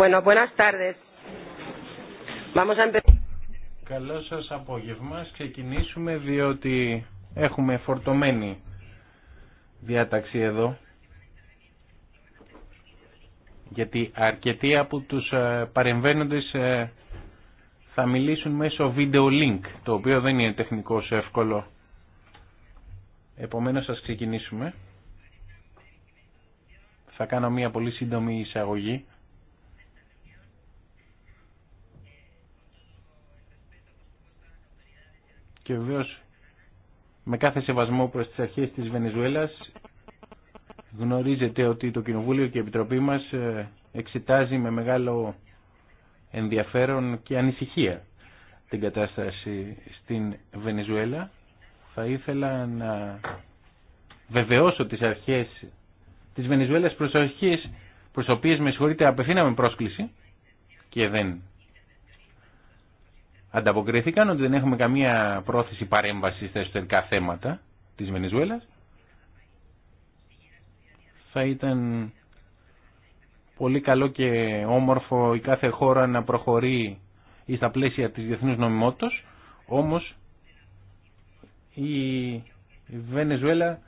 Bueno, buenas tardes. Vamos a empezar. Καλό σας απόγευμα. ξεκινήσουμε διότι έχουμε φορτωμένη διάταξη εδώ. Γιατί αρκετοί από τους ε, παρεμβαίνοντες ε, θα μιλήσουν μέσω βίντεο link, το οποίο δεν είναι τεχνικός εύκολο. Επομένως, ας ξεκινήσουμε. Θα κάνω μία πολύ σύντομη εισαγωγή και βεβαίω με κάθε σεβασμό προς τις αρχές της Βενεζουέλας γνωρίζετε ότι το Κοινοβούλιο και η Επιτροπή μας ε, εξετάζει με μεγάλο ενδιαφέρον και ανησυχία την κατάσταση στην Βενεζουέλα. Θα ήθελα να βεβαιώσω τις αρχές της Βενεζουέλας προς αρχές προς οποίες με συγχωρείτε απευθύναμε πρόσκληση και δεν ανταποκρίθηκαν ότι δεν έχουμε καμία πρόθεση παρέμβαση στα εσωτερικά θέματα της Βενεζουέλας. Θα ήταν πολύ καλό και όμορφο η κάθε χώρα να προχωρεί στα πλαίσια της διεθνούς νομιμότητας, όμως η Βενεζουέλα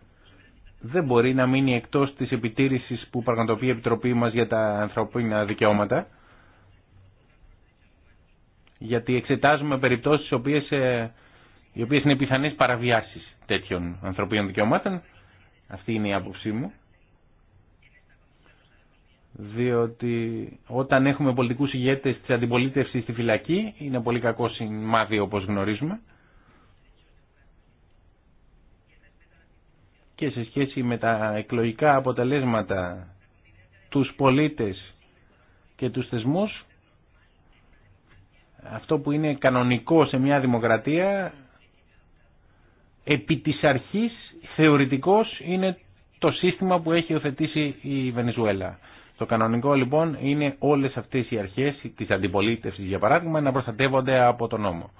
δεν μπορεί να μείνει εκτός της επιτήρησης που πραγματοποιεί η Επιτροπή μας για τα ανθρωπίνα δικαιώματα γιατί εξετάζουμε περιπτώσεις οι οποίες, ε, οι οποίες είναι πιθανές παραβιάσεις τέτοιων ανθρωπίων δικαιωμάτων. Αυτή είναι η άποψή μου. Διότι όταν έχουμε πολιτικούς ηγέτες της αντιπολίτευσης στη φυλακή, είναι πολύ κακό σημάδι όπως γνωρίζουμε. Και σε σχέση με τα εκλογικά αποτελέσματα, τους πολίτες και τους θεσμούς, αυτό που είναι κανονικό σε μια δημοκρατία επί της αρχής θεωρητικός είναι το σύστημα που έχει οθετήσει η Βενεζουέλα. Το κανονικό λοιπόν είναι όλες αυτές οι αρχές της αντιπολίτευσης για παράδειγμα να προστατεύονται από τον νόμο.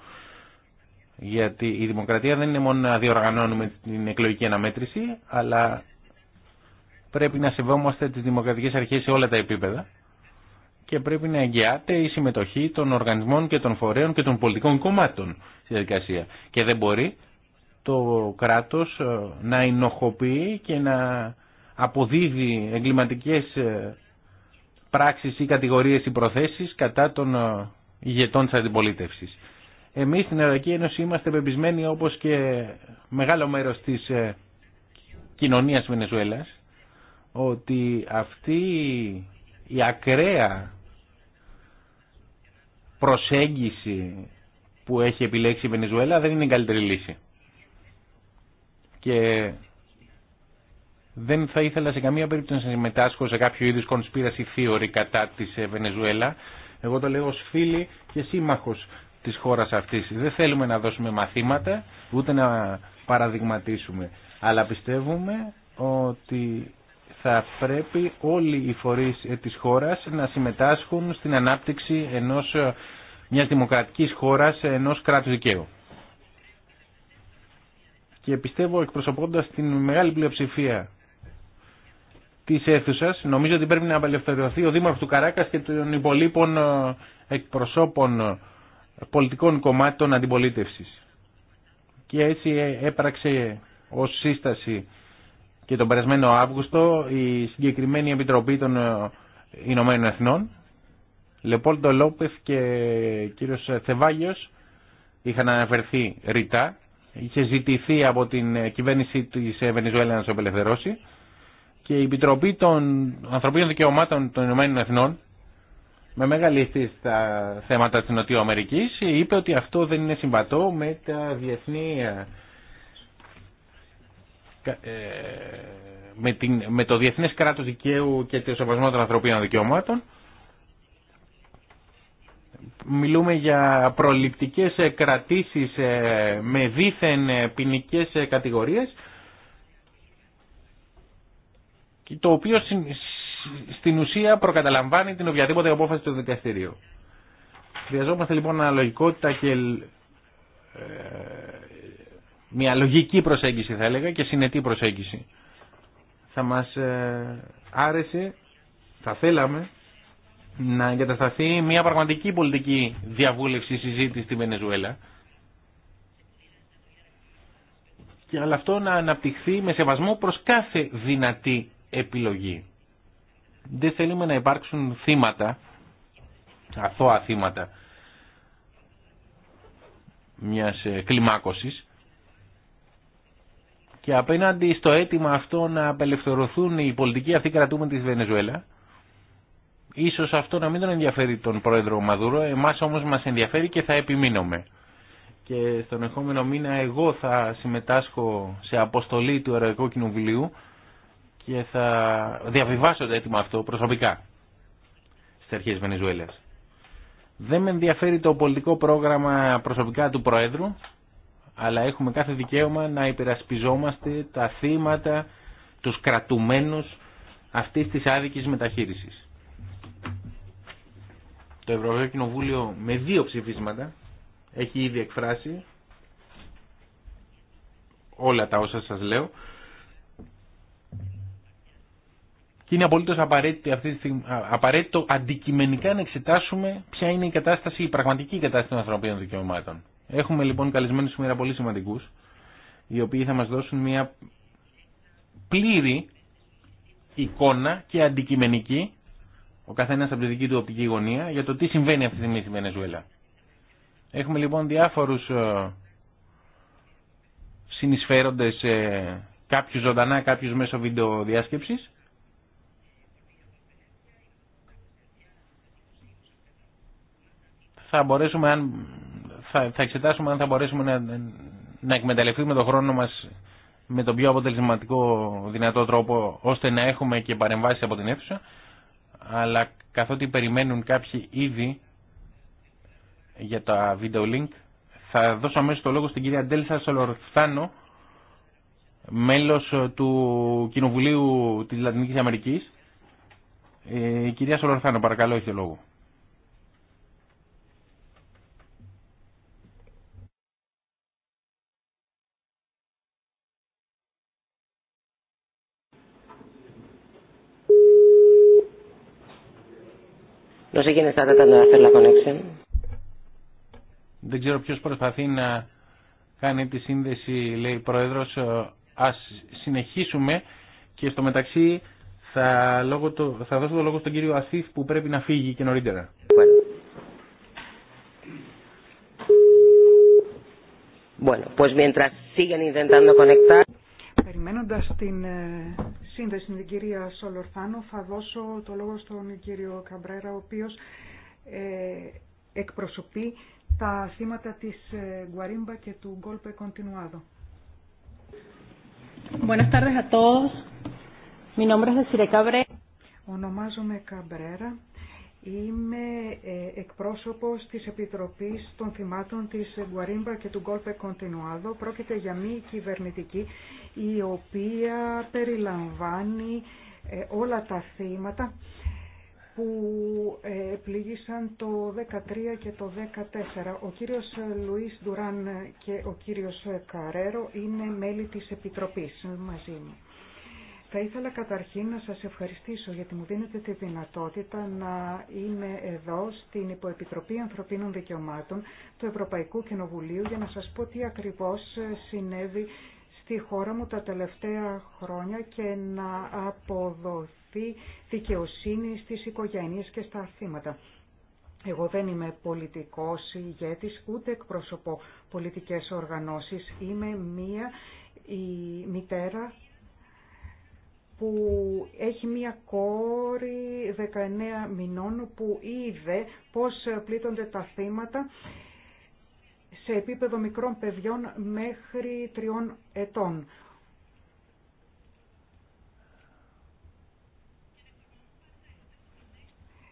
Γιατί η δημοκρατία δεν είναι μόνο να διοργανώνουμε την εκλογική αναμέτρηση αλλά πρέπει να σεβόμαστε τις δημοκρατικές αρχές σε όλα τα επίπεδα και πρέπει να εγγυάται η συμμετοχή των οργανισμών και των φορέων και των πολιτικών κομμάτων στη διαδικασία. Και δεν μπορεί το κράτος ε, να ενοχοποιεί και να αποδίδει εγκληματικές ε, πράξεις ή κατηγορίες ή προθέσεις κατά των ε, ηγετών της αντιπολίτευσης. Εμείς στην Ευρωπαϊκή Ένωση είμαστε πεπισμένοι όπως και μεγάλο μέρος της κοινωνίας Βενεζουέλας ότι αυτή η ακραία προσέγγιση που έχει επιλέξει η Βενεζουέλα δεν είναι η καλύτερη λύση. Και δεν θα ήθελα σε καμία περίπτωση να συμμετάσχω σε κάποιο είδους conspiracy theory κατά της ε, Βενεζουέλα. Εγώ το λέω ως φίλη και σύμμαχος της χώρας αυτής. Δεν θέλουμε να δώσουμε μαθήματα, ούτε να παραδειγματίσουμε. Αλλά πιστεύουμε ότι θα πρέπει όλοι οι φορείς ε, της χώρας να συμμετάσχουν στην ανάπτυξη ενός, ε, μιας δημοκρατικής χώρας, ε, ενός κράτους δικαίου. Και πιστεύω εκπροσωπώντας την μεγάλη πλειοψηφία της αίθουσα. Νομίζω ότι πρέπει να απελευθερωθεί ο Δήμαρχος του Καράκας και των υπολείπων εκπροσώπων πολιτικών κομμάτων αντιπολίτευση. Και έτσι έπραξε ως σύσταση και τον περασμένο Αύγουστο η συγκεκριμένη Επιτροπή των ε, Ηνωμένων Εθνών Λεπόλτο Λόπεθ και ε, κύριος Θεβάγιος είχαν αναφερθεί ρητά είχε ζητηθεί από την ε, κυβέρνηση της Βενιζουέλα να σε απελευθερώσει και η Επιτροπή των Ανθρωπίνων Δικαιωμάτων των Ηνωμένων Εθνών με μεγάλη στα θέματα της Νοτιοαμερικής είπε ότι αυτό δεν είναι συμβατό με τα διεθνή ε, με, με το διεθνές κράτος δικαίου και το σεβασμό των ανθρωπίνων δικαιωμάτων. Μιλούμε για προληπτικές ε, κρατήσεις ε, με δίθεν ποινικέ κατηγορίες το οποίο στην ουσία προκαταλαμβάνει την οποιαδήποτε απόφαση του δικαστηρίου. Χρειαζόμαστε λοιπόν αναλογικότητα και μια λογική προσέγγιση θα έλεγα και συνετή προσέγγιση. Θα μας ε, άρεσε, θα θέλαμε να εγκατασταθεί μια πραγματική πολιτική διαβούλευση συζήτηση στη Βενεζουέλα και αλλά αυτό να αναπτυχθεί με σεβασμό προς κάθε δυνατή επιλογή. Δεν θέλουμε να υπάρξουν θύματα, αθώα θύματα μιας ε, κλιμάκωσης και απέναντι στο αίτημα αυτό να απελευθερωθούν οι πολιτικοί αυτοί κρατούμενοι της Βενεζουέλα, ίσως αυτό να μην τον ενδιαφέρει τον πρόεδρο Μαδούρο, εμάς όμως μας ενδιαφέρει και θα επιμείνουμε. Και στον ερχόμενο μήνα εγώ θα συμμετάσχω σε αποστολή του Ερωικού Κοινοβουλίου και θα διαβιβάσω το αίτημα αυτό προσωπικά στις αρχές Βενεζουέλας. Δεν με ενδιαφέρει το πολιτικό πρόγραμμα προσωπικά του Πρόεδρου, αλλά έχουμε κάθε δικαίωμα να υπερασπιζόμαστε τα θύματα, τους κρατουμένους αυτής της άδικης μεταχείρισης. Το Ευρωπαϊκό Κοινοβούλιο με δύο ψηφίσματα έχει ήδη εκφράσει όλα τα όσα σας λέω και είναι απολύτως απαραίτητο, απαραίτητο αντικειμενικά να εξετάσουμε ποια είναι η κατάσταση, η πραγματική κατάσταση των ανθρωπίνων δικαιωμάτων. Έχουμε λοιπόν καλεσμένου σήμερα πολύ σημαντικού οι οποίοι θα μα δώσουν μια πλήρη εικόνα και αντικειμενική, ο καθένα από τη δική του οπτική γωνία, για το τι συμβαίνει αυτή τη στιγμή στη Βενεζουέλα. Έχουμε λοιπόν διάφορους ε, συνεισφέροντε, κάποιους ζωντανά, κάποιου μέσω βίντεο διάσκεψης, θα μπορέσουμε αν θα, θα εξετάσουμε αν θα μπορέσουμε να, να εκμεταλλευτούμε τον χρόνο μας με τον πιο αποτελεσματικό δυνατό τρόπο ώστε να έχουμε και παρεμβάσει από την αίθουσα αλλά καθότι περιμένουν κάποιοι ήδη για τα βίντεο link θα δώσω αμέσως το λόγο στην κυρία Ντέλσα Σολορθάνο μέλος του Κοινοβουλίου της Λατινικής Αμερικής η ε, κυρία Σολορθάνο παρακαλώ έχει το λόγο Δεν tratando de hacer la conexión. Δεν ξέρω ποιος προσπαθεί να κάνει τη σύνδεση, λέει ο Πρόεδρος. Ε, ας συνεχίσουμε και στο μεταξύ θα, λόγω το, θα δώσω το λόγο στον κύριο Ασίφ που πρέπει να φύγει και νωρίτερα. Bueno, pues mientras siguen intentando conectar. Περιμένοντας την ε, σύνδεση με την κυρία Σολορθάνο θα δώσω το λόγο στον κύριο Καμπρέρα, ο οποίος ε, εκπροσωπεί τα θύματα της ε, Γκουαρίμπα και του Γκόλπε Κοντινουάδο. Buenas tardes a todos. Mi nombre es Ονομάζομαι Καμπρέρα Είμαι ε, εκπρόσωπος της Επιτροπής των Θυμάτων της Γκουαρίμπα και του Γκόλπε Κοντινουάδο. Πρόκειται για μη κυβερνητική η οποία περιλαμβάνει ε, όλα τα θύματα που ε, πλήγησαν το 13 και το 14. Ο κύριος Λουίς Ντουράν και ο κύριος Καρέρο είναι μέλη της Επιτροπής μαζί μου. Θα ήθελα καταρχήν να σας ευχαριστήσω γιατί μου δίνετε τη δυνατότητα να είμαι εδώ στην Υποεπιτροπή Ανθρωπίνων Δικαιωμάτων του Ευρωπαϊκού Κοινοβουλίου για να σας πω τι ακριβώς συνέβη στη χώρα μου τα τελευταία χρόνια και να αποδοθεί δικαιοσύνη στις οικογένειες και στα θύματα. Εγώ δεν είμαι πολιτικός ηγέτης, ούτε εκπροσωπώ πολιτικές οργανώσεις. Είμαι μία η μητέρα που έχει μία κόρη 19 μηνών που είδε πώς πλήττονται τα θύματα σε επίπεδο μικρών παιδιών μέχρι τριών ετών.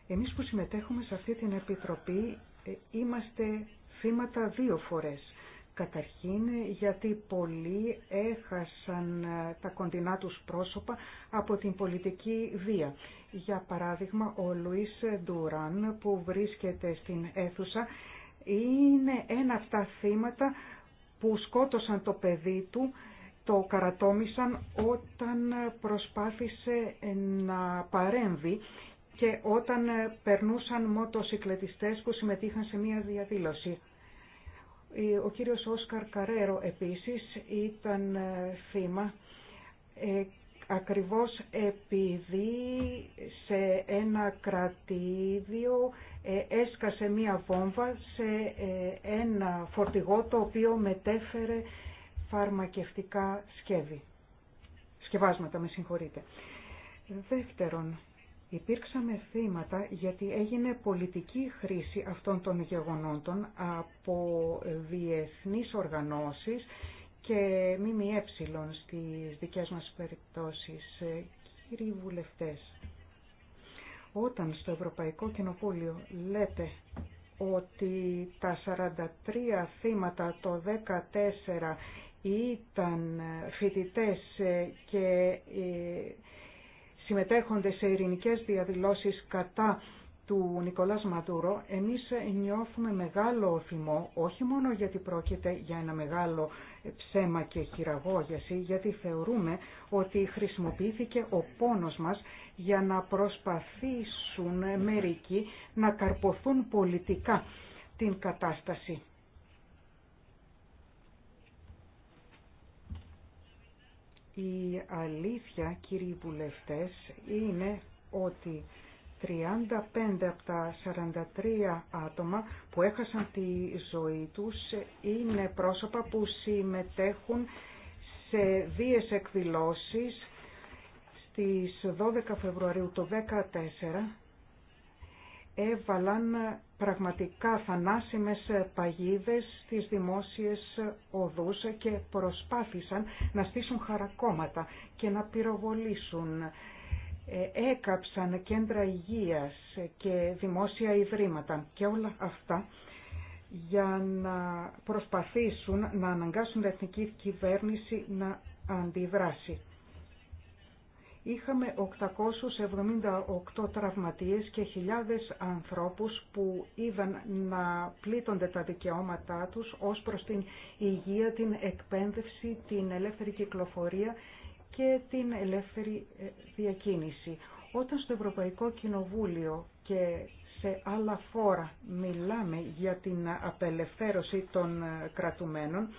Εμείς που συμμετέχουμε σε αυτή την Επιτροπή ε, είμαστε θύματα δύο φορές. Καταρχήν γιατί πολλοί έχασαν ε, τα κοντινά τους πρόσωπα από την πολιτική βία. Για παράδειγμα ο Λουίς Ντουράν που βρίσκεται στην αίθουσα είναι ένα από τα θύματα που σκότωσαν το παιδί του, το καρατόμησαν όταν προσπάθησε να παρέμβει και όταν περνούσαν μοτοσυκλετιστές που συμμετείχαν σε μια διαδήλωση. Ο κύριος Όσκαρ Καρέρο επίσης ήταν ε, θύμα ε, ακριβώς επειδή σε ένα κρατήδιο ε, έσκασε μία βόμβα σε ε, ένα φορτηγό το οποίο μετέφερε φαρμακευτικά σκεύη. Σκευάσματα, με συγχωρείτε. Δεύτερον, Υπήρξαμε θύματα γιατί έγινε πολιτική χρήση αυτών των γεγονότων από διεθνείς οργανώσεις και ΜΜΕ στις δικές μας περιπτώσεις. Κύριοι βουλευτές, όταν στο Ευρωπαϊκό Κοινοβούλιο λέτε ότι τα 43 θύματα το 14 ήταν φοιτητές και ε, συμμετέχονται σε ειρηνικές διαδηλώσεις κατά του Νικολάς Μαδούρο, εμείς νιώθουμε μεγάλο θυμό, όχι μόνο γιατί πρόκειται για ένα μεγάλο ψέμα και χειραγώγηση, γιατί θεωρούμε ότι χρησιμοποιήθηκε ο πόνος μας για να προσπαθήσουν μερικοί να καρποθούν πολιτικά την κατάσταση. Η αλήθεια, κύριοι βουλευτές, είναι ότι 35 από τα 43 άτομα που έχασαν τη ζωή τους είναι πρόσωπα που συμμετέχουν σε δύο εκδηλώσεις στις 12 Φεβρουαρίου το 2014 έβαλαν πραγματικά θανάσιμες παγίδες στις δημόσιες οδούς και προσπάθησαν να στήσουν χαρακόμματα και να πυροβολήσουν. Ε, έκαψαν κέντρα υγείας και δημόσια ιδρύματα και όλα αυτά για να προσπαθήσουν να αναγκάσουν την εθνική κυβέρνηση να αντιδράσει είχαμε 878 τραυματίες και χιλιάδες ανθρώπους που είδαν να πλήττονται τα δικαιώματά τους ως προς την υγεία, την εκπαίδευση, την ελεύθερη κυκλοφορία και την ελεύθερη ε, διακίνηση. Όταν στο Ευρωπαϊκό Κοινοβούλιο και σε άλλα φόρα μιλάμε για την απελευθέρωση των ε, κρατουμένων,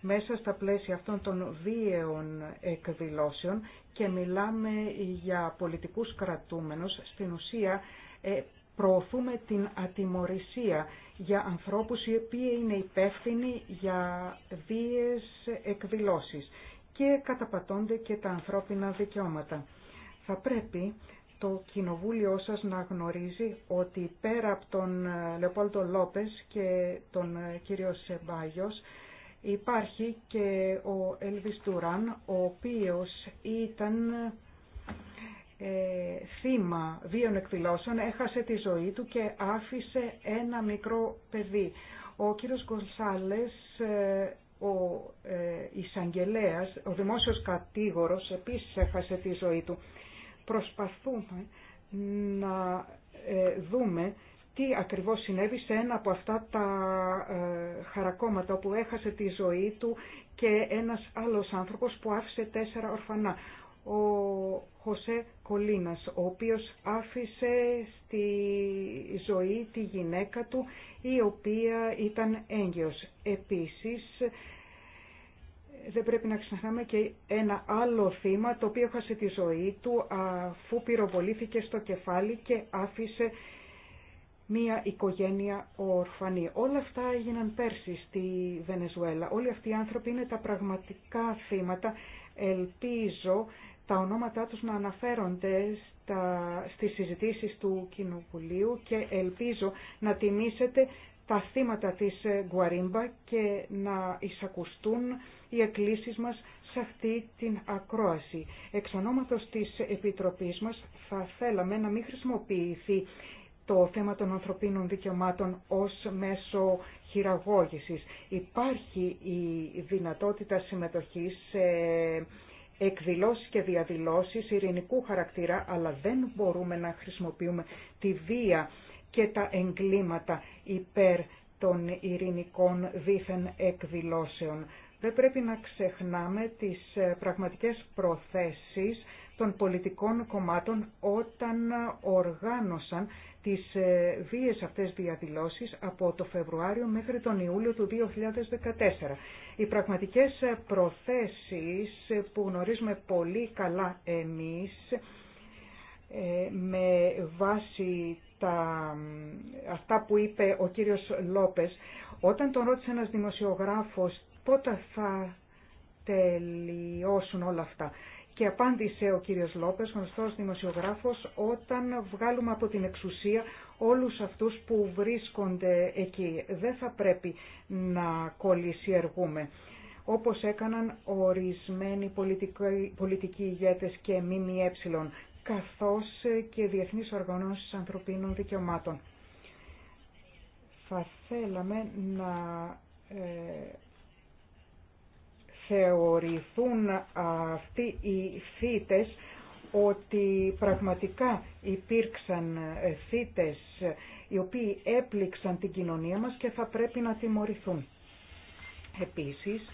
μέσα στα πλαίσια αυτών των βίαιων εκδηλώσεων και μιλάμε για πολιτικούς κρατούμενους, στην ουσία ε, προωθούμε την ατιμορρησία για ανθρώπους οι οποίοι είναι υπεύθυνοι για βίαιες εκδηλώσεις και καταπατώνται και τα ανθρώπινα δικαιώματα. Θα πρέπει το κοινοβούλιο σας να γνωρίζει ότι πέρα από τον ε, Λεοπόλτο Λόπες και τον ε, κύριο Σεμπάγιος Υπάρχει και ο Έλβις Τουράν, ο οποίος ήταν ε, θύμα δύο εκδηλώσεων, έχασε τη ζωή του και άφησε ένα μικρό παιδί. Ο κύριος Γκονσάλες, ε, ο ε, εισαγγελέας, ο δημόσιος κατήγορος, επίσης έχασε τη ζωή του. Προσπαθούμε να ε, δούμε τι ακριβώς συνέβη σε ένα από αυτά τα ε, χαρακόμματα όπου έχασε τη ζωή του και ένας άλλος άνθρωπος που άφησε τέσσερα ορφανά. Ο Χωσέ Κολίνας, ο οποίος άφησε στη ζωή τη γυναίκα του η οποία ήταν έγκυος. Επίσης, δεν πρέπει να ξεχνάμε και ένα άλλο θύμα το οποίο χάσε τη ζωή του αφού πυροβολήθηκε στο κεφάλι και άφησε μία οικογένεια ορφανή. Όλα αυτά έγιναν πέρσι στη Βενεζουέλα. Όλοι αυτοί οι άνθρωποι είναι τα πραγματικά θύματα. Ελπίζω τα ονόματά τους να αναφέρονται στα, στις συζητήσεις του Κοινοβουλίου και ελπίζω να τιμήσετε τα θύματα της Γκουαρίμπα και να εισακουστούν οι εκκλήσεις μας σε αυτή την ακρόαση. Εξ ονόματος της Επιτροπής μας θα θέλαμε να μην χρησιμοποιηθεί το θέμα των ανθρωπίνων δικαιωμάτων ως μέσο χειραγώγησης. Υπάρχει η δυνατότητα συμμετοχής σε εκδηλώσεις και διαδηλώσεις ειρηνικού χαρακτήρα, αλλά δεν μπορούμε να χρησιμοποιούμε τη βία και τα εγκλήματα υπέρ των ειρηνικών δίθεν εκδηλώσεων. Δεν πρέπει να ξεχνάμε τις ε, πραγματικές προθέσεις των πολιτικών κομμάτων όταν οργάνωσαν τις ε, βίες αυτές διαδηλώσεις από το Φεβρουάριο μέχρι τον Ιούλιο του 2014. Οι πραγματικές προθέσεις που γνωρίζουμε πολύ καλά εμείς ε, με βάση τα, αυτά που είπε ο κύριος Λόπες, όταν τον ρώτησε ένας δημοσιογράφος πότε θα τελειώσουν όλα αυτά και απάντησε ο κύριος Λόπες, γνωστός δημοσιογράφος, όταν βγάλουμε από την εξουσία όλους αυτούς που βρίσκονται εκεί. Δεν θα πρέπει να κολλησιεργούμε όπως έκαναν ορισμένοι πολιτικοί, πολιτικοί ηγέτες και ΜΜΕ, καθώς και διεθνείς οργανώσεις ανθρωπίνων δικαιωμάτων. Θα θέλαμε να ε, θεωρηθούν αυτοί οι θήτες ότι πραγματικά υπήρξαν θήτες οι οποίοι έπληξαν την κοινωνία μας και θα πρέπει να τιμωρηθούν. Επίσης,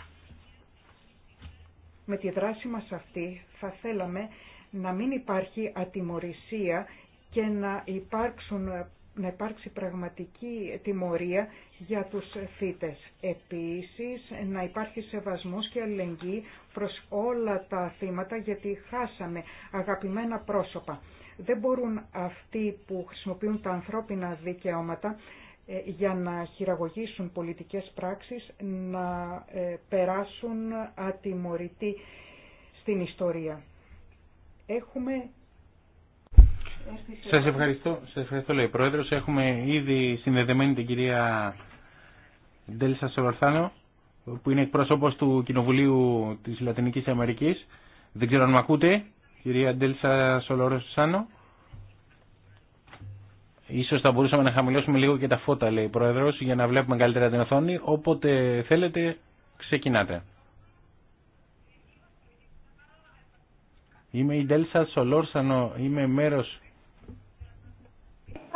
με τη δράση μας αυτή θα θέλαμε να μην υπάρχει ατιμορρησία και να υπάρξουν να υπάρξει πραγματική τιμωρία για τους θύτες. Επίσης, να υπάρχει σεβασμός και αλληλεγγύη προς όλα τα θύματα, γιατί χάσαμε αγαπημένα πρόσωπα. Δεν μπορούν αυτοί που χρησιμοποιούν τα ανθρώπινα δικαιώματα ε, για να χειραγωγήσουν πολιτικές πράξεις, να ε, περάσουν ατιμωρητοί στην ιστορία. Έχουμε Σα ευχαριστώ, σας ευχαριστώ λέει Πρόεδρος. Έχουμε ήδη συνδεδεμένη την κυρία Ντέλσα Σολορθάνο που είναι εκπρόσωπο του Κοινοβουλίου τη Λατινική Αμερική. Δεν ξέρω αν με ακούτε, κυρία Ντέλσα Σολορθάνο. Ίσως θα μπορούσαμε να χαμηλώσουμε λίγο και τα φώτα, λέει η Πρόεδρος, για να βλέπουμε καλύτερα την οθόνη. Όποτε θέλετε, ξεκινάτε. Είμαι η Ντέλσα Σολόρσανο, είμαι μέρος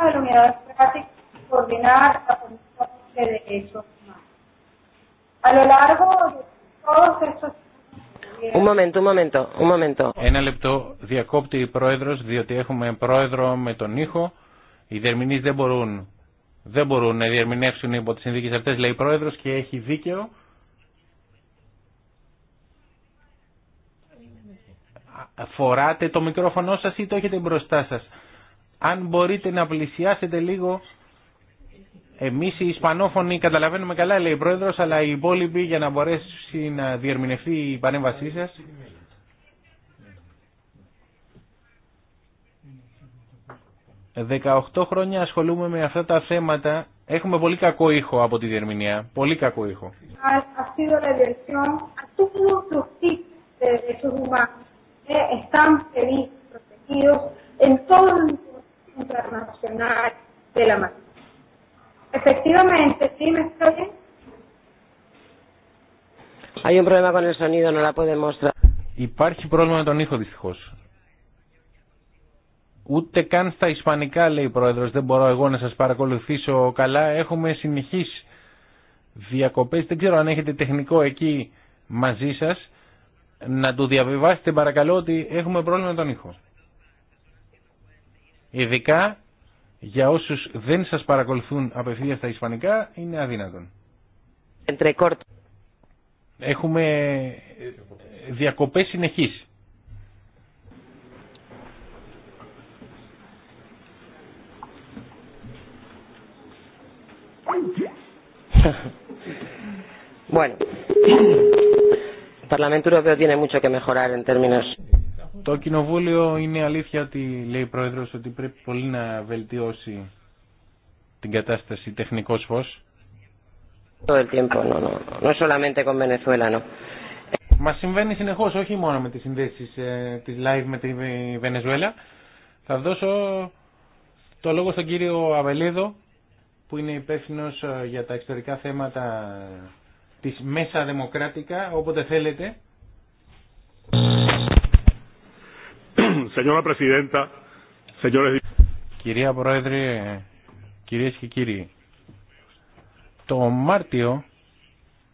de la Unidad Democrática coordinar la política de derechos humanos. A lo largo de todos estos un momento, un momento, un momento. Ένα λεπτό διακόπτει η πρόεδρος διότι έχουμε πρόεδρο με τον ήχο. Οι διερμηνείς δεν μπορούν, δεν μπορούν να διερμηνεύσουν υπό τις συνθήκες αυτές λέει η πρόεδρος και έχει δίκαιο. Φοράτε το μικρόφωνο σας ή το έχετε μπροστά σας αν μπορείτε να πλησιάσετε λίγο εμείς οι Ισπανόφωνοι καταλαβαίνουμε καλά λέει ο Πρόεδρος αλλά οι υπόλοιποι για να μπορέσει να διερμηνευτεί η παρέμβασή σας Δεκαοχτώ χρόνια ασχολούμαι με αυτά τα θέματα. Έχουμε πολύ κακό ήχο από τη διερμηνία. Πολύ κακό ήχο de la Υπάρχει πρόβλημα με τον ήχο δυστυχώ. Ούτε καν στα ισπανικά λέει η πρόεδρο. Δεν μπορώ εγώ να σα παρακολουθήσω καλά. Έχουμε συνεχεί διακοπέ. Δεν ξέρω αν έχετε τεχνικό εκεί μαζί σα. Να του διαβιβάσετε παρακαλώ ότι έχουμε πρόβλημα με τον ήχο. Ειδικά για όσους δεν σας παρακολουθούν απευθεία στα ισπανικά είναι αδύνατον. Εντρεκόρτ. Έχουμε διακοπές συνεχής. Bueno, el Parlamento Europeo tiene mucho que mejorar en términos το κοινοβούλιο είναι αλήθεια ότι λέει η Πρόεδρος ότι πρέπει πολύ να βελτιώσει την κατάσταση τεχνικός φως. Μας συμβαίνει συνεχώς, όχι μόνο με τις συνδέσεις ε, της live με τη Βενεζουέλα. Θα δώσω το λόγο στον κύριο Αβελίδο που είναι υπεύθυνο ε, για τα εξωτερικά θέματα της Μέσα Δημοκράτικα, όποτε θέλετε. Κυρία Πρόεδρε, κυρίες και κύριοι, το Μάρτιο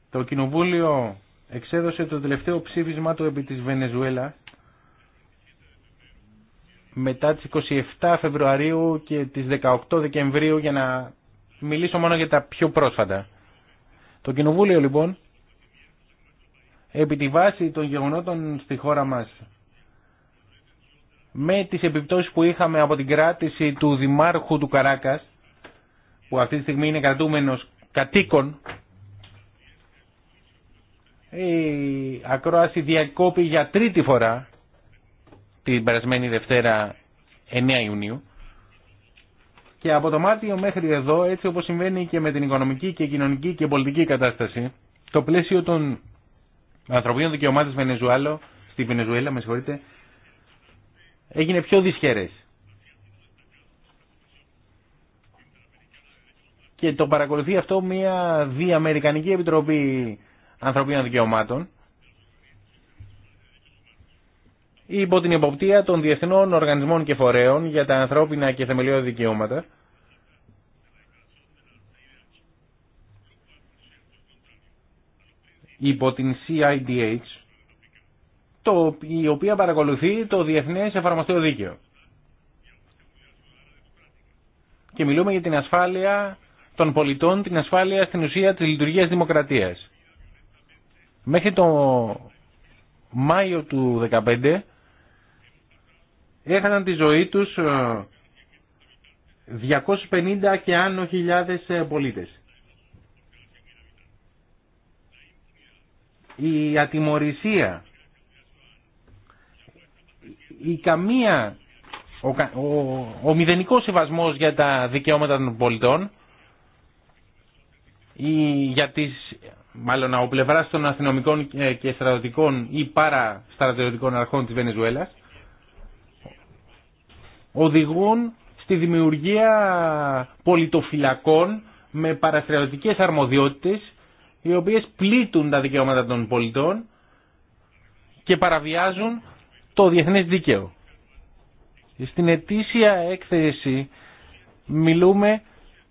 το Κοινοβούλιο εξέδωσε το τελευταίο ψήφισμα του επί της Βενεζουέλα μετά τις 27 Φεβρουαρίου και τις 18 Δεκεμβρίου για να μιλήσω μόνο για τα πιο πρόσφατα. Το Κοινοβούλιο λοιπόν επί τη βάση των γεγονότων στη χώρα μας με τις επιπτώσεις που είχαμε από την κράτηση του Δημάρχου του Καράκας που αυτή τη στιγμή είναι κρατούμενος κατοίκων η ακρόαση διακόπη για τρίτη φορά την περασμένη Δευτέρα 9 Ιουνίου και από το Μάρτιο μέχρι εδώ έτσι όπως συμβαίνει και με την οικονομική και κοινωνική και πολιτική κατάσταση το πλαίσιο των ανθρωπίνων δικαιωμάτων στη Βενεζουέλα με συγχωρείτε, έγινε πιο δυσχερές. Και το παρακολουθεί αυτό μια διαμερικανική επιτροπή ανθρωπίνων δικαιωμάτων υπό την υποπτία των διεθνών οργανισμών και φορέων για τα ανθρώπινα και θεμελιώδη δικαιώματα υπό την CIDH το, η οποία παρακολουθεί το Διεθνές Εφαρμοστείο Δίκαιο. Και μιλούμε για την ασφάλεια των πολιτών, την ασφάλεια στην ουσία της λειτουργίας δημοκρατίας. Μέχρι το Μάιο του 2015 έχαναν τη ζωή τους 250 ε, και άνω χιλιάδες ε, πολίτες. Η ατιμορρησία η καμία, ο, ο, ο μηδενικός σεβασμός για τα δικαιώματα των πολιτών ή για τις, μάλλον ο πλευρά των αστυνομικών και στρατιωτικών ή παραστρατιωτικών αρχών της Βενεζουέλας οδηγούν στη δημιουργία πολιτοφυλακών με παραστρατιωτικές αρμοδιότητες οι οποίες πλήττουν τα δικαιώματα των πολιτών και παραβιάζουν το διεθνές δίκαιο. Στην ετήσια έκθεση μιλούμε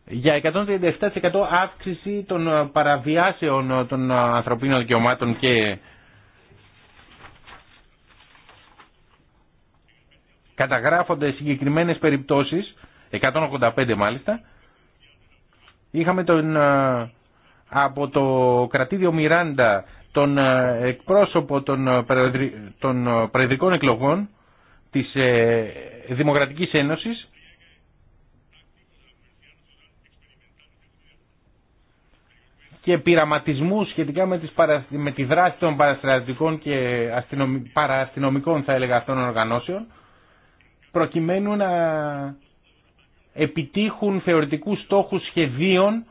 για 137% αύξηση των παραβιάσεων των ανθρωπίνων δικαιωμάτων και καταγράφονται συγκεκριμένες περιπτώσεις, 185 μάλιστα, είχαμε τον, από το κρατήδιο Μιράντα τον ε, εκπρόσωπο των ε, ε, προεδρικών εκλογών της Δημοκρατικής Ένωσης και πειραματισμού σχετικά με, τις παρα... τη δράση των παραστρατικών και παρααστυνομικών παραστυνομικών θα έλεγα αυτών οργανώσεων προκειμένου να επιτύχουν θεωρητικούς στόχους σχεδίων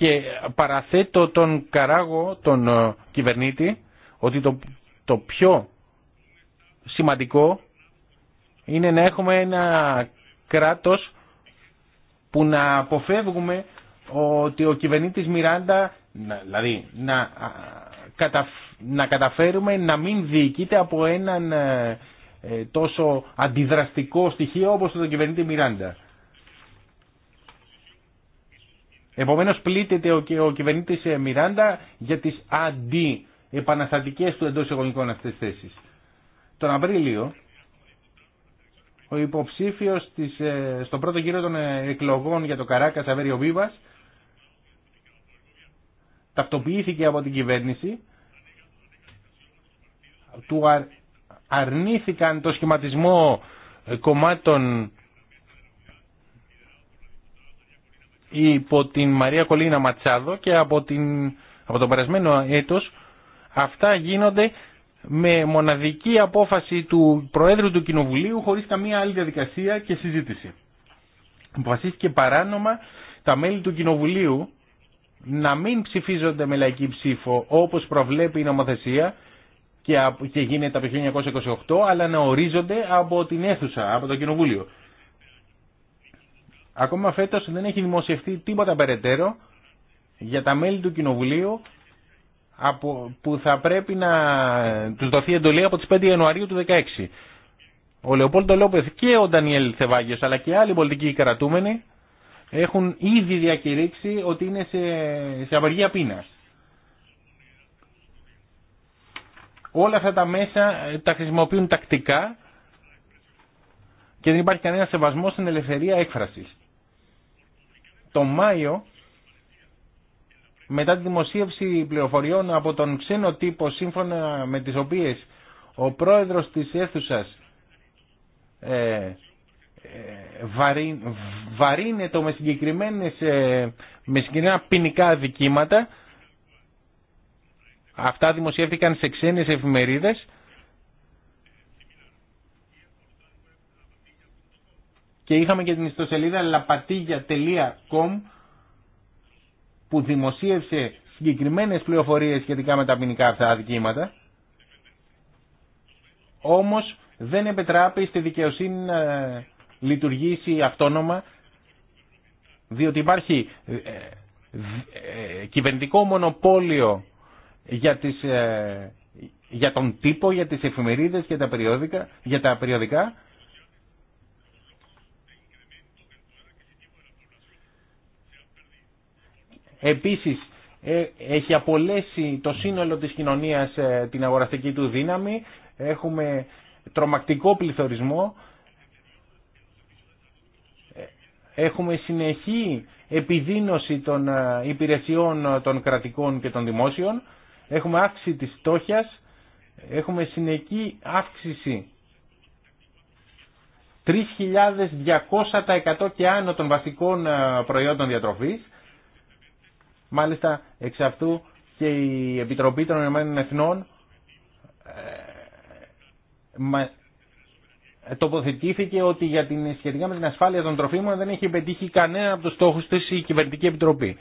και παραθέτω τον καράγο, τον ε, κυβερνήτη, ότι το, πιο σημαντικό είναι να έχουμε ένα κράτος που να αποφεύγουμε ότι ο κυβερνήτης Μιράντα, δηλαδή να, να καταφέρουμε να μην διοικείται από έναν ε, ε, τόσο αντιδραστικό στοιχείο όπως το κυβερνήτη Μιράντα. Επομένως πλήττεται ο, ο κυβερνήτης ε, Μιράντα για τις αντί επαναστατικές του εντός εγωνικών αυτές θέσεις. Τον Απρίλιο ο υποψήφιος της, ε, στον πρώτο γύρο των ε, εκλογών για το Καράκα Σαβέριο Βίβας ταυτοποιήθηκε από την κυβέρνηση του αρνήθηκαν το σχηματισμό κομμάτων υπό την Μαρία Κολίνα Ματσάδο και από, την, από περασμένο έτος αυτά γίνονται με μοναδική απόφαση του Προέδρου του Κοινοβουλίου χωρίς καμία άλλη διαδικασία και συζήτηση. Αποφασίστηκε παράνομα τα μέλη του Κοινοβουλίου να μην ψηφίζονται με λαϊκή ψήφο όπως προβλέπει η νομοθεσία και γίνεται από το 1928 αλλά να ορίζονται από την αίθουσα, από το Κοινοβούλιο. Ακόμα φέτο δεν έχει δημοσιευτεί τίποτα περαιτέρω για τα μέλη του Κοινοβουλίου που θα πρέπει να του δοθεί εντολή από τι 5 Ιανουαρίου του 2016. Ο Λεοπόλτο Λόπεθ και ο Ντανιέλ Θεβάγιο αλλά και άλλοι πολιτικοί κρατούμενοι έχουν ήδη διακηρύξει ότι είναι σε, σε απεργία πείνα. Όλα αυτά τα μέσα ε, τα χρησιμοποιούν τακτικά και δεν υπάρχει κανένα σεβασμό στην ελευθερία έκφρασης το Μάιο μετά τη δημοσίευση πληροφοριών από τον ξένο τύπο σύμφωνα με τις οποίες ο πρόεδρος της αίθουσα ε, ε, βαρύ, βαρύνεται με, ε, με συγκεκριμένα ποινικά δικήματα, αυτά δημοσιεύτηκαν σε ξένες εφημερίδες και είχαμε και την ιστοσελίδα lapatilla.com που δημοσίευσε συγκεκριμένες πληροφορίες σχετικά με τα ποινικά αυτά αδικήματα όμως δεν επιτράπει στη δικαιοσύνη να λειτουργήσει αυτόνομα διότι υπάρχει ε, ε, κυβερνητικό μονοπόλιο για, τις, ε, για τον τύπο, για τις εφημερίδες, και τα περιόδικα, για τα περιοδικά Επίσης ε, έχει απολέσει το σύνολο της κοινωνίας ε, την αγοραστική του δύναμη. Έχουμε τρομακτικό πληθωρισμό. Ε, έχουμε συνεχή επιδίνωση των υπηρεσιών των κρατικών και των δημόσιων. Έχουμε αύξηση της στόχιας. Έχουμε συνεχή αύξηση 3.200% και άνω των βασικών προϊόντων διατροφής Μάλιστα, εξ αυτού και η Επιτροπή των Ηνωμένων Εθνών ε, τοποθετήθηκε ότι για την σχετικά με την ασφάλεια των τροφίμων δεν έχει πετύχει κανένα από τους στόχους της η Κυβερνητική Επιτροπή.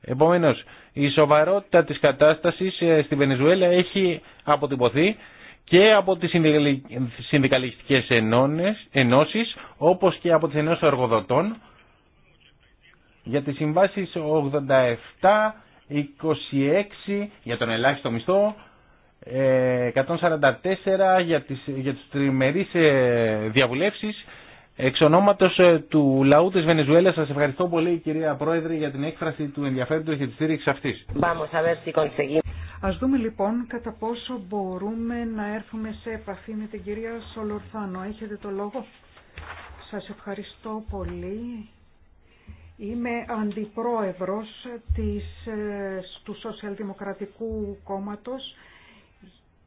Επομένως, η σοβαρότητα της κατάστασης ε, στη Βενεζουέλα έχει αποτυπωθεί και από τις συνδικαλιστικές ενώσεις όπως και από τις ενώσεις εργοδοτών για τις συμβάσεις 87, 26 για τον ελάχιστο μισθό, 144 ε, για, τις, για τις τριμερείς ε, διαβουλεύσεις. Εξ ονόματος ε, του λαού της Βενεζουέλας σας ευχαριστώ πολύ κυρία Πρόεδρε για την έκφραση του ενδιαφέροντος και τη στήριξη αυτής. Ας δούμε λοιπόν κατά πόσο μπορούμε να έρθουμε σε επαφή με την κυρία Σολορθάνο. Έχετε το λόγο. Σας ευχαριστώ πολύ Είμαι αντιπρόεδρος της, ε, του Σοσιαλδημοκρατικού Κόμματος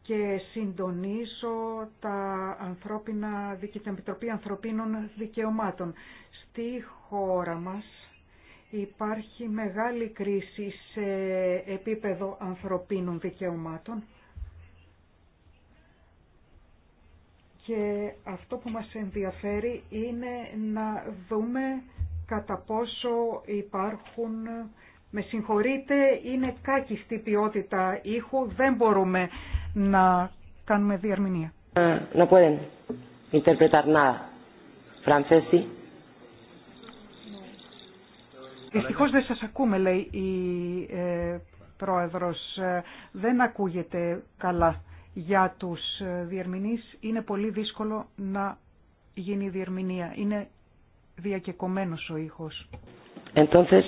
και συντονίζω τα ανθρώπινα, την Επιτροπή Ανθρωπίνων Δικαιωμάτων. Στη χώρα μας υπάρχει μεγάλη κρίση σε επίπεδο ανθρωπίνων δικαιωμάτων και αυτό που μας ενδιαφέρει είναι να δούμε κατά πόσο υπάρχουν, με συγχωρείτε, είναι κάκιστη ποιότητα ήχου, δεν μπορούμε να κάνουμε διερμηνία. No ε, να φρανσέσι. Δυστυχώς δεν σας ακούμε, λέει η ε, πρόεδρος. Ε, δεν ακούγεται καλά για τους ε, διερμηνείς. Είναι πολύ δύσκολο να γίνει διερμηνία. Είναι διακεκομένος ο ήχος. Entonces,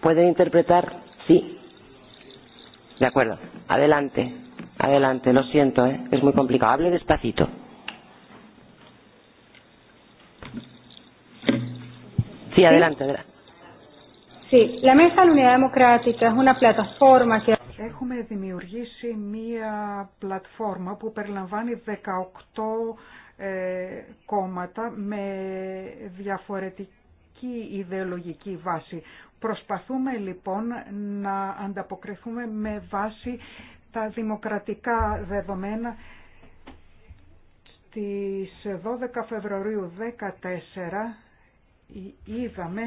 pueden interpretar, sí. De acuerdo. Adelante, adelante. Lo siento, ¿eh? es muy complicado. Hable despacito. Sí, adelante, adelante. Sí, la Mesa de Unidad Democrática es una plataforma que Έχουμε δημιουργήσει μία πλατφόρμα που περιλαμβάνει 18 ε, κόμματα με διαφορετική ιδεολογική βάση. Προσπαθούμε λοιπόν να ανταποκριθούμε με βάση τα δημοκρατικά δεδομένα στις 12 Φεβρουαρίου 2014 είδαμε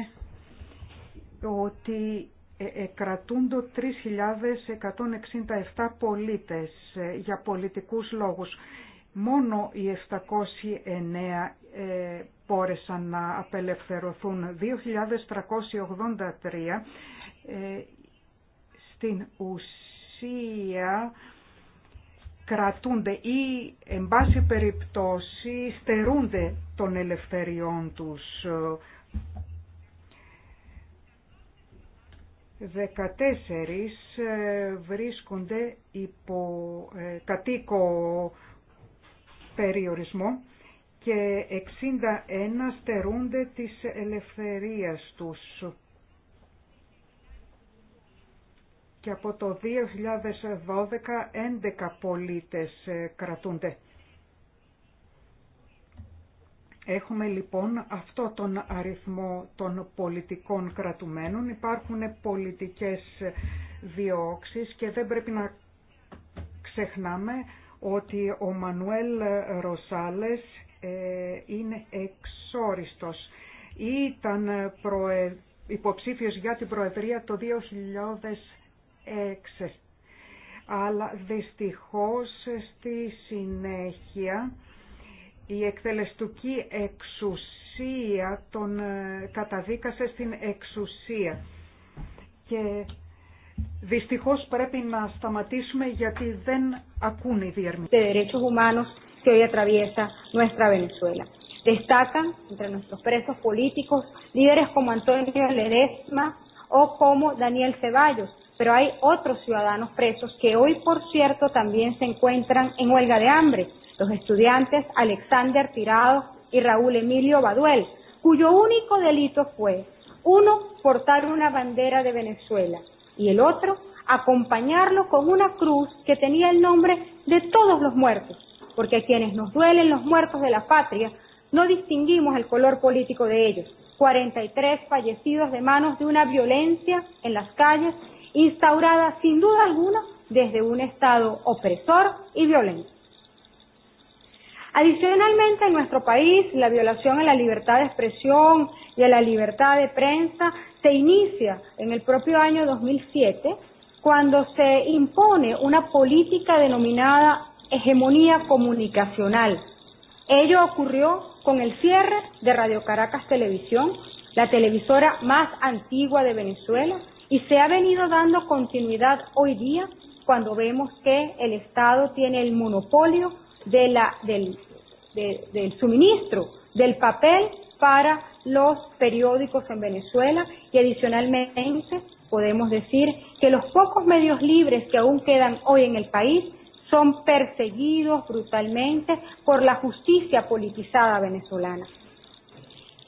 ότι ε, εκρατούντο 3.167 πολίτες ε, για πολιτικούς λόγους. Μόνο οι 709 ε, πόρεσαν να απελευθερωθούν. 2.383 ε, στην ουσία κρατούνται ή εν πάση περιπτώσει στερούνται των ελευθεριών τους. 14 ε, βρίσκονται υπό ε, κατοίκο περιορισμό και 61 στερούνται της ελευθερίας τους. Και από το 2012 11 πολίτες ε, κρατούνται. Έχουμε λοιπόν αυτό τον αριθμό των πολιτικών κρατουμένων. Υπάρχουν πολιτικές διώξεις και δεν πρέπει να ξεχνάμε ότι ο Μανουέλ Ροσάλες ε, είναι εξόριστος. Ήταν προε... υποψήφιος για την Προεδρία το 2006, αλλά δυστυχώς στη συνέχεια η εκτελεστική εξουσία τον ε, καταδίκασε στην εξουσία και Δυστυχώς πρέπει να σταματήσουμε γιατί δεν ακούν οι διερμηνείς. De derechos humanos que hoy atraviesa nuestra Venezuela. Destacan entre nuestros presos políticos líderes como Antonio Ledesma o como Daniel Ceballos, pero hay otros ciudadanos presos que hoy, por cierto, también se encuentran en huelga de hambre. Los estudiantes Alexander Tirado y Raúl Emilio Baduel, cuyo único delito fue, uno, portar una bandera de Venezuela, y el otro acompañarlo con una cruz que tenía el nombre de todos los muertos, porque a quienes nos duelen los muertos de la patria no distinguimos el color político de ellos. 43 fallecidos de manos de una violencia en las calles instaurada sin duda alguna desde un Estado opresor y violento. Adicionalmente, en nuestro país, la violación a la libertad de expresión y a la libertad de prensa se inicia en el propio año 2007, cuando se impone una política denominada hegemonía comunicacional. Ello ocurrió con el cierre de Radio Caracas Televisión, la televisora más antigua de Venezuela, y se ha venido dando continuidad hoy día cuando vemos que el Estado tiene el monopolio de la, del, del suministro del papel para los periódicos en Venezuela y adicionalmente podemos decir que los pocos medios libres que aún quedan hoy en el país son perseguidos brutalmente por la justicia politizada venezolana.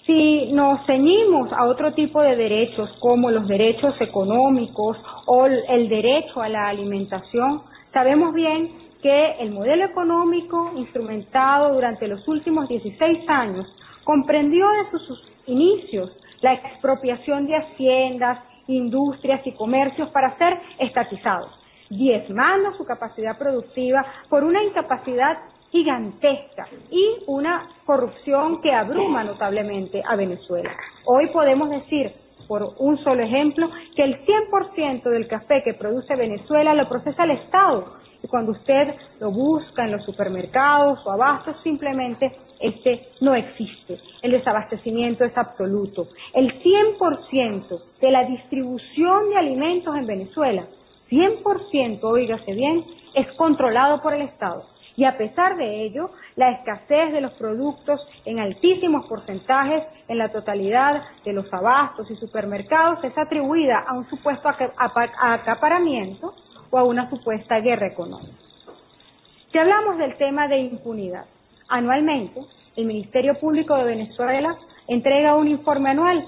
Si nos ceñimos a otro tipo de derechos como los derechos económicos o el derecho a la alimentación, sabemos bien que el modelo económico instrumentado durante los últimos 16 años comprendió desde sus inicios la expropiación de haciendas, industrias y comercios para ser estatizados, diezmando su capacidad productiva por una incapacidad gigantesca y una corrupción que abruma notablemente a Venezuela. Hoy podemos decir, por un solo ejemplo, que el 100% del café que produce Venezuela lo procesa el Estado cuando usted lo busca en los supermercados o abastos, simplemente este no existe. El desabastecimiento es absoluto. El 100% de la distribución de alimentos en Venezuela, 100%, oígase bien, es controlado por el Estado. Y a pesar de ello, la escasez de los productos en altísimos porcentajes en la totalidad de los abastos y supermercados es atribuida a un supuesto acaparamiento o a una supuesta guerra económica. Si hablamos del tema de impunidad, anualmente el Ministerio Público de Venezuela entrega un informe anual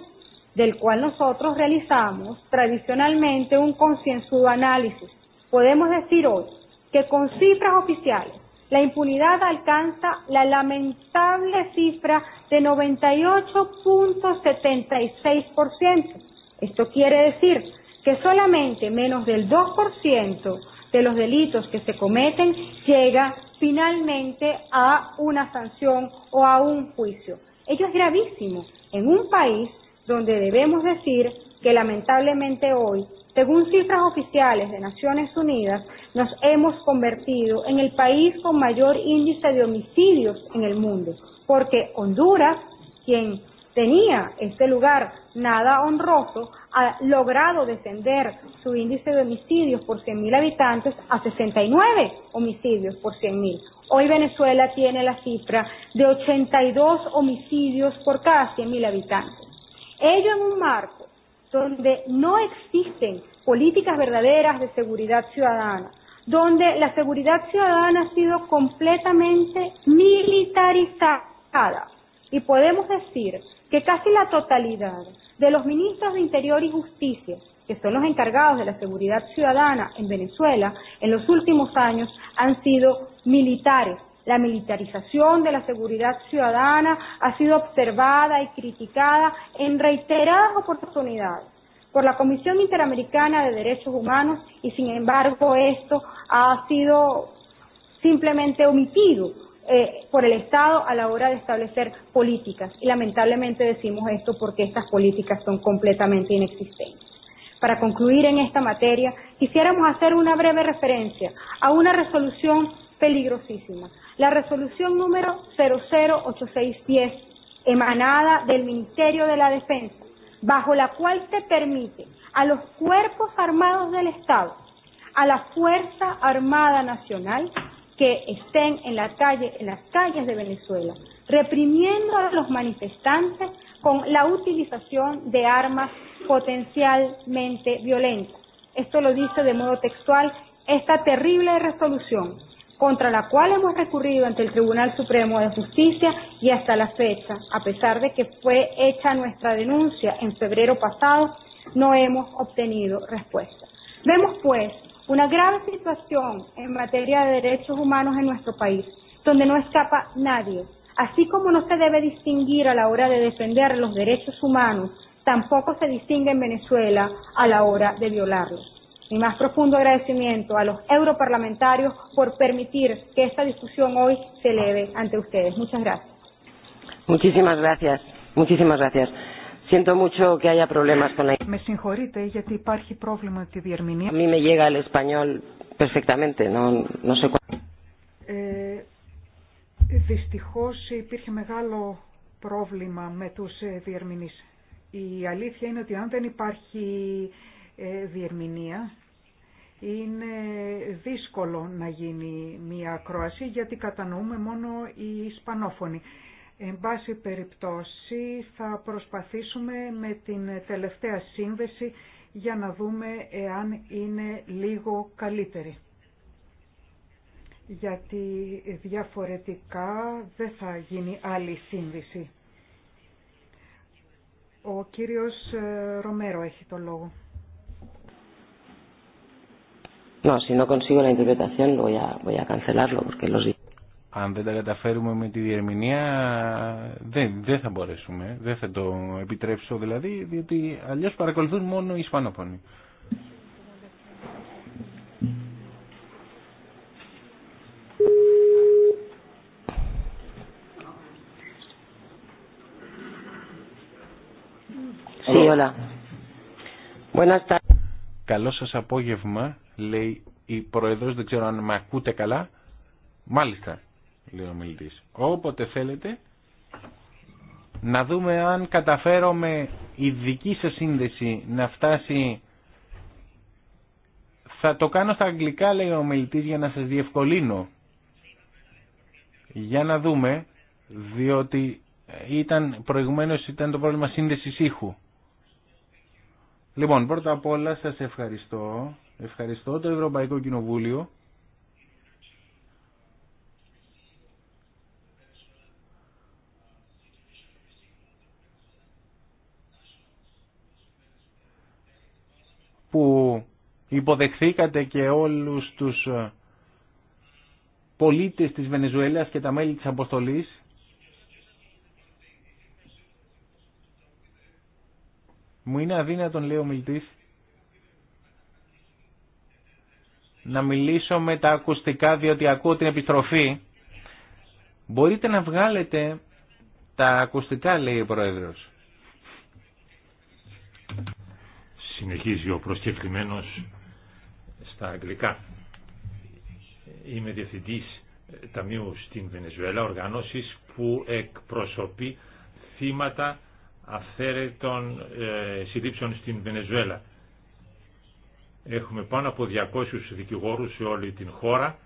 del cual nosotros realizamos tradicionalmente un concienzudo análisis. Podemos decir hoy que con cifras oficiales la impunidad alcanza la lamentable cifra de 98.76%. Esto quiere decir que solamente menos del 2% de los delitos que se cometen llega finalmente a una sanción o a un juicio. Ello es gravísimo en un país donde debemos decir que lamentablemente hoy, según cifras oficiales de Naciones Unidas, nos hemos convertido en el país con mayor índice de homicidios en el mundo, porque Honduras, quien tenía este lugar nada honroso, ha logrado descender su índice de homicidios por 100.000 habitantes a 69 homicidios por 100.000. Hoy Venezuela tiene la cifra de 82 homicidios por cada 100.000 habitantes. Ello en un marco donde no existen políticas verdaderas de seguridad ciudadana, donde la seguridad ciudadana ha sido completamente militarizada Y podemos decir que casi la totalidad de los ministros de Interior y Justicia, que son los encargados de la seguridad ciudadana en Venezuela, en los últimos años han sido militares. La militarización de la seguridad ciudadana ha sido observada y criticada en reiteradas oportunidades por la Comisión Interamericana de Derechos Humanos y sin embargo esto ha sido simplemente omitido eh, por el Estado a la hora de establecer políticas. Y lamentablemente decimos esto porque estas políticas son completamente inexistentes. Para concluir en esta materia, quisiéramos hacer una breve referencia a una resolución peligrosísima, la resolución número 008610, emanada del Ministerio de la Defensa, bajo la cual se permite a los cuerpos armados del Estado, a la Fuerza Armada Nacional, que estén en, la calle, en las calles de Venezuela, reprimiendo a los manifestantes con la utilización de armas potencialmente violentas. Esto lo dice de modo textual esta terrible resolución contra la cual hemos recurrido ante el Tribunal Supremo de Justicia y hasta la fecha, a pesar de que fue hecha nuestra denuncia en febrero pasado, no hemos obtenido respuesta. Vemos pues una grave situación en materia de derechos humanos en nuestro país, donde no escapa nadie. Así como no se debe distinguir a la hora de defender los derechos humanos, tampoco se distingue en Venezuela a la hora de violarlos. Mi más profundo agradecimiento a los europarlamentarios por permitir que esta discusión hoy se eleve ante ustedes. Muchas gracias. Muchísimas gracias. Muchísimas gracias. Siento Με συγχωρείτε γιατί υπάρχει πρόβλημα τη διερμηνία. Μη με llega el español perfectamente, ε, δυστυχώς υπήρχε μεγάλο πρόβλημα με τους ε, διερμηνείς. Η αλήθεια είναι ότι αν δεν υπάρχει ε, διερμηνία είναι δύσκολο να γίνει μία ακρόαση γιατί κατανοούμε μόνο οι ισπανόφωνοι. Εν πάση περιπτώσει θα προσπαθήσουμε με την τελευταία σύνδεση για να δούμε εάν είναι λίγο καλύτερη. Γιατί διαφορετικά δεν θα γίνει άλλη σύνδεση. Ο κύριος ε, Ρομέρο έχει το λόγο. No, si no consigo la interpretación voy αν δεν τα καταφέρουμε με τη διερμηνία δεν, δεν θα μπορέσουμε, δεν θα το επιτρέψω δηλαδή, διότι αλλιώς παρακολουθούν μόνο οι Ισπανόφωνοι. Καλό σας απόγευμα, λέει η Πρόεδρος, δεν ξέρω αν με ακούτε καλά. Μάλιστα λέει ο Όποτε θέλετε να δούμε αν καταφέρομαι η δική σας σύνδεση να φτάσει θα το κάνω στα αγγλικά λέει ο μιλητής για να σας διευκολύνω για να δούμε διότι ήταν, προηγουμένως ήταν το πρόβλημα σύνδεσης ήχου λοιπόν πρώτα απ' όλα σας ευχαριστώ ευχαριστώ το Ευρωπαϊκό Κοινοβούλιο υποδεχθήκατε και όλους τους ε, πολίτες της Βενεζουέλας και τα μέλη της αποστολής Μου είναι αδύνατον, λέει ο μιλτής, να μιλήσω με τα ακουστικά διότι ακούω την επιστροφή. Μπορείτε να βγάλετε τα ακουστικά, λέει ο Πρόεδρος. Συνεχίζει ο προσκεκλημένος στα αγγλικά. Είμαι διευθυντής ε, ταμείου στην Βενεζουέλα, οργάνωσης που εκπροσωπεί θύματα αυθαίρετων ε, συλλήψεων στην Βενεζουέλα. Έχουμε πάνω από 200 δικηγόρους σε όλη την χώρα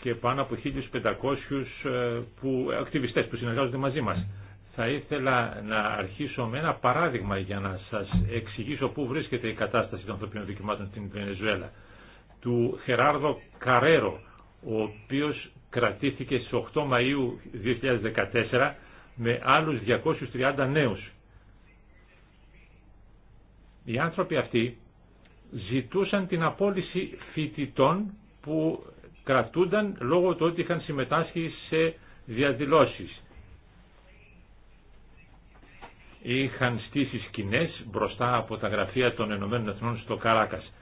και πάνω από 1.500 ε, που, ακτιβιστές που συνεργάζονται μαζί μας. Θα ήθελα να αρχίσω με ένα παράδειγμα για να σας εξηγήσω πού βρίσκεται η κατάσταση των ανθρωπίνων δικαιωμάτων στην Βενεζουέλα του Χεράρδο Καρέρο, ο οποίος κρατήθηκε στις 8 Μαΐου 2014 με άλλους 230 νέους. Οι άνθρωποι αυτοί ζητούσαν την απόλυση φοιτητών που κρατούνταν λόγω του ότι είχαν συμμετάσχει σε διαδηλώσεις. Είχαν στήσει σκηνές μπροστά από τα γραφεία των Ηνωμένων Εθνών στο Καράκας.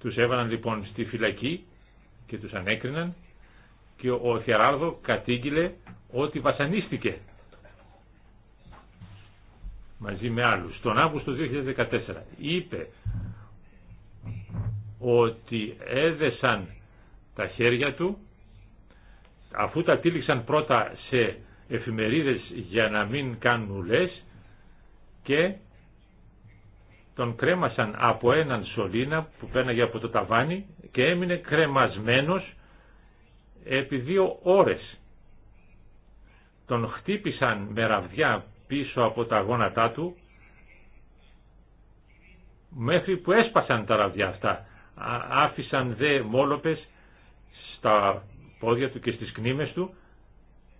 Τους έβαλαν λοιπόν στη φυλακή και τους ανέκριναν και ο Θεράρδο κατήγγειλε ότι βασανίστηκε μαζί με άλλους. Τον Αύγουστο 2014 είπε ότι έδεσαν τα χέρια του αφού τα τύλιξαν πρώτα σε εφημερίδες για να μην κάνουν ουλές και τον κρέμασαν από έναν σωλήνα που πέναγε από το ταβάνι και έμεινε κρεμασμένος επί δύο ώρες. Τον χτύπησαν με ραβδιά πίσω από τα γόνατά του μέχρι που έσπασαν τα ραβδιά αυτά. Άφησαν δε μόλοπες στα πόδια του και στις κνήμες του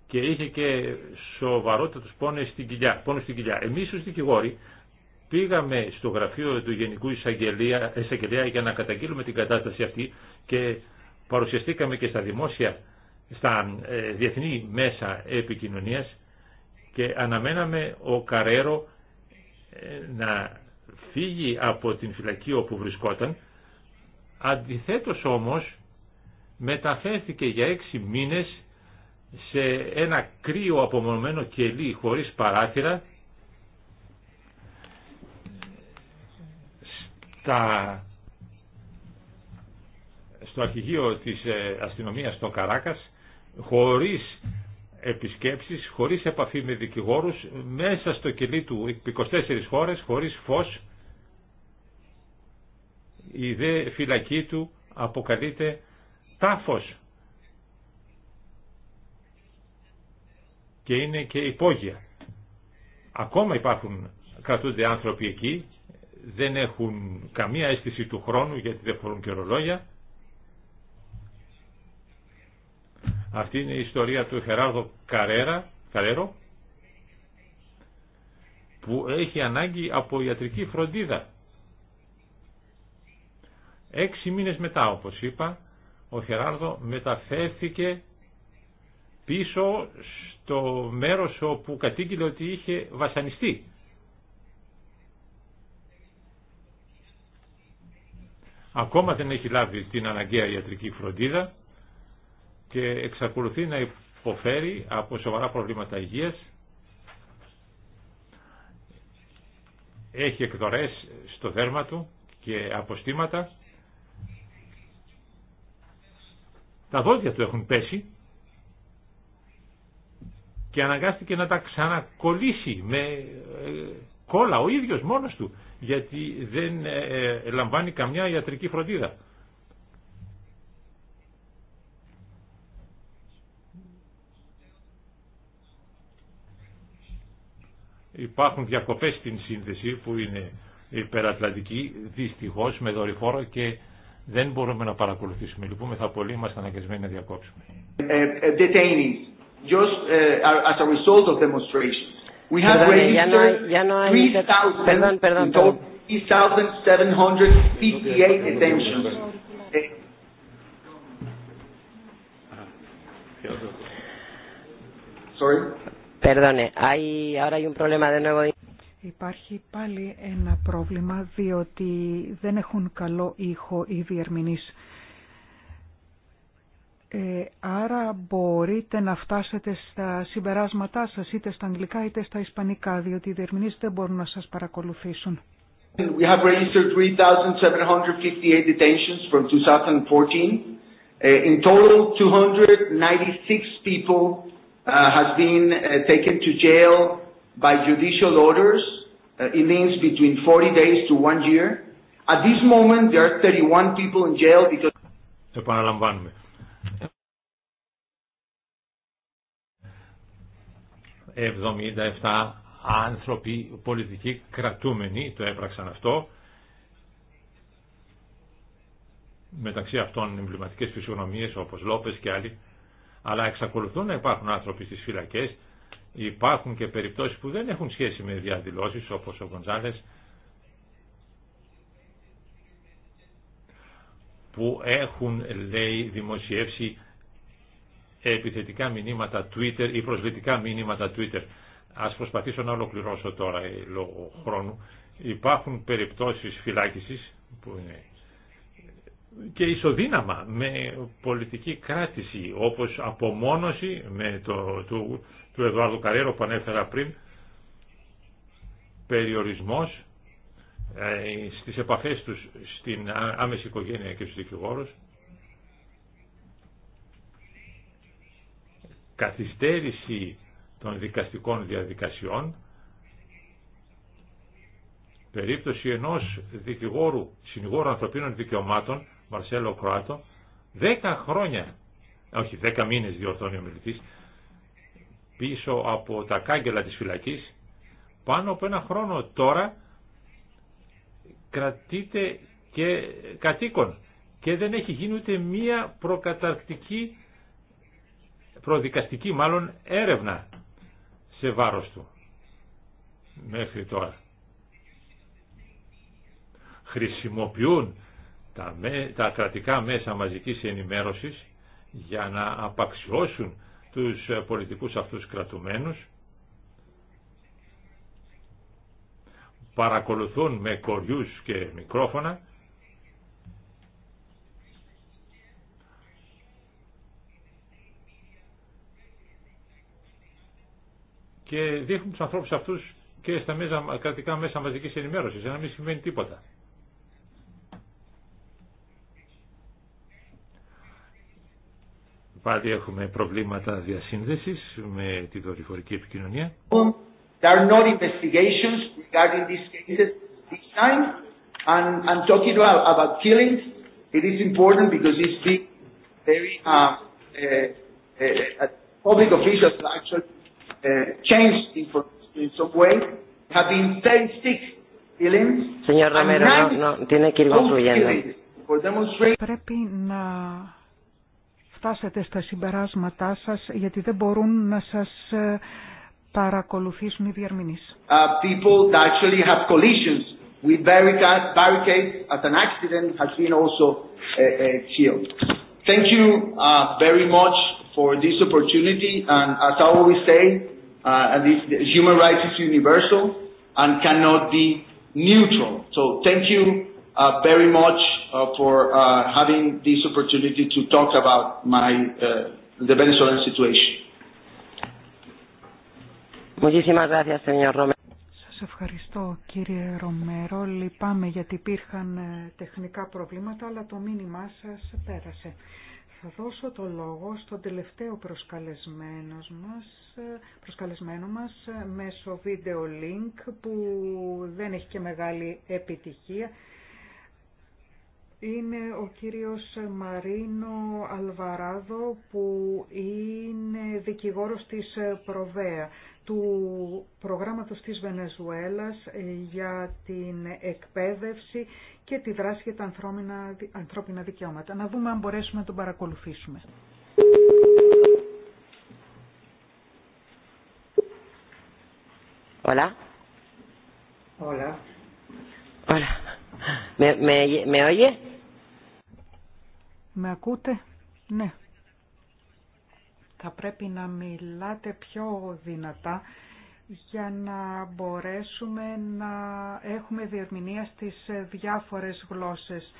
και είχε και τους πόνες στην κοιλιά. Πόνες στην κοιλιά. Εμείς ως δικηγόροι Πήγαμε στο γραφείο του Γενικού Εισαγγελία, για να καταγγείλουμε την κατάσταση αυτή και παρουσιαστήκαμε και στα δημόσια, στα ε, διεθνή μέσα επικοινωνίας και αναμέναμε ο Καρέρο ε, να φύγει από την φυλακή όπου βρισκόταν. Αντιθέτως όμως μεταφέρθηκε για έξι μήνες σε ένα κρύο απομονωμένο κελί χωρίς παράθυρα στο αρχηγείο της ε, αστυνομίας στο Καράκας χωρίς επισκέψεις, χωρίς επαφή με δικηγόρους, μέσα στο κελί του 24 χώρες, χωρίς φως. Η δε φυλακή του αποκαλείται τάφος και είναι και υπόγεια. Ακόμα υπάρχουν, κρατούνται άνθρωποι εκεί δεν έχουν καμία αίσθηση του χρόνου γιατί δεν φορούν και ρολόγια. Αυτή είναι η ιστορία του Χεράρδο Καρέρα, Καρέρο που έχει ανάγκη από ιατρική φροντίδα. Έξι μήνες μετά, όπως είπα, ο Χεράρδο μεταφέρθηκε πίσω στο μέρος όπου κατήγγειλε ότι είχε βασανιστεί. ακόμα δεν έχει λάβει την αναγκαία ιατρική φροντίδα και εξακολουθεί να υποφέρει από σοβαρά προβλήματα υγείας. Έχει εκδορές στο δέρμα του και αποστήματα. Τα δόντια του έχουν πέσει και αναγκάστηκε να τα ξανακολλήσει με ε, κόλλα ο ίδιος μόνος του γιατί δεν ε, ε, λαμβάνει καμιά ιατρική φροντίδα. Υπάρχουν διακοπές στην σύνδεση που είναι υπερατλαντική, δυστυχώς με δορυφόρο και δεν μπορούμε να παρακολουθήσουμε. Λοιπόν, θα πολύ, είμαστε αναγκασμένοι να διακόψουμε. Ε, detainees, just as a result of demonstrations. We have registered 3,000 3,758 detentions. Sorry. Perdone, hay, ahora hay un problema de nuevo. Υπάρχει πάλι ένα πρόβλημα διότι δεν έχουν καλό ήχο οι διερμηνείς. Ε, άρα μπορείτε να φτάσετε στα συμπεράσματά σας είτε στα αγγλικά είτε στα ισπανικά διότι οι διερμηνείς δεν μπορούν να σας παρακολουθήσουν. We have registered 3,758 detentions from 2014. in total, 296 people uh, has been taken to jail by judicial orders. in it means between 40 days to one year. At this moment, there are 31 people in jail because... Επαναλαμβάνουμε. 77 άνθρωποι πολιτικοί κρατούμενοι το έπραξαν αυτό μεταξύ αυτών εμβληματικές φυσιογνωμίες όπως Λόπες και άλλοι αλλά εξακολουθούν να υπάρχουν άνθρωποι στις φυλακές υπάρχουν και περιπτώσεις που δεν έχουν σχέση με διαδηλώσεις όπως ο Γκονζάλες που έχουν, λέει, δημοσιεύσει επιθετικά μηνύματα Twitter ή προσβλητικά μηνύματα Twitter. Ας προσπαθήσω να ολοκληρώσω τώρα ε, λόγω χρόνου. Υπάρχουν περιπτώσεις φυλάκισης που είναι και ισοδύναμα με πολιτική κράτηση όπως απομόνωση με το, του, του Καρέρο που ανέφερα πριν περιορισμός ε, στις επαφές τους στην άμεση οικογένεια και στους δικηγόρους καθυστέρηση των δικαστικών διαδικασιών περίπτωση ενός δικηγόρου συνηγόρου ανθρωπίνων δικαιωμάτων Μαρσέλο Κροάτο δέκα χρόνια ε, όχι δέκα μήνες διορθώνει ο μιλητής πίσω από τα κάγκελα της φυλακής πάνω από ένα χρόνο τώρα κρατείται και κατοίκων και δεν έχει γίνει ούτε μία προκαταρκτική, προδικαστική μάλλον έρευνα σε βάρος του μέχρι τώρα. Χρησιμοποιούν τα, τα κρατικά μέσα μαζικής ενημέρωσης για να απαξιώσουν τους πολιτικούς αυτούς κρατουμένους παρακολουθούν με κοριούς και μικρόφωνα και δείχνουν τους ανθρώπους αυτούς και στα μέσα, κρατικά μέσα μαζικής ενημέρωσης, για να μην σημαίνει τίποτα. Πάλι έχουμε προβλήματα διασύνδεσης με τη δορυφορική επικοινωνία. There are no investigations regarding these cases this time. And I'm talking about, about killings. It is important because these big, very uh, uh, uh, public officials actually uh, changed in some way. There Have been 36 killings. Señor Romero, no, no, tiene que ir concluyendo. Πρέπει να φτάσετε στα συμπεράσματά σας γιατί δεν μπορούν να σας παρακολουθήσουν οι people that actually have collisions with barricades, barricades as an accident has been also killed. Thank you very much for this opportunity and as I always say, uh, this, human rights is universal and cannot be neutral. So thank you uh, very much uh, for uh, having this opportunity to talk about my uh, the Venezuelan situation. Σας ευχαριστώ κύριε Ρομέρο. Λυπάμαι γιατί υπήρχαν ε, τεχνικά προβλήματα, αλλά το μήνυμά σας πέρασε. Θα δώσω το λόγο στον τελευταίο προσκαλεσμένος μας, ε, προσκαλεσμένο μας ε, μέσω βίντεο link που δεν έχει και μεγάλη επιτυχία είναι ο κύριος Μαρίνο Αλβαράδο που είναι δικηγόρος της Προβέα του προγράμματος της Βενεζουέλας για την εκπαίδευση και τη δράση για τα ανθρώπινα δικαιώματα. Να δούμε αν μπορέσουμε να τον παρακολουθήσουμε. Hola. Hola. Hola. Με me, me ακούτε? Ναι. Θα πρέπει να μιλάτε πιο δυνατά για να μπορέσουμε να έχουμε διερμηνία στις διάφορες γλώσσες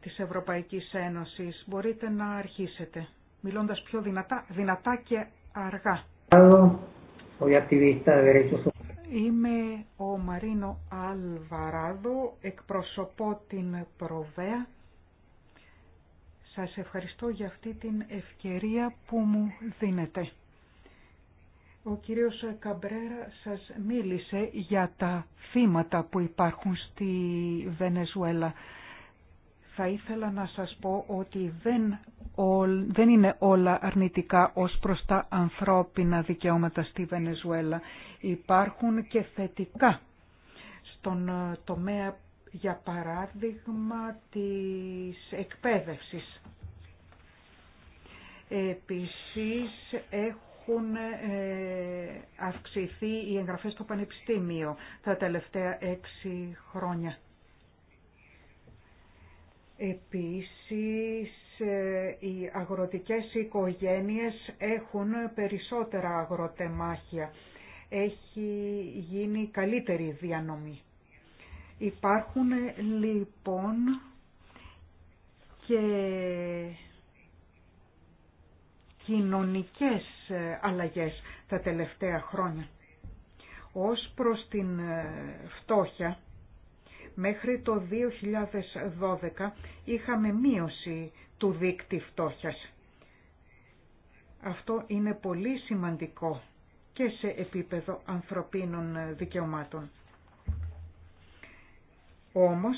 της Ευρωπαϊκής Ένωσης. Μπορείτε να αρχίσετε, μιλώντας πιο δυνατά, δυνατά και αργά. Ο Είμαι ο Μαρίνο Αλβαράδο, εκπροσωπώ την Προβέα. Σας ευχαριστώ για αυτή την ευκαιρία που μου δίνετε. Ο κύριος Καμπρέρα σας μίλησε για τα θύματα που υπάρχουν στη Βενεζουέλα. Θα ήθελα να σας πω ότι δεν, δεν είναι όλα αρνητικά ως προς τα ανθρώπινα δικαιώματα στη Βενεζουέλα. Υπάρχουν και θετικά στον ε, τομέα, για παράδειγμα, της εκπαίδευσης. Επίσης έχουν ε, αυξηθεί οι εγγραφές στο Πανεπιστήμιο τα τελευταία έξι χρόνια. Επίσης, ε, οι αγροτικές οικογένειες έχουν περισσότερα αγροτεμάχια. Έχει γίνει καλύτερη διανομή. Υπάρχουν λοιπόν και κοινωνικές ε, αλλαγές τα τελευταία χρόνια. Ως προς την ε, φτώχεια, Μέχρι το 2012 είχαμε μείωση του δίκτυ φτώχειας. Αυτό είναι πολύ σημαντικό και σε επίπεδο ανθρωπίνων δικαιωμάτων. Όμως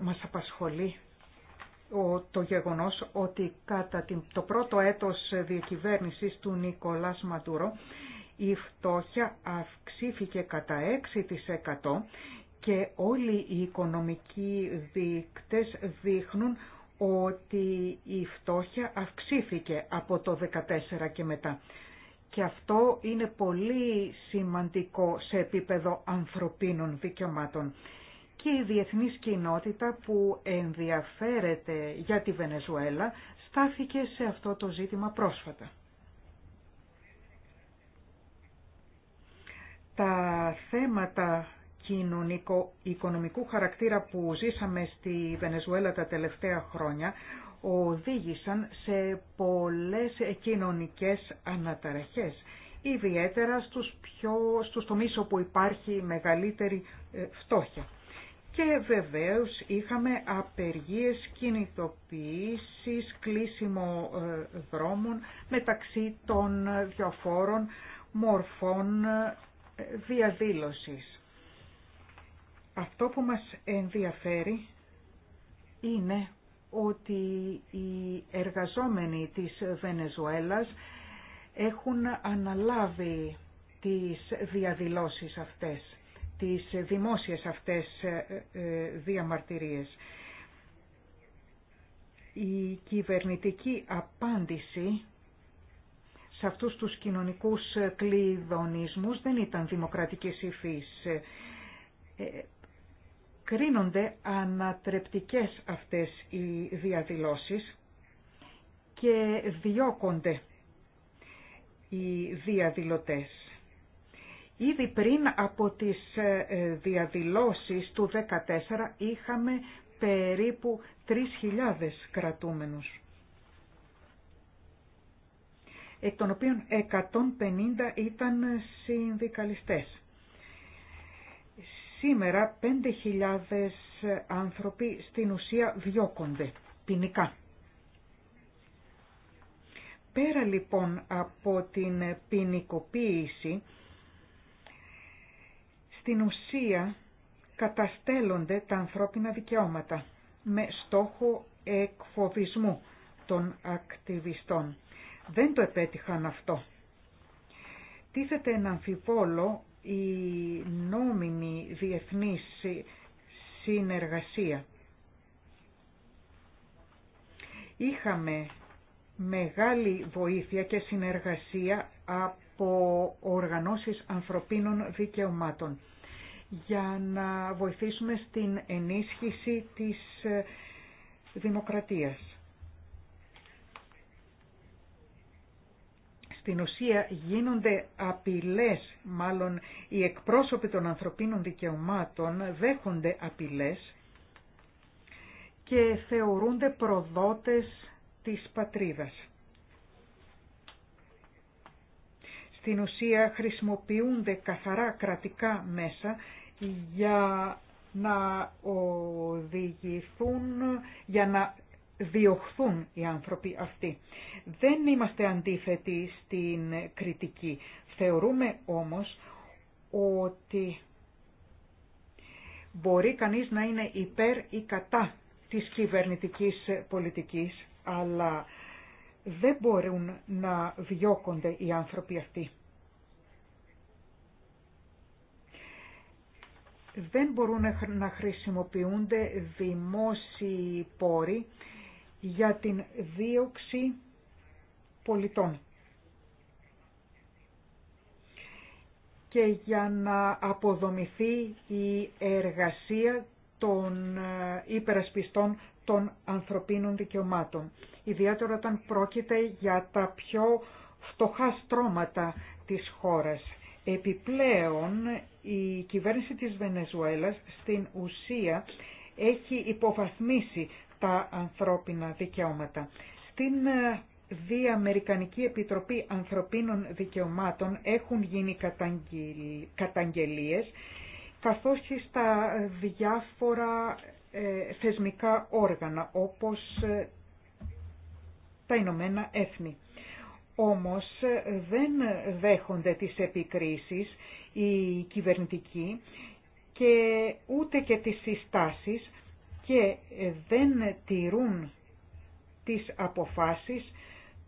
μας απασχολεί το γεγονός ότι κατά το πρώτο έτος διακυβέρνησης του Νικολάς Μαντούρο η φτώχεια αυξήθηκε κατά 6% και όλοι οι οικονομικοί δείκτες δείχνουν ότι η φτώχεια αυξήθηκε από το 2014 και μετά. Και αυτό είναι πολύ σημαντικό σε επίπεδο ανθρωπίνων δικαιωμάτων. Και η διεθνής κοινότητα που ενδιαφέρεται για τη Βενεζουέλα στάθηκε σε αυτό το ζήτημα πρόσφατα. Τα θέματα κοινωνικο-οικονομικού χαρακτήρα που ζήσαμε στη Βενεζουέλα τα τελευταία χρόνια οδήγησαν σε πολλές κοινωνικές αναταραχές, ιδιαίτερα στους, πιο, στους τομείς όπου υπάρχει μεγαλύτερη ε, φτώχεια. Και βεβαίως είχαμε απεργίες κινητοποίησης, κλείσιμο ε, δρόμων μεταξύ των διαφόρων μορφών ε, διαδήλωσης. Αυτό που μας ενδιαφέρει είναι ότι οι εργαζόμενοι της Βενεζουέλας έχουν αναλάβει τις διαδηλώσεις αυτές, τις δημόσιες αυτές ε, ε, διαμαρτυρίες. Η κυβερνητική απάντηση σε αυτούς τους κοινωνικούς κλειδονισμούς δεν ήταν δημοκρατικής υφής. Ε, κρίνονται ανατρεπτικές αυτές οι διαδηλώσεις και διώκονται οι διαδηλωτές. Ήδη πριν από τις ε, διαδηλώσεις του 2014 είχαμε περίπου 3.000 κρατούμενους, εκ των οποίων 150 ήταν συνδικαλιστές. Σήμερα 5.000 άνθρωποι στην ουσία διώκονται ποινικά. Πέρα λοιπόν από την ποινικοποίηση, στην ουσία καταστέλλονται τα ανθρώπινα δικαιώματα με στόχο εκφοβισμού των ακτιβιστών. Δεν το επέτυχαν αυτό. Τίθεται ένα αμφιβόλο η νόμιμη διεθνής συνεργασία. Είχαμε μεγάλη βοήθεια και συνεργασία από οργανώσεις ανθρωπίνων δικαιωμάτων για να βοηθήσουμε στην ενίσχυση της ε, δημοκρατίας. στην ουσία γίνονται απειλές, μάλλον οι εκπρόσωποι των ανθρωπίνων δικαιωμάτων δέχονται απειλές και θεωρούνται προδότες της πατρίδας. Στην ουσία χρησιμοποιούνται καθαρά κρατικά μέσα για να οδηγηθούν, για να διωχθούν οι άνθρωποι αυτοί. Δεν είμαστε αντίθετοι στην κριτική. Θεωρούμε όμως ότι μπορεί κανείς να είναι υπέρ ή κατά της κυβερνητικής πολιτικής, αλλά δεν μπορούν να διώκονται οι άνθρωποι αυτοί. Δεν μπορούν να χρησιμοποιούνται δημόσιοι πόροι για την δίωξη πολιτών. και για να αποδομηθεί η εργασία των ε, υπερασπιστών των ανθρωπίνων δικαιωμάτων. Ιδιαίτερα όταν πρόκειται για τα πιο φτωχά στρώματα της χώρας. Επιπλέον, η κυβέρνηση της Βενεζουέλας στην ουσία έχει υποβαθμίσει τα ανθρώπινα δικαιώματα. Στην ε, Διαμερικανική Επιτροπή Ανθρωπίνων Δικαιωμάτων έχουν γίνει καταγγελίες καθώς και στα διάφορα ε, θεσμικά όργανα όπως ε, τα Ηνωμένα Έθνη. Όμως δεν δέχονται τις επικρίσεις οι κυβερνητικοί και ούτε και τις συστάσεις και ε, δεν τηρούν τις αποφάσεις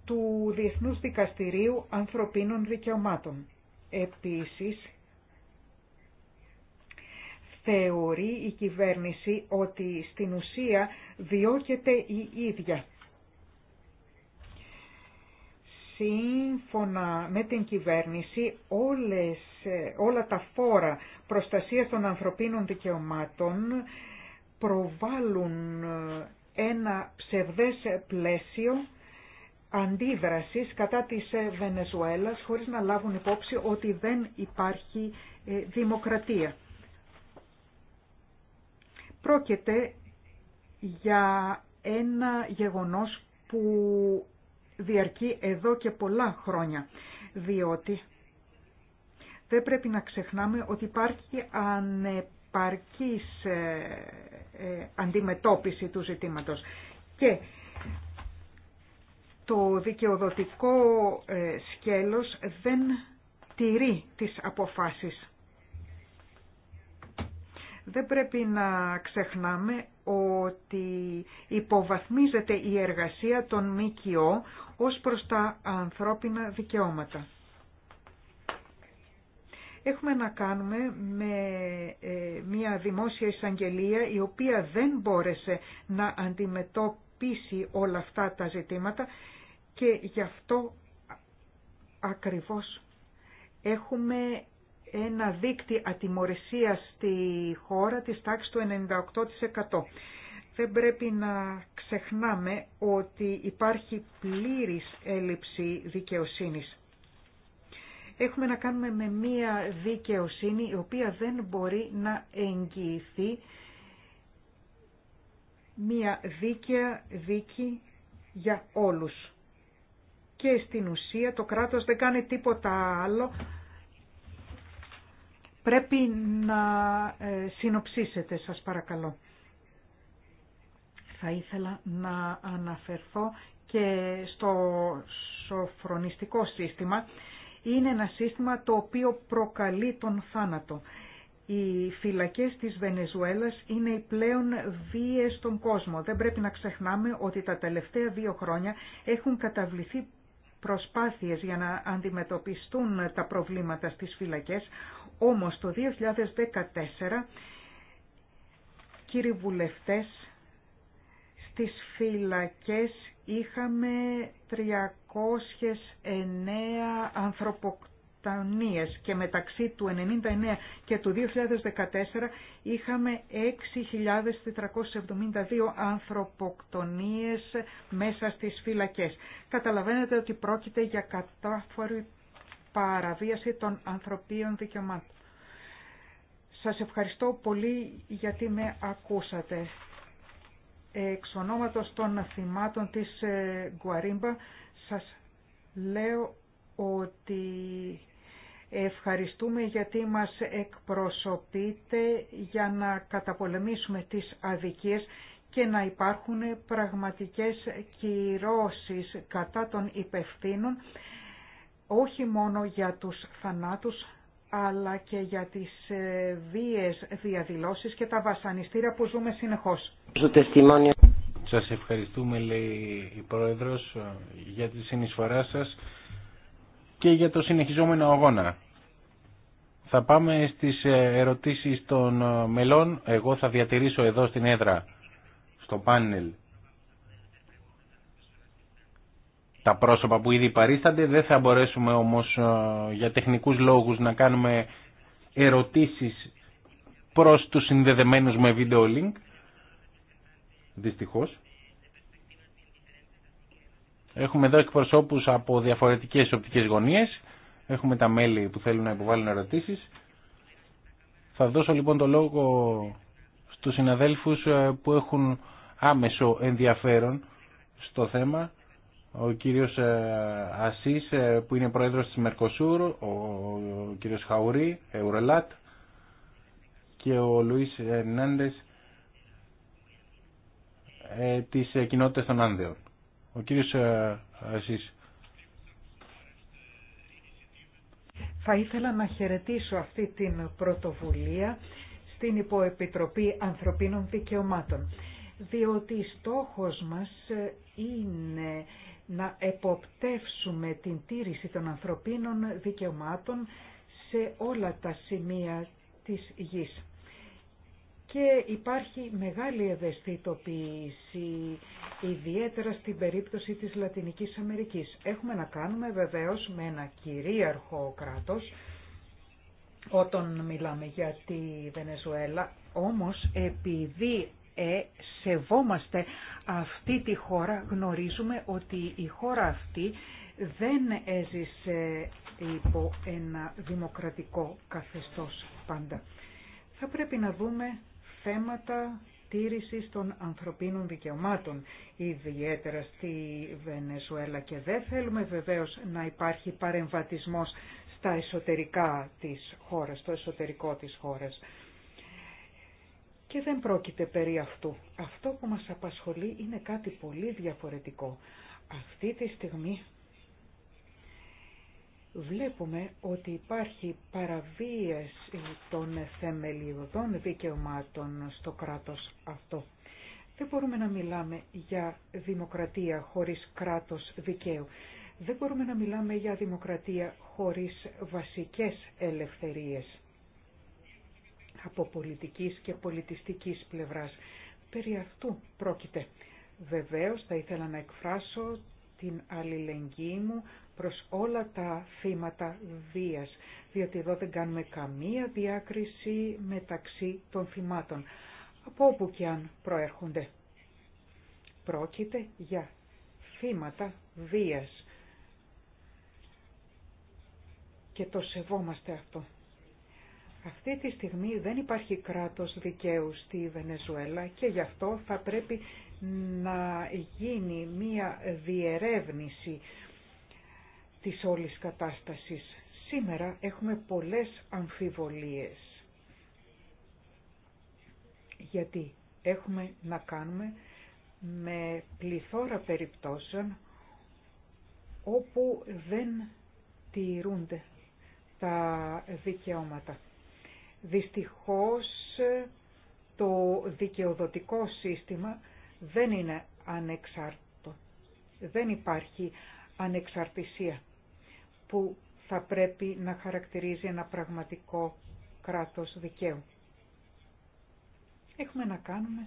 του Διεθνούς Δικαστηρίου Ανθρωπίνων Δικαιωμάτων. Επίσης, θεωρεί η κυβέρνηση ότι στην ουσία διώκεται η ίδια. Σύμφωνα με την κυβέρνηση, όλες, ε, όλα τα φόρα προστασίας των ανθρωπίνων δικαιωμάτων προβάλλουν ε, ένα ψευδές πλαίσιο αντίδρασης κατά της ε, Βενεζουέλας χωρίς να λάβουν υπόψη ότι δεν υπάρχει ε, δημοκρατία. Πρόκειται για ένα γεγονός που διαρκεί εδώ και πολλά χρόνια, διότι δεν πρέπει να ξεχνάμε ότι υπάρχει ανεπαρκής ε, αντιμετώπιση του ζητήματος. Και το δικαιοδοτικό ε, σκέλος δεν τηρεί τις αποφάσεις. Δεν πρέπει να ξεχνάμε ότι υποβαθμίζεται η εργασία των ΜΚΟ ως προς τα ανθρώπινα δικαιώματα. Έχουμε να κάνουμε με ε, μια δημόσια εισαγγελία η οποία δεν μπόρεσε να αντιμετωπίσει όλα αυτά τα ζητήματα και γι' αυτό ακριβώς έχουμε ένα δίκτυο ατιμορρησίας στη χώρα της τάξης του 98%. Δεν πρέπει να ξεχνάμε ότι υπάρχει πλήρης έλλειψη δικαιοσύνης. Έχουμε να κάνουμε με μία δικαιοσύνη η οποία δεν μπορεί να εγγυηθεί μία δίκαια δίκη για όλους. Και στην ουσία το κράτος δεν κάνει τίποτα άλλο. Πρέπει να ε, συνοψίσετε σας παρακαλώ. Θα ήθελα να αναφερθώ και στο σοφρονιστικό σύστημα είναι ένα σύστημα το οποίο προκαλεί τον θάνατο. Οι φυλακές της Βενεζουέλας είναι οι πλέον βίες στον κόσμο. Δεν πρέπει να ξεχνάμε ότι τα τελευταία δύο χρόνια έχουν καταβληθεί προσπάθειες για να αντιμετωπιστούν τα προβλήματα στις φυλακές, όμως το 2014, κύριοι βουλευτές, στις φυλακές είχαμε ανθρωποκτονίες και μεταξύ του 1999 και του 2014 είχαμε 6.472 ανθρωποκτονίες μέσα στις φυλακές. Καταλαβαίνετε ότι πρόκειται για κατάφορη παραβίαση των ανθρωπίων δικαιωμάτων. Σας ευχαριστώ πολύ γιατί με ακούσατε. Εξ ονόματος των θυμάτων της ε, Γκουαρίμπα σας λέω ότι ευχαριστούμε γιατί μας εκπροσωπείτε για να καταπολεμήσουμε τις αδικίες και να υπάρχουν πραγματικές κυρώσεις κατά των υπευθύνων, όχι μόνο για τους θανάτους, αλλά και για τις ε, βίες διαδηλώσεις και τα βασανιστήρια που ζούμε συνεχώς. Σας ευχαριστούμε λέει η Πρόεδρος για τη συνεισφορά σας και για το συνεχιζόμενο αγώνα. Θα πάμε στις ε, ερωτήσεις των ε, μελών. Εγώ θα διατηρήσω εδώ στην έδρα, στο πάνελ, τα πρόσωπα που ήδη παρίστανται. Δεν θα μπορέσουμε όμως ε, για τεχνικούς λόγους να κάνουμε ερωτήσεις προς τους συνδεδεμένους με βίντεο link δυστυχώς. Έχουμε εδώ εκπροσώπους από διαφορετικές οπτικές γωνίες. Έχουμε τα μέλη που θέλουν να υποβάλουν ερωτήσεις. Θα δώσω λοιπόν το λόγο στους συναδέλφους ε, που έχουν άμεσο ενδιαφέρον στο θέμα. Ο κύριος ε, Ασής ε, που είναι πρόεδρος της Μερκοσούρ, ο κύριος Χαουρί, Ευρελάτ και ο Λουίς Ερνάντες ε, τις ε, κοινότητας των Άνδεων. Ο κύριος ε, Ασής. Θα ήθελα να χαιρετήσω αυτή την πρωτοβουλία στην Υποεπιτροπή Ανθρωπίνων Δικαιωμάτων, διότι στόχος μας είναι να εποπτεύσουμε την τήρηση των ανθρωπίνων δικαιωμάτων σε όλα τα σημεία της γης και υπάρχει μεγάλη ευαισθητοποίηση, ιδιαίτερα στην περίπτωση της Λατινικής Αμερικής. Έχουμε να κάνουμε βεβαίως με ένα κυρίαρχο κράτος, όταν μιλάμε για τη Βενεζουέλα, όμως επειδή ε, σεβόμαστε αυτή τη χώρα, γνωρίζουμε ότι η χώρα αυτή δεν έζησε υπό ένα δημοκρατικό καθεστώς πάντα. Θα πρέπει να δούμε θέματα τήρησης των ανθρωπίνων δικαιωμάτων, ιδιαίτερα στη Βενεζουέλα και δεν θέλουμε βεβαίως να υπάρχει παρεμβατισμός στα εσωτερικά της χώρας, στο εσωτερικό της χώρας. Και δεν πρόκειται περί αυτού. Αυτό που μας απασχολεί είναι κάτι πολύ διαφορετικό. Αυτή τη στιγμή βλέπουμε ότι υπάρχει παραβίαση των θεμελιωδών δικαιωμάτων στο κράτος αυτό. Δεν μπορούμε να μιλάμε για δημοκρατία χωρίς κράτος δικαίου. Δεν μπορούμε να μιλάμε για δημοκρατία χωρίς βασικές ελευθερίες από πολιτικής και πολιτιστικής πλευράς. Περί αυτού πρόκειται. Βεβαίως θα ήθελα να εκφράσω την αλληλεγγύη μου προς όλα τα θύματα βίας, διότι εδώ δεν κάνουμε καμία διάκριση μεταξύ των θυμάτων, από όπου και αν προέρχονται. Πρόκειται για θύματα βίας και το σεβόμαστε αυτό. Αυτή τη στιγμή δεν υπάρχει κράτος δικαίου στη Βενεζουέλα και γι' αυτό θα πρέπει να γίνει μία διερεύνηση της όλης κατάστασης. Σήμερα έχουμε πολλές αμφιβολίες. Γιατί έχουμε να κάνουμε με πληθώρα περιπτώσεων όπου δεν τηρούνται τα δικαιώματα. Δυστυχώς το δικαιοδοτικό σύστημα δεν είναι ανεξάρτητο. Δεν υπάρχει ανεξαρτησία που θα πρέπει να χαρακτηρίζει ένα πραγματικό κράτος δικαίου. Έχουμε να κάνουμε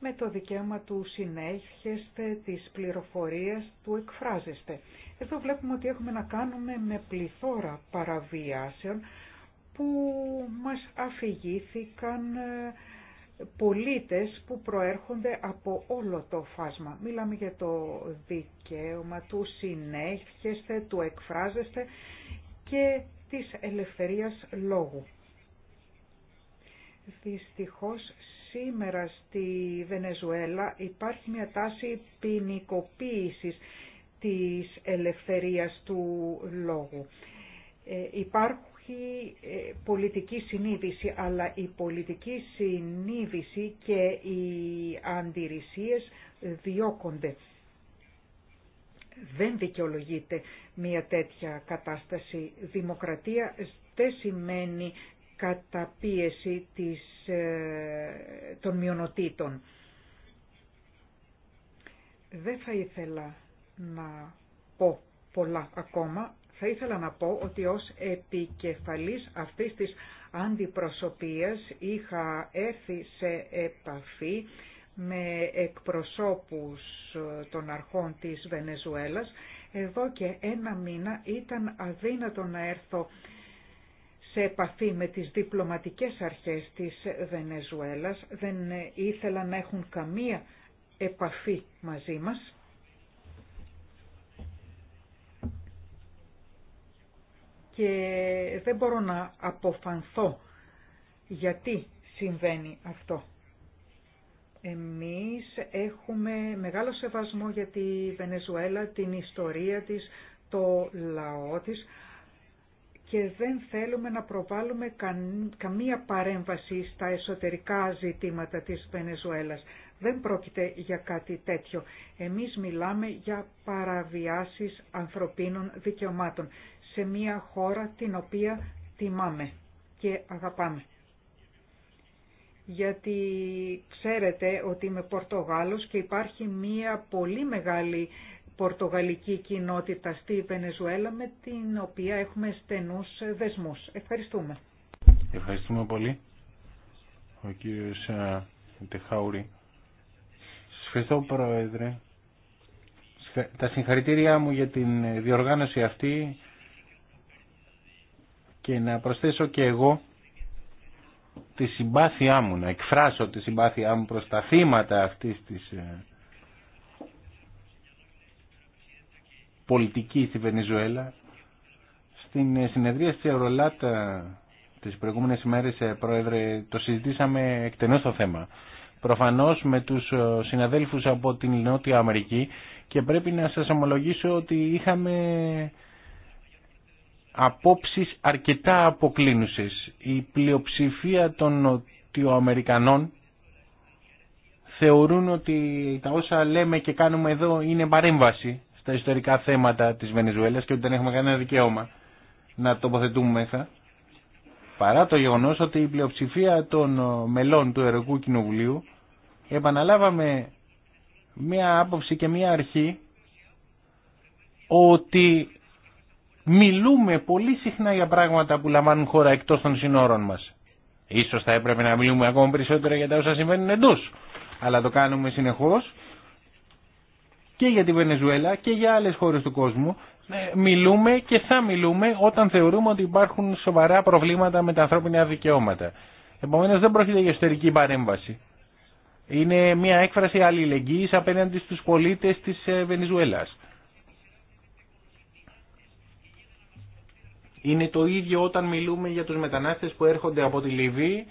με το δικαίωμα του συνέχεστε, της πληροφορίας, του εκφράζεστε. Εδώ βλέπουμε ότι έχουμε να κάνουμε με πληθώρα παραβιάσεων που μας αφηγήθηκαν ε, πολίτες που προέρχονται από όλο το φάσμα. Μιλάμε για το δικαίωμα του συνέχιστε, του εκφράζεστε και της ελευθερίας λόγου. Δυστυχώς σήμερα στη Βενεζουέλα υπάρχει μια τάση ποινικοποίηση της ελευθερίας του λόγου. Ε, υπάρχουν υπάρχει ε, πολιτική συνείδηση, αλλά η πολιτική συνείδηση και οι αντιρρησίες διώκονται. Δεν δικαιολογείται μια τέτοια κατάσταση. Δημοκρατία δεν σημαίνει καταπίεση της, ε, των μειονοτήτων. Δεν θα ήθελα να πω πολλά ακόμα, θα ήθελα να πω ότι ως επικεφαλής αυτής της αντιπροσωπείας είχα έρθει σε επαφή με εκπροσώπους των αρχών της Βενεζουέλας. Εδώ και ένα μήνα ήταν αδύνατο να έρθω σε επαφή με τις διπλωματικές αρχές της Βενεζουέλας. Δεν ήθελα να έχουν καμία επαφή μαζί μας και δεν μπορώ να αποφανθώ γιατί συμβαίνει αυτό. Εμείς έχουμε μεγάλο σεβασμό για τη Βενεζουέλα, την ιστορία της, το λαό της και δεν θέλουμε να προβάλλουμε καμία παρέμβαση στα εσωτερικά ζητήματα της Βενεζουέλας. Δεν πρόκειται για κάτι τέτοιο. Εμείς μιλάμε για παραβιάσεις ανθρωπίνων δικαιωμάτων σε μια χώρα την οποία τιμάμε και αγαπάμε. Γιατί ξέρετε ότι είμαι Πορτογάλος και υπάρχει μια πολύ μεγάλη πορτογαλική κοινότητα στη Βενεζουέλα με την οποία έχουμε στενούς δεσμούς. Ευχαριστούμε. Ευχαριστούμε πολύ. Ο κύριος ε, Τεχάουρη. Σας ευχαριστώ Πρόεδρε. Τα συγχαρητήριά μου για την διοργάνωση αυτή και να προσθέσω και εγώ τη συμπάθειά μου, να εκφράσω τη συμπάθειά μου προς τα θύματα αυτής της ε, πολιτική στη Βενιζουέλα. Στην ε, συνεδρία της Ευρωλάτα ε, τις προηγούμενες ημέρες, Πρόεδρε, το συζητήσαμε εκτενώς το θέμα. Προφανώς με τους συναδέλφους από την Νότια Αμερική και πρέπει να σας ομολογήσω ότι είχαμε απόψεις αρκετά αποκλίνουσες. Η πλειοψηφία των Νοτιοαμερικανών θεωρούν ότι τα όσα λέμε και κάνουμε εδώ είναι παρέμβαση στα ιστορικά θέματα της Βενεζουέλας και ότι δεν έχουμε κανένα δικαίωμα να τοποθετούμε μέσα. Παρά το γεγονός ότι η πλειοψηφία των μελών του Ερωκού Κοινοβουλίου επαναλάβαμε μία άποψη και μία αρχή ότι μιλούμε πολύ συχνά για πράγματα που λαμβάνουν χώρα εκτός των συνόρων μας. Ίσως θα έπρεπε να μιλούμε ακόμα περισσότερο για τα όσα συμβαίνουν εντός. Αλλά το κάνουμε συνεχώς και για τη Βενεζουέλα και για άλλες χώρες του κόσμου. Ε, μιλούμε και θα μιλούμε όταν θεωρούμε ότι υπάρχουν σοβαρά προβλήματα με τα ανθρώπινα δικαιώματα. Επομένως δεν πρόκειται για εσωτερική παρέμβαση. Είναι μια έκφραση αλληλεγγύης απέναντι στους πολίτες της ε, Βενεζουέλας. Είναι το ίδιο όταν μιλούμε για τους μετανάστες που έρχονται από τη Λιβύη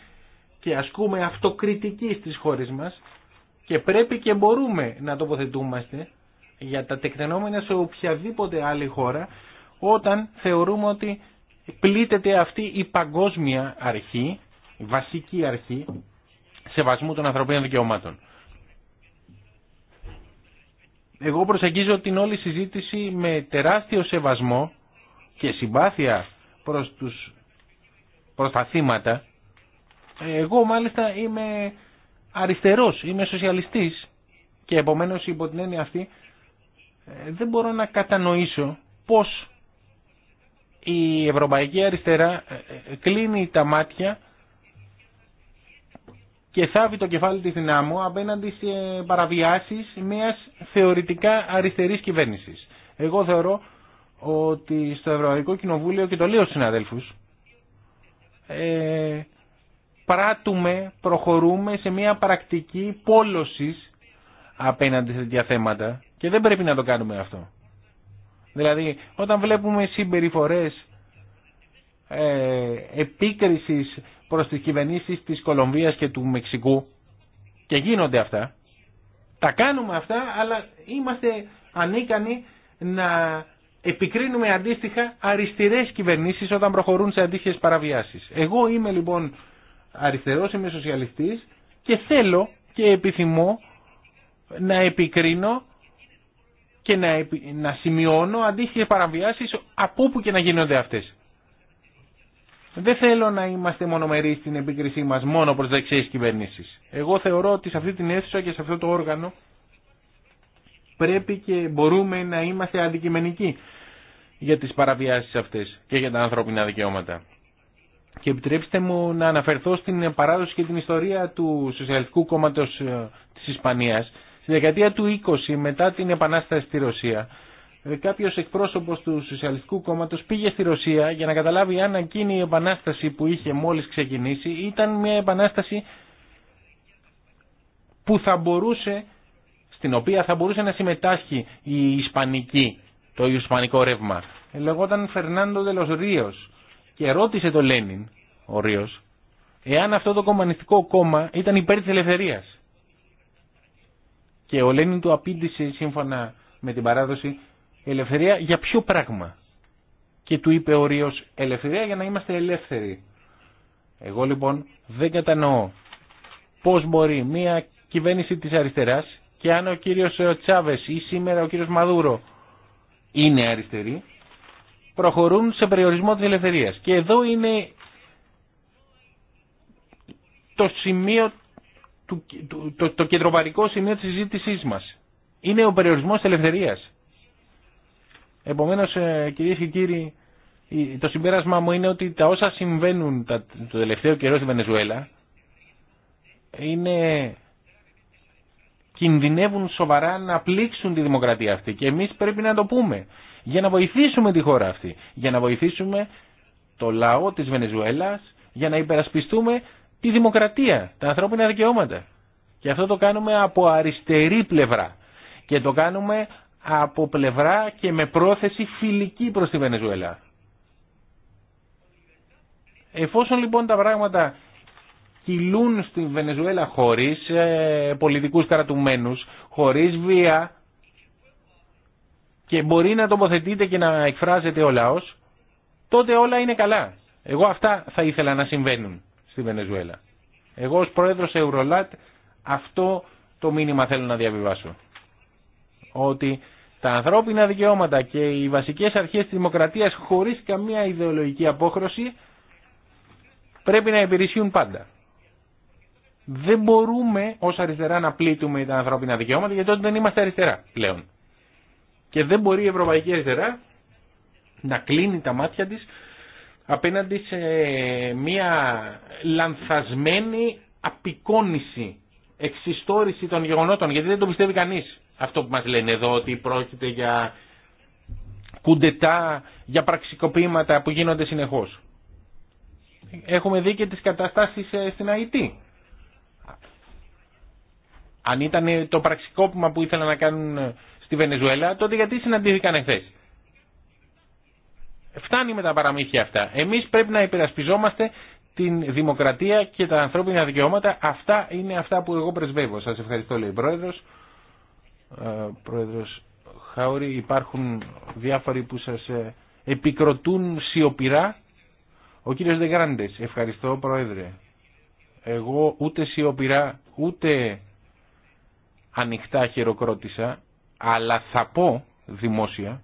και ασκούμε αυτοκριτική στις χώρες μας και πρέπει και μπορούμε να τοποθετούμαστε για τα τεκτενόμενα σε οποιαδήποτε άλλη χώρα όταν θεωρούμε ότι πλήττεται αυτή η παγκόσμια αρχή, η βασική αρχή σεβασμού των ανθρωπίνων δικαιωμάτων. Εγώ προσεγγίζω την όλη συζήτηση με τεράστιο σεβασμό και συμπάθεια προς, τους, προς τα θύματα. Εγώ μάλιστα είμαι αριστερός, είμαι σοσιαλιστής και επομένως υπό την έννοια αυτή ε, δεν μπορώ να κατανοήσω πώς η Ευρωπαϊκή Αριστερά ε, ε, κλείνει τα μάτια και θάβει το κεφάλι της δυνάμου απέναντι σε παραβιάσεις μιας θεωρητικά αριστερής κυβέρνησης. Εγώ θεωρώ ότι στο Ευρωπαϊκό Κοινοβούλιο και το λέω στους συναδέλφους ε, πράττουμε, προχωρούμε σε μια πρακτική πόλωσης απέναντι σε τέτοια θέματα και δεν πρέπει να το κάνουμε αυτό. Δηλαδή όταν βλέπουμε συμπεριφορές ε, επίκρισης προς τις κυβερνήσεις της Κολομβίας και του Μεξικού και γίνονται αυτά, τα κάνουμε αυτά αλλά είμαστε ανίκανοι να επικρίνουμε αντίστοιχα αριστερέ κυβερνήσει όταν προχωρούν σε αντίστοιχε παραβιάσεις. Εγώ είμαι λοιπόν αριστερός, είμαι σοσιαλιστής και θέλω και επιθυμώ να επικρίνω και να, να σημειώνω αντίστοιχε παραβιάσεις από όπου και να γίνονται αυτές. Δεν θέλω να είμαστε μονομεροί στην επίκρισή μας μόνο προς δεξιές κυβερνήσεις. Εγώ θεωρώ ότι σε αυτή την αίθουσα και σε αυτό το όργανο πρέπει και μπορούμε να είμαστε αντικειμενικοί για τις παραβιάσεις αυτές και για τα ανθρώπινα δικαιώματα. Και επιτρέψτε μου να αναφερθώ στην παράδοση και την ιστορία του Σοσιαλιστικού Κόμματος ε, της Ισπανίας. Στη δεκαετία του 20 μετά την επανάσταση στη Ρωσία, ε, κάποιος εκπρόσωπος του Σοσιαλιστικού Κόμματος πήγε στη Ρωσία για να καταλάβει αν εκείνη η επανάσταση που είχε μόλις ξεκινήσει ήταν μια επανάσταση που θα μπορούσε στην οποία θα μπορούσε να συμμετάσχει η Ισπανική, το Ισπανικό ρεύμα. Ε, λεγόταν Φερνάντο Δελο Ρίος και ρώτησε τον Λένιν, ο Ρίος, εάν αυτό το κομμανιστικό κόμμα ήταν υπέρ της ελευθερίας. Και ο Λένιν του απήντησε σύμφωνα με την παράδοση ελευθερία για ποιο πράγμα. Και του είπε ο Ρίος ελευθερία για να είμαστε ελεύθεροι. Εγώ λοιπόν δεν κατανοώ πώς μπορεί μια κυβέρνηση της αριστεράς και αν ο κύριος ε, Τσάβες ή σήμερα ο κύριος Μαδούρο είναι αριστεροί, προχωρούν σε περιορισμό της ελευθερίας. Και εδώ είναι το σημείο, του, το, το κεντροπαρικό σημείο της συζήτησής μας. Είναι ο περιορισμός της ελευθερίας. Επομένως, ε, κυρίες και κύριοι, το συμπέρασμα μου είναι ότι τα όσα συμβαίνουν το τελευταίο καιρό στη Βενεζουέλα είναι κινδυνεύουν σοβαρά να πλήξουν τη δημοκρατία αυτή και εμείς πρέπει να το πούμε για να βοηθήσουμε τη χώρα αυτή, για να βοηθήσουμε το λαό της Βενεζουέλας, για να υπερασπιστούμε τη δημοκρατία, τα ανθρώπινα δικαιώματα. Και αυτό το κάνουμε από αριστερή πλευρά και το κάνουμε από πλευρά και με πρόθεση φιλική προς τη Βενεζουέλα. Εφόσον λοιπόν τα πράγματα κυλούν στη Βενεζουέλα χωρίς ε, πολιτικούς κρατουμένους, χωρίς βία και μπορεί να τοποθετείτε και να εκφράζεται ο λαός, τότε όλα είναι καλά. Εγώ αυτά θα ήθελα να συμβαίνουν στη Βενεζουέλα. Εγώ ως πρόεδρος Ευρωλάτ αυτό το μήνυμα θέλω να διαβιβάσω. Ότι τα ανθρώπινα δικαιώματα και οι βασικές αρχές της δημοκρατίας χωρίς καμία ιδεολογική απόχρωση πρέπει να υπηρεσιούν πάντα δεν μπορούμε ως αριστερά να πλήττουμε τα ανθρώπινα δικαιώματα γιατί τότε δεν είμαστε αριστερά πλέον. Και δεν μπορεί η Ευρωπαϊκή Αριστερά να κλείνει τα μάτια της απέναντι σε μια λανθασμένη απεικόνηση, εξιστόρηση των γεγονότων, γιατί δεν το πιστεύει κανείς αυτό που μας λένε εδώ, ότι πρόκειται για κουντετά, για πραξικοπήματα που γίνονται συνεχώ. Έχουμε δει και τι καταστάσει ε, στην Αϊτή. Αν ήταν το πραξικόπημα που ήθελαν να κάνουν ε, στη Βενεζουέλα, τότε γιατί συναντήθηκαν εχθέ. Φτάνει με τα παραμύθια αυτά. Εμείς πρέπει να υπερασπιζόμαστε την δημοκρατία και τα ανθρώπινα δικαιώματα. Αυτά είναι αυτά που εγώ πρεσβεύω. Σας ευχαριστώ λέει Πρόεδρος. Πρόεδρο πρόεδρος Χάουρη υπάρχουν διάφοροι που σα ε, επικροτούν σιωπηρά. Ο κύριο Δεγκράντε, ευχαριστώ Πρόεδρε. Εγώ ούτε σιωπηρά ούτε ανοιχτά χειροκρότησα, αλλά θα πω δημόσια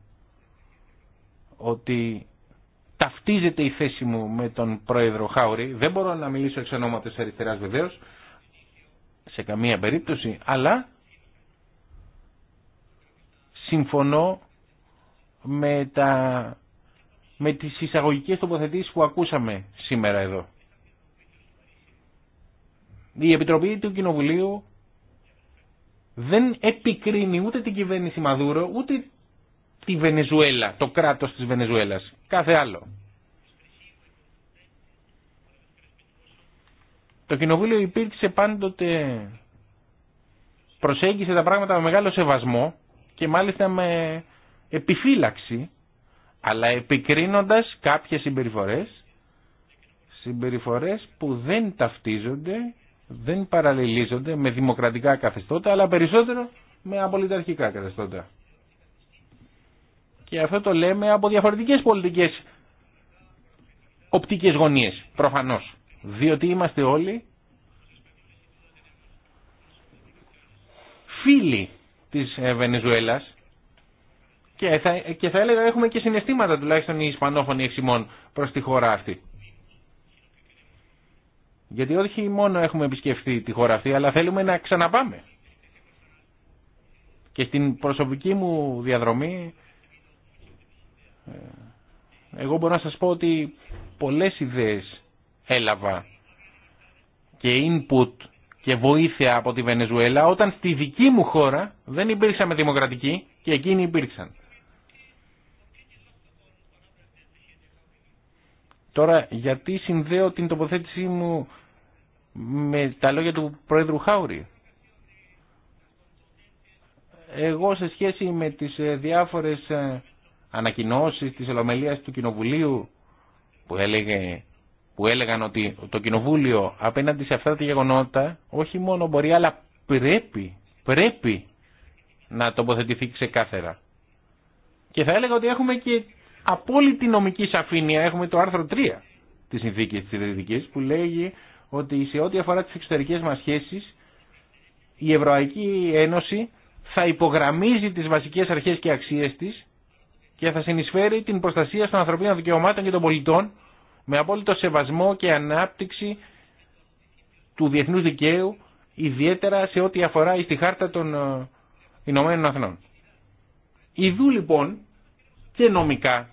ότι ταυτίζεται η θέση μου με τον πρόεδρο Χάουρη. Δεν μπορώ να μιλήσω εξ ονόματος αριστεράς βεβαίως, σε καμία περίπτωση, αλλά συμφωνώ με, τα, με τις εισαγωγικές τοποθετήσεις που ακούσαμε σήμερα εδώ. Η Επιτροπή του Κοινοβουλίου δεν επικρίνει ούτε την κυβέρνηση Μαδούρο, ούτε τη Βενεζουέλα, το κράτος της Βενεζουέλας, κάθε άλλο. Το κοινοβούλιο υπήρξε πάντοτε, προσέγγισε τα πράγματα με μεγάλο σεβασμό και μάλιστα με επιφύλαξη, αλλά επικρίνοντας κάποιες συμπεριφορές, συμπεριφορές που δεν ταυτίζονται δεν παραλληλίζονται με δημοκρατικά καθεστώτα, αλλά περισσότερο με απολυταρχικά καθεστώτα. Και αυτό το λέμε από διαφορετικές πολιτικές οπτικές γωνίες, προφανώς. Διότι είμαστε όλοι φίλοι της Βενεζουέλας και θα, και θα έλεγα έχουμε και συναισθήματα τουλάχιστον οι Ισπανόφωνοι εξημών προς τη χώρα αυτή. Γιατί όχι μόνο έχουμε επισκεφθεί τη χώρα αυτή, αλλά θέλουμε να ξαναπάμε. Και στην προσωπική μου διαδρομή, ε, εγώ μπορώ να σας πω ότι πολλές ιδέες έλαβα και input και βοήθεια από τη Βενεζουέλα, όταν στη δική μου χώρα δεν υπήρξαμε δημοκρατικοί και εκείνοι υπήρξαν. Τώρα, γιατί συνδέω την τοποθέτησή μου με τα λόγια του Πρόεδρου Χάουρη. Εγώ σε σχέση με τις ε, διάφορες ε, ανακοινώσεις της ελομελίας του Κοινοβουλίου που, έλεγε, που έλεγαν ότι το Κοινοβούλιο απέναντι σε αυτά τα γεγονότα όχι μόνο μπορεί αλλά πρέπει, πρέπει να τοποθετηθεί ξεκάθαρα. Και θα έλεγα ότι έχουμε και απόλυτη νομική σαφήνεια, έχουμε το άρθρο 3 της συνθήκης της Ιδρυτικής που λέγει ότι σε ό,τι αφορά τις εξωτερικές μας σχέσεις η Ευρωπαϊκή Ένωση θα υπογραμμίζει τις βασικές αρχές και αξίες της και θα συνεισφέρει την προστασία των ανθρωπίνων δικαιωμάτων και των πολιτών με απόλυτο σεβασμό και ανάπτυξη του διεθνούς δικαίου ιδιαίτερα σε ό,τι αφορά στη χάρτα των ε, Ηνωμένων Αθνών. Ιδού λοιπόν και νομικά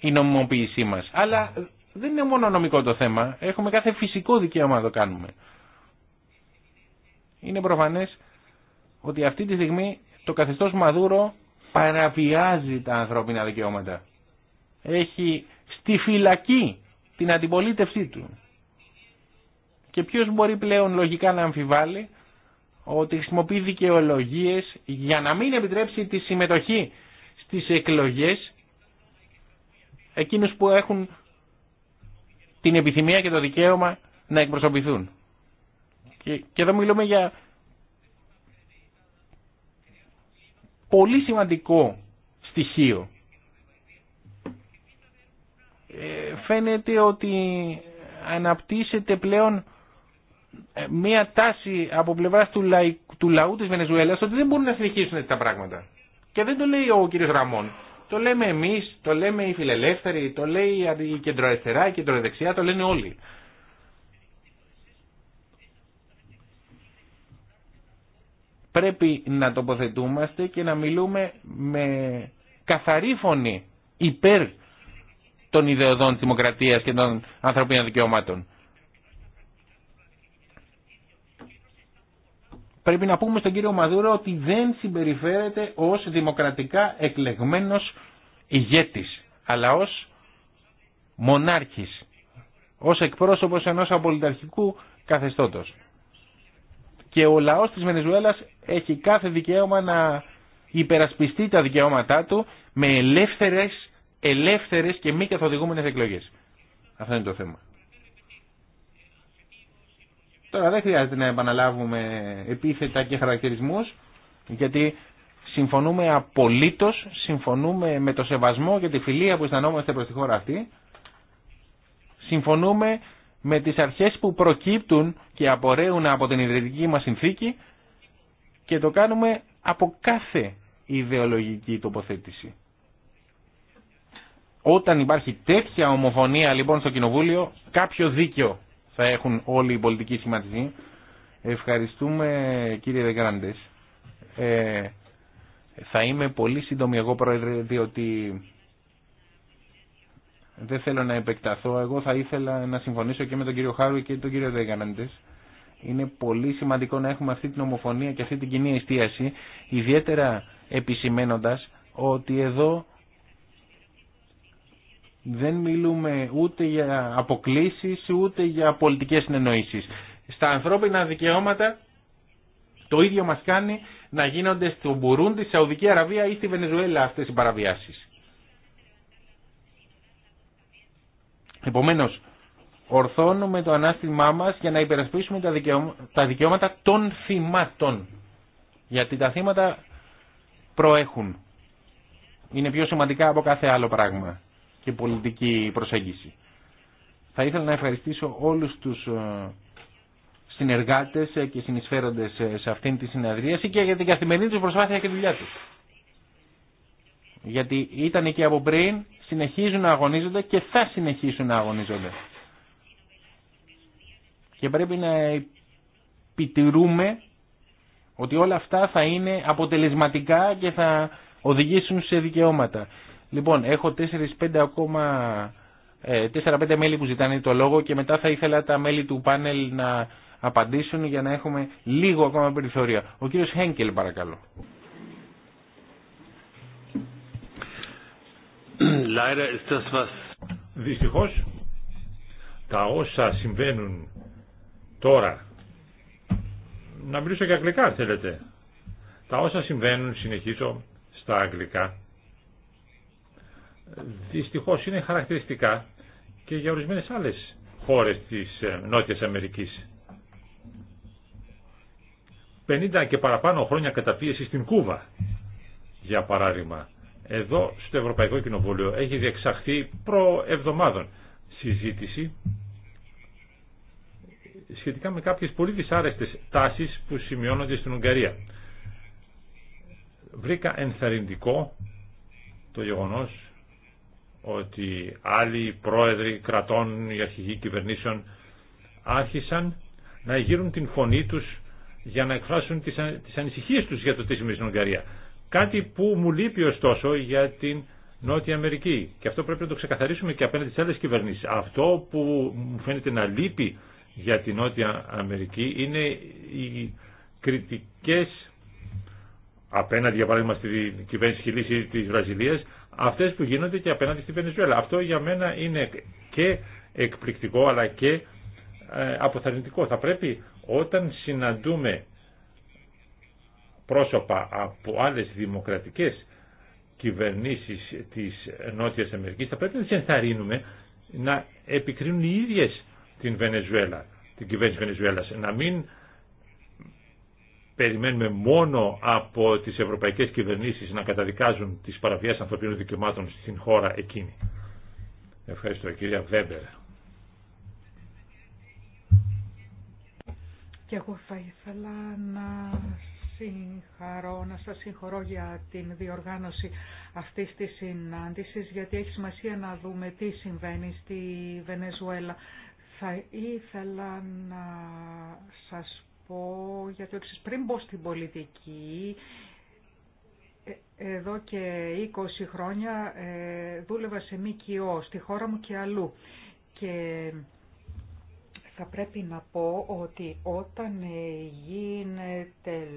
η νομιμοποίησή μας. Αλλά δεν είναι μόνο νομικό το θέμα. Έχουμε κάθε φυσικό δικαίωμα να το κάνουμε. Είναι προφανές ότι αυτή τη στιγμή το καθεστώς Μαδούρο παραβιάζει τα ανθρώπινα δικαιώματα. Έχει στη φυλακή την αντιπολίτευσή του. Και ποιος μπορεί πλέον λογικά να αμφιβάλλει ότι χρησιμοποιεί δικαιολογίε για να μην επιτρέψει τη συμμετοχή στις εκλογές εκείνους που έχουν την επιθυμία και το δικαίωμα να εκπροσωπηθούν. Και, και εδώ μιλούμε για πολύ σημαντικό στοιχείο. Ε, φαίνεται ότι αναπτύσσεται πλέον ε, μία τάση από πλευράς του, λαού της Βενεζουέλας ότι δεν μπορούν να συνεχίσουν τα πράγματα. Και δεν το λέει ο κύριος Ραμόν. Το λέμε εμείς, το λέμε οι φιλελεύθεροι, το λέει η κεντροαριστερά, η κεντροδεξιά, το λένε όλοι. Πρέπει να τοποθετούμαστε και να μιλούμε με καθαρή φωνή υπέρ των ιδεωδών της δημοκρατίας και των ανθρωπίνων δικαιωμάτων. πρέπει να πούμε στον κύριο Μαδούρο ότι δεν συμπεριφέρεται ως δημοκρατικά εκλεγμένος ηγέτης, αλλά ως μονάρχης, ως εκπρόσωπος ενός απολυταρχικού καθεστώτος. Και ο λαός της Βενεζουέλας έχει κάθε δικαίωμα να υπερασπιστεί τα δικαιώματά του με ελεύθερες, ελεύθερες και μη καθοδηγούμενες εκλογές. Αυτό είναι το θέμα. Τώρα δεν χρειάζεται να επαναλάβουμε επίθετα και χαρακτηρισμούς, γιατί συμφωνούμε απολύτως, συμφωνούμε με το σεβασμό και τη φιλία που αισθανόμαστε προς τη χώρα αυτή, συμφωνούμε με τις αρχές που προκύπτουν και απορρέουν από την ιδρυτική μας συνθήκη και το κάνουμε από κάθε ιδεολογική τοποθέτηση. Όταν υπάρχει τέτοια ομοφωνία λοιπόν στο Κοινοβούλιο, κάποιο δίκαιο θα έχουν όλοι οι πολιτικοί σχηματισμοί. Ευχαριστούμε κύριε Δεγκράντες. Ε, θα είμαι πολύ σύντομη εγώ πρόεδρε διότι δεν θέλω να επεκταθώ. Εγώ θα ήθελα να συμφωνήσω και με τον κύριο Χάρου και τον κύριο Δεγκράντες. Είναι πολύ σημαντικό να έχουμε αυτή την ομοφωνία και αυτή την κοινή εστίαση ιδιαίτερα επισημένοντας ότι εδώ δεν μιλούμε ούτε για αποκλήσεις ούτε για πολιτικές συνεννοήσεις. Στα ανθρώπινα δικαιώματα το ίδιο μας κάνει να γίνονται στο Μπουρούντι, στη Σαουδική Αραβία ή στη Βενεζουέλα αυτές οι παραβιάσεις. Επομένως, ορθώνουμε το ανάστημά μας για να υπερασπίσουμε τα, τα δικαιώματα των θυμάτων. Γιατί τα θύματα προέχουν. Είναι πιο σημαντικά από κάθε άλλο πράγμα και πολιτική προσέγγιση. Θα ήθελα να ευχαριστήσω όλους τους ε, συνεργάτες ε, και συνεισφέροντες ε, σε αυτήν τη συναδρίαση και για την καθημερινή τους προσπάθεια και δουλειά τους. Γιατί ήταν εκεί από πριν, συνεχίζουν να αγωνίζονται και θα συνεχίσουν να αγωνίζονται. Και πρέπει να επιτηρούμε ότι όλα αυτά θα είναι αποτελεσματικά και θα οδηγήσουν σε δικαιώματα. Λοιπόν, έχω 4-5 ακόμα... 4-5 ε, μέλη που ζητάνε το λόγο και μετά θα ήθελα τα μέλη του πάνελ να απαντήσουν για να έχουμε λίγο ακόμα περιθωρία. Ο κύριος Χένκελ παρακαλώ. Δυστυχώς τα όσα συμβαίνουν τώρα να μιλήσω και αγγλικά θέλετε τα όσα συμβαίνουν συνεχίζω στα αγγλικά Δυστυχώ είναι χαρακτηριστικά και για ορισμένε άλλε χώρες της ε, Νότια Αμερικής. 50 και παραπάνω χρόνια καταπίεση στην Κούβα, για παράδειγμα. Εδώ στο Ευρωπαϊκό Κοινοβούλιο έχει διεξαχθεί προεβδομάδων συζήτηση σχετικά με κάποιες πολύ δυσάρεστες τάσεις που σημειώνονται στην Ουγγαρία. Βρήκα ενθαρρυντικό το γεγονός ότι άλλοι πρόεδροι κρατών, οι αρχηγοί κυβερνήσεων άρχισαν να γύρουν την φωνή τους για να εκφράσουν τις, τις ανησυχίες τους για το τι σημαίνει στην Ουγγαρία. Κάτι που μου λείπει ωστόσο για την Νότια Αμερική. Και αυτό πρέπει να το ξεκαθαρίσουμε και απέναντι στις άλλες κυβερνήσεις. Αυτό που μου φαίνεται να λείπει για την Νότια Αμερική είναι οι κριτικές απέναντι για παράδειγμα στη κυβέρνηση χιλής της Βραζιλίας αυτές που γίνονται και απέναντι στη Βενεζουέλα. Αυτό για μένα είναι και εκπληκτικό αλλά και ε, αποθαρρυντικό. Θα πρέπει όταν συναντούμε πρόσωπα από άλλες δημοκρατικές κυβερνήσεις της Νότιας Αμερικής θα πρέπει να τις ενθαρρύνουμε να επικρίνουν οι ίδιες την Βενεζουέλα, την κυβέρνηση Βενεζουέλας, να μην περιμένουμε μόνο από τις ευρωπαϊκές κυβερνήσεις να καταδικάζουν τις παραβιάσεις ανθρωπίνων δικαιωμάτων στην χώρα εκείνη. Ευχαριστώ κυρία Βέμπερ. Και εγώ θα ήθελα να συγχαρώ, να σας συγχωρώ για την διοργάνωση αυτής της συνάντησης, γιατί έχει σημασία να δούμε τι συμβαίνει στη Βενεζουέλα. Θα ήθελα να σας πω για το εξής. Πριν μπω στην πολιτική, ε, εδώ και 20 χρόνια ε, δούλευα σε ΜΚΟ, στη χώρα μου και αλλού. Και θα πρέπει να πω ότι όταν γίνεται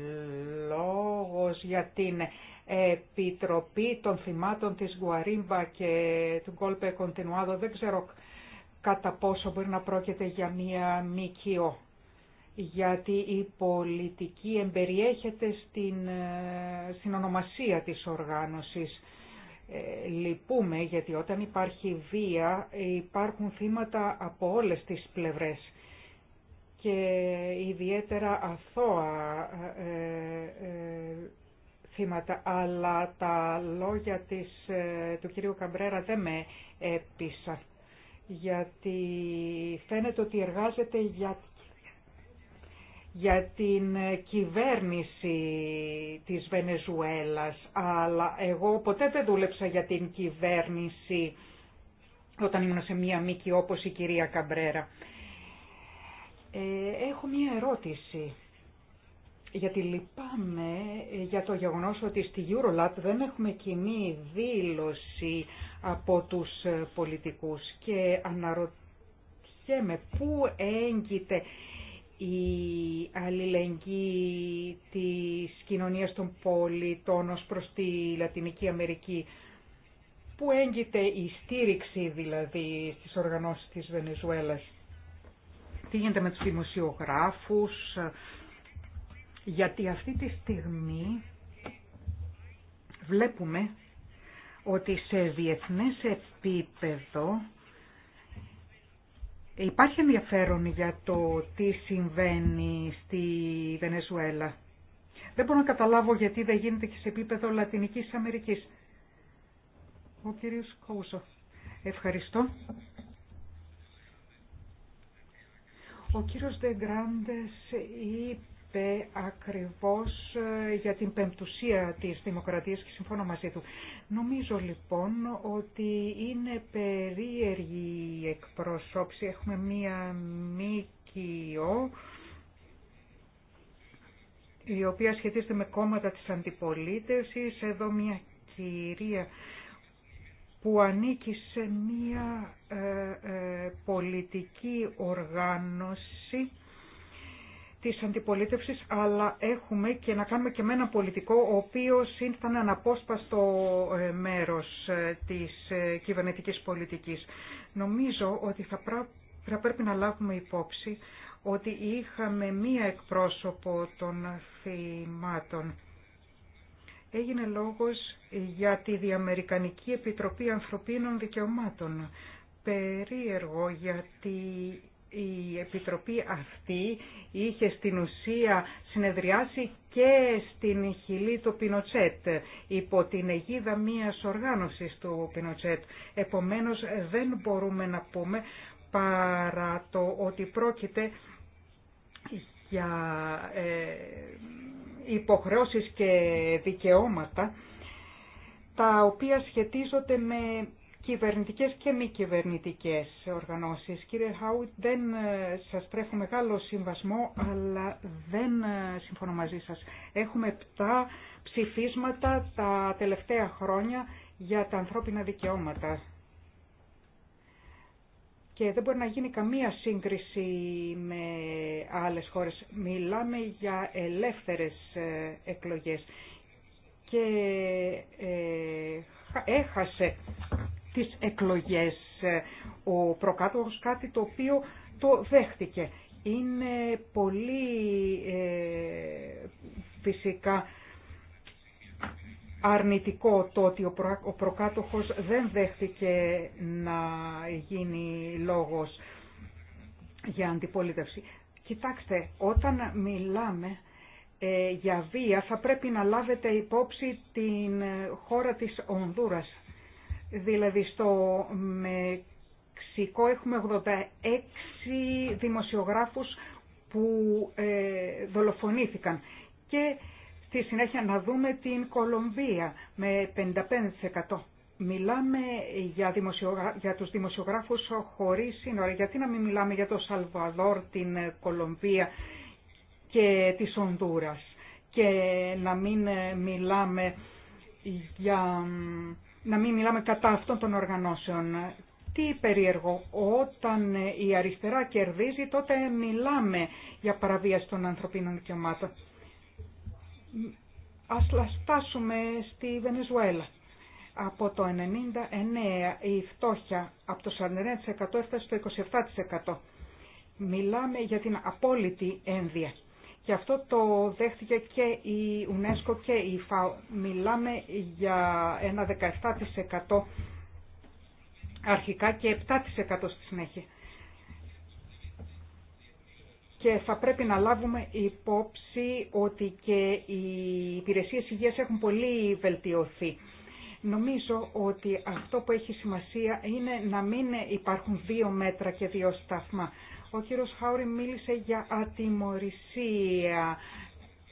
λόγος για την Επιτροπή των Θυμάτων της Γουαρίμπα και του Γκόλπε Κοντινουάδο, δεν ξέρω κατά πόσο μπορεί να πρόκειται για μία ΜΚΟ γιατί η πολιτική εμπεριέχεται ε, στην ονομασία της οργάνωσης. Ε, λυπούμε γιατί όταν υπάρχει βία υπάρχουν θύματα από όλες τις πλευρές και ιδιαίτερα αθώα ε, ε θύματα, αλλά τα λόγια της, ε, του κυρίου Καμπρέρα δεν με έπεισαν γιατί φαίνεται ότι εργάζεται για για την κυβέρνηση της Βενεζουέλας, αλλά εγώ ποτέ δεν δούλεψα για την κυβέρνηση όταν ήμουν σε μία μήκη όπως η κυρία Καμπρέρα. Ε, έχω μία ερώτηση, γιατί λυπάμαι για το γεγονός ότι στη Eurolat δεν έχουμε κοινή δήλωση από τους πολιτικούς και αναρωτιέμαι πού έγκυται η αλληλεγγύη της κοινωνίας των πολιτών ως προς τη Λατινική Αμερική, που έγκυται η στήριξη δηλαδή στις οργανώσεις της Βενεζουέλας. Τι γίνεται με τους δημοσιογράφους, γιατί αυτή τη στιγμή βλέπουμε ότι σε διεθνές επίπεδο Υπάρχει ενδιαφέρον για το τι συμβαίνει στη Βενεζουέλα. Δεν μπορώ να καταλάβω γιατί δεν γίνεται και σε επίπεδο Λατινικής Αμερικής. Ο κύριος Κόουσο. Ευχαριστώ. Ο κύριος Δεγκράντες είπε είπε ακριβώς ε, για την πεμπτουσία της δημοκρατίας και συμφώνω μαζί του. Νομίζω λοιπόν ότι είναι περίεργη η εκπροσώψη. Έχουμε μία μήκυο η οποία σχετίζεται με κόμματα της αντιπολίτευσης. Εδώ μία κυρία που ανήκει σε μία ε, ε, πολιτική οργάνωση της αντιπολίτευσης, αλλά έχουμε και να κάνουμε και με έναν πολιτικό, ο οποίος ήταν αναπόσπαστο ε, μέρος ε, της ε, κυβερνητικής πολιτικής. Νομίζω ότι θα, πρά... θα πρέπει να λάβουμε υπόψη ότι είχαμε μία εκπρόσωπο των θυμάτων. Έγινε λόγος για τη Διαμερικανική Επιτροπή Ανθρωπίνων Δικαιωμάτων. Περίεργο γιατί η Επιτροπή αυτή είχε στην ουσία συνεδριάσει και στην χιλή του Πινοτσέτ, υπό την αιγίδα μίας οργάνωσης του Πινοτσέτ. Επομένως δεν μπορούμε να πούμε παρά το ότι πρόκειται για ε, υποχρεώσεις και δικαιώματα τα οποία σχετίζονται με Κυβερνητικέ και μη κυβερνητικές οργανώσεις. Κύριε Χάουιτ, δεν ε, σα τρέφω μεγάλο συμβασμό, αλλά δεν ε, συμφωνώ μαζί σα. Έχουμε 7 ψηφίσματα τα τελευταία χρόνια για τα ανθρώπινα δικαιώματα. Και δεν μπορεί να γίνει καμία σύγκριση με άλλες χώρες. Μιλάμε για ελεύθερες ε, εκλογές. Και έχασε τις εκλογές. Ε, ο προκάτοχος κάτι το οποίο το δέχτηκε. Είναι πολύ ε, φυσικά αρνητικό το ότι ο προκάτοχος δεν δέχτηκε να γίνει λόγος για αντιπολίτευση. Κοιτάξτε, όταν μιλάμε ε, για βία θα πρέπει να λάβετε υπόψη την ε, χώρα της Ονδούρας. Δηλαδή στο Μεξικό έχουμε 86 δημοσιογράφους που ε, δολοφονήθηκαν και στη συνέχεια να δούμε την Κολομβία με 55%. Μιλάμε για, δημοσιογρα... για τους δημοσιογράφους χωρίς σύνορα. Γιατί να μην μιλάμε για το Σαλβαδόρ, την Κολομβία και τη σονδούρας και να μην ε, μιλάμε για να μην μιλάμε κατά αυτών των οργανώσεων. Τι περίεργο, όταν ε, η αριστερά κερδίζει τότε μιλάμε για παραβίαση των ανθρωπίνων δικαιωμάτων. Ας λαστάσουμε στη Βενεζουέλα. Από το 1999 η φτώχεια από το 49% έφτασε στο 27%. Μιλάμε για την απόλυτη ένδυα. Και αυτό το δέχτηκε και η UNESCO και η ΦΑΟ. Μιλάμε για ένα 17% αρχικά και 7% στη συνέχεια. Και θα πρέπει να λάβουμε υπόψη ότι και οι υπηρεσίες υγείας έχουν πολύ βελτιωθεί. Νομίζω ότι αυτό που έχει σημασία είναι να μην υπάρχουν δύο μέτρα και δύο σταθμά. Ο κύριος Χάουρη μίλησε για ατιμορρησία.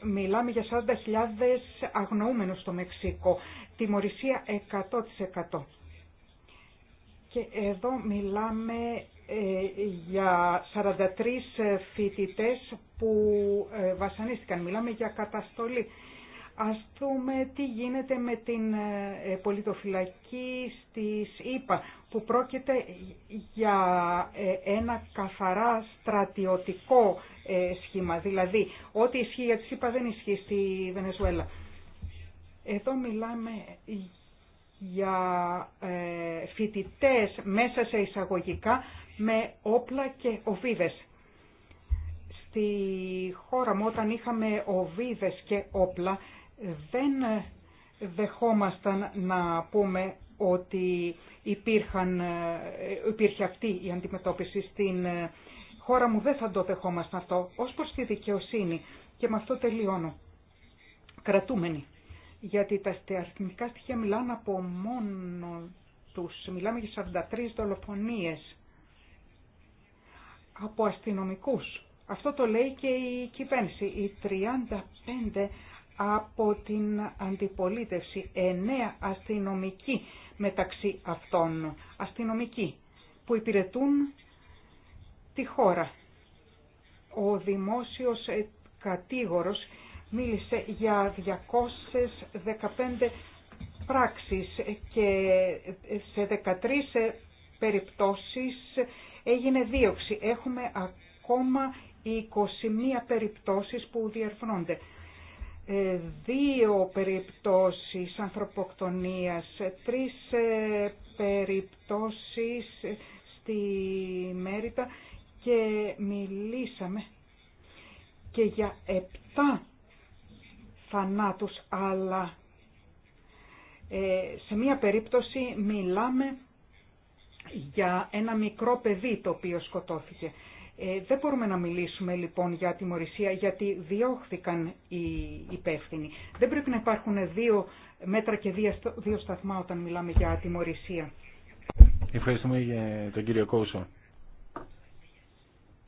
Μιλάμε για 40.000 αγνοούμενους στο Μεξικό. Τιμορρησία 100%. Και εδώ μιλάμε ε, για 43 φοιτητές που ε, βασανίστηκαν. Μιλάμε για καταστολή. Ας δούμε τι γίνεται με την ε, πολιτοφυλακή στις ΗΠΑ που πρόκειται για ε, ένα καθαρά στρατιωτικό ε, σχήμα. Δηλαδή, ό,τι ισχύει για τη ΣΥΠΑ δεν ισχύει στη Βενεζουέλα. Εδώ μιλάμε για ε, φοιτητές μέσα σε εισαγωγικά με όπλα και οβίδες. Στη χώρα μου όταν είχαμε οβίδες και όπλα δεν δεχόμασταν να πούμε ότι υπήρχαν, ε, υπήρχε αυτή η αντιμετώπιση στην ε, χώρα μου. Δεν θα το δεχόμαστε αυτό ως προς τη δικαιοσύνη και με αυτό τελειώνω. Κρατούμενοι. Γιατί τα αστυνομικά στοιχεία μιλάνε από μόνο τους. Μιλάμε για 43 δολοφονίες από αστυνομικούς. Αυτό το λέει και η κυβέρνηση. Οι 35 από την αντιπολίτευση. Εννέα αστυνομικοί μεταξύ αυτών, αστυνομικοί που υπηρετούν τη χώρα. Ο δημόσιος κατήγορος μίλησε για 215 πράξεις και σε 13 περιπτώσεις έγινε δίωξη. Έχουμε ακόμα 21 περιπτώσεις που διερφωνούνται. Ε, δύο περιπτώσεις ανθρωποκτονίας, ε, τρεις ε, περιπτώσεις στη Μέριτα και μιλήσαμε και για επτά θανάτους, αλλά σε μία περίπτωση μιλάμε για ένα μικρό παιδί το οποίο σκοτώθηκε. Ε, δεν μπορούμε να μιλήσουμε λοιπόν για τιμωρησία γιατί διώχθηκαν οι υπεύθυνοι. Δεν πρέπει να υπάρχουν δύο μέτρα και δύο σταθμά όταν μιλάμε για τιμωρησία. Ευχαριστούμε για τον κύριο Κόουσο.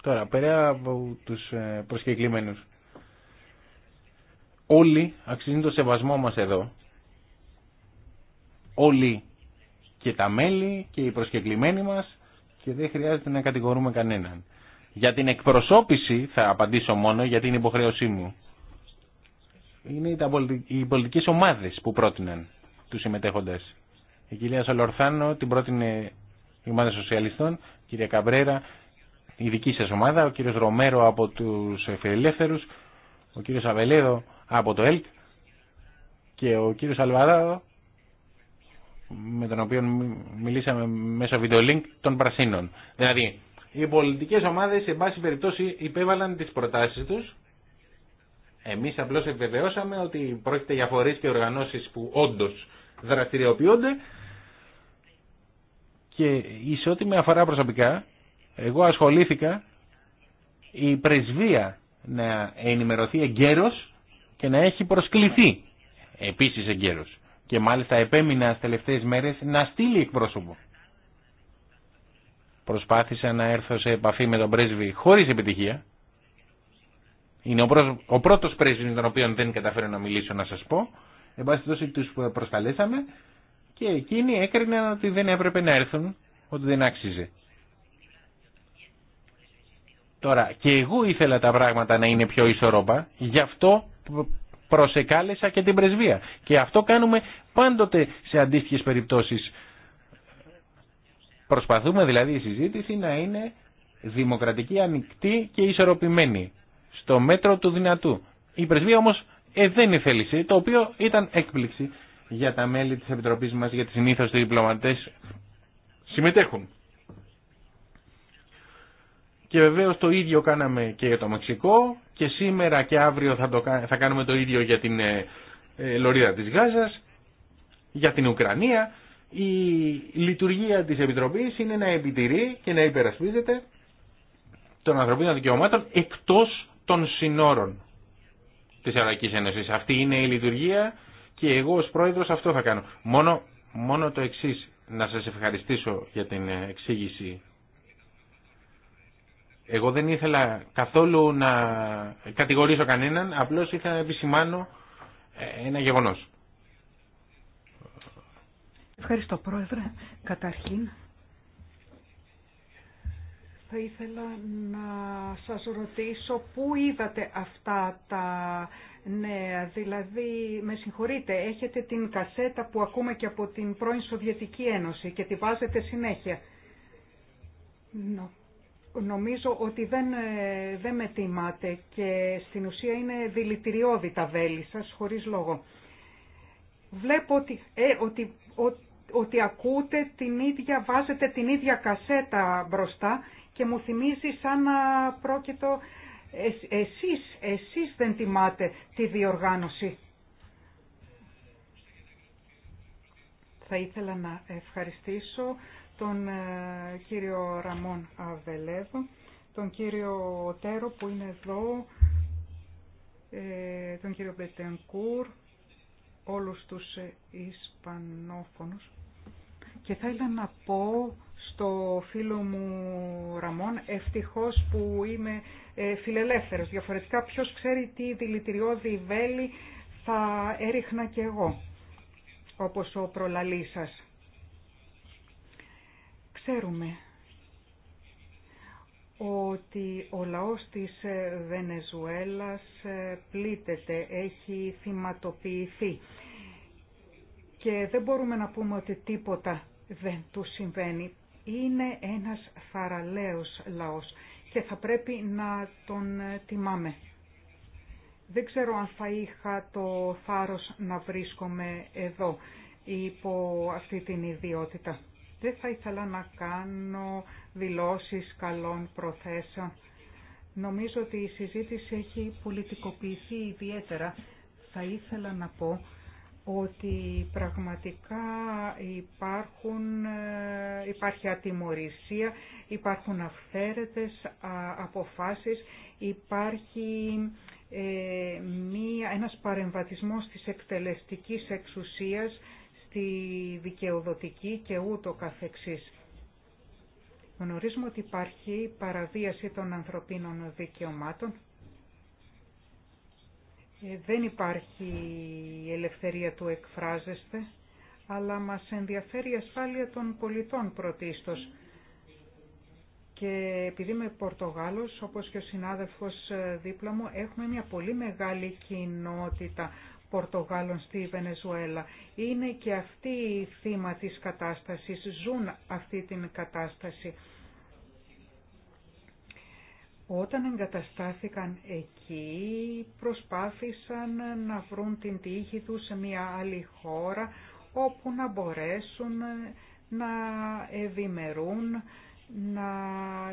Τώρα, πέρα από τους ε, προσκεκλημένους, όλοι αξίζουν το σεβασμό μας εδώ. Όλοι και τα μέλη και οι προσκεκλημένοι μας και δεν χρειάζεται να κατηγορούμε κανέναν. Για την εκπροσώπηση θα απαντήσω μόνο για την υποχρέωσή μου. Είναι οι πολιτικέ ομάδε που πρότειναν του συμμετέχοντες. Η κυρία Σολορθάνο την πρότεινε η ομάδα σοσιαλιστών, η κυρία Καμπρέρα, η δική σας ομάδα, ο κύριος Ρομέρο από τους Φιλελεύθερου, ο κύριος Αβελέδο από το ΕΛΚ και ο κύριος Αλβαράδο με τον οποίο μιλήσαμε μέσω βιντεολίνκ των Πρασίνων. Δηλαδή, οι πολιτικέ ομάδες, σε πάση περιπτώσει, υπέβαλαν τις προτάσεις τους. Εμείς απλώς επιβεβαιώσαμε ότι πρόκειται για φορείς και οργανώσει που όντως δραστηριοποιούνται και σε ό,τι με αφορά προσωπικά, εγώ ασχολήθηκα η πρεσβεία να ενημερωθεί εγκαίρω και να έχει προσκληθεί επίσης εγκαίρω. Και μάλιστα επέμεινα στι τελευταίε μέρε να στείλει εκπρόσωπο προσπάθησα να έρθω σε επαφή με τον πρέσβη χωρίς επιτυχία. Είναι ο, πρός, ο πρώτος πρέσβης τον οποίο δεν καταφέρω να μιλήσω να σας πω. Εν πάση τόσο τους προσκαλέσαμε και εκείνοι έκριναν ότι δεν έπρεπε να έρθουν, ότι δεν άξιζε. Τώρα, και εγώ ήθελα τα πράγματα να είναι πιο ισορρόπα, γι' αυτό προσεκάλεσα και την πρεσβεία. Και αυτό κάνουμε πάντοτε σε αντίστοιχες περιπτώσεις Προσπαθούμε δηλαδή η συζήτηση να είναι δημοκρατική, ανοιχτή και ισορροπημένη στο μέτρο του δυνατού. Η πρεσβεία όμως ε, δεν είναι θέληση, το οποίο ήταν έκπληξη για τα μέλη της Επιτροπής μας, γιατί συνήθως οι διπλωματές συμμετέχουν. Και βεβαίως το ίδιο κάναμε και για το Μαξικό και σήμερα και αύριο θα, το, θα κάνουμε το ίδιο για την ε, ε Λωρίδα της Γάζας, για την Ουκρανία η λειτουργία της Επιτροπής είναι να επιτηρεί και να υπερασπίζεται των ανθρωπίνων δικαιωμάτων εκτός των συνόρων της Ευρωπαϊκής Ένωσης. Αυτή είναι η λειτουργία και εγώ ως πρόεδρος αυτό θα κάνω. Μόνο, μόνο το εξής, να σας ευχαριστήσω για την εξήγηση. Εγώ δεν ήθελα καθόλου να κατηγορήσω κανέναν, απλώς ήθελα να επισημάνω ε, ένα γεγονός. Ευχαριστώ Πρόεδρε. Καταρχήν θα ήθελα να σας ρωτήσω πού είδατε αυτά τα νέα. Δηλαδή, με συγχωρείτε, έχετε την κασέτα που ακούμε και από την πρώην Σοβιετική Ένωση και τη βάζετε συνέχεια. Νομίζω ότι δεν, ε, δεν με τιμάτε και στην ουσία είναι δηλητηριώδη τα βέλη σας, χωρίς λόγο. Βλέπω ότι, ε, ότι, ότι ότι ακούτε την ίδια, βάζετε την ίδια κασέτα μπροστά και μου θυμίζει σαν να πρόκειτο ε, εσείς, εσείς δεν τιμάτε τη διοργάνωση. Θα ήθελα να ευχαριστήσω τον ε, κύριο Ραμόν Αβελέδο, τον κύριο Τέρο που είναι εδώ, ε, τον κύριο Μπετενκούρ, όλους τους ε, Ισπανόφωνους και θα ήθελα να πω στο φίλο μου Ραμόν ευτυχώς που είμαι ε, φιλελεύθερος. Διαφορετικά ποιος ξέρει τι δηλητηριώδη βέλη θα έριχνα και εγώ, όπως ο προλαλή σας. Ξέρουμε ότι ο λαός της ε, Βενεζουέλας ε, πλήττεται, έχει θυματοποιηθεί και δεν μπορούμε να πούμε ότι τίποτα δεν του συμβαίνει. Είναι ένας θαραλέος λαός και θα πρέπει να τον ε, τιμάμε. Δεν ξέρω αν θα είχα το θάρρος να βρίσκομαι εδώ υπό αυτή την ιδιότητα. Δεν θα ήθελα να κάνω δηλώσεις καλών προθέσεων. Νομίζω ότι η συζήτηση έχει πολιτικοποιηθεί ιδιαίτερα. Θα ήθελα να πω ότι πραγματικά υπάρχουν, ε, υπάρχει ατιμορρησία, υπάρχουν αυθαίρετες αποφάσεις, υπάρχει ε, μία, ένας παρεμβατισμός της εκτελεστικής εξουσίας τη δικαιοδοτική και ούτω καθεξής. Γνωρίζουμε ότι υπάρχει παραβίαση των ανθρωπίνων δικαιωμάτων. Ε, δεν υπάρχει ελευθερία του εκφράζεστε, αλλά μας ενδιαφέρει η ασφάλεια των πολιτών πρωτίστως. Και επειδή είμαι Πορτογάλος, όπως και ο συνάδελφος ε, δίπλα μου, έχουμε μια πολύ μεγάλη κοινότητα Πορτογάλων στη Βενεζουέλα. Είναι και αυτοί οι θύμα της κατάστασης, ζουν αυτή την κατάσταση. Όταν εγκαταστάθηκαν εκεί προσπάθησαν να βρουν την τύχη τους σε μια άλλη χώρα όπου να μπορέσουν να ευημερούν, να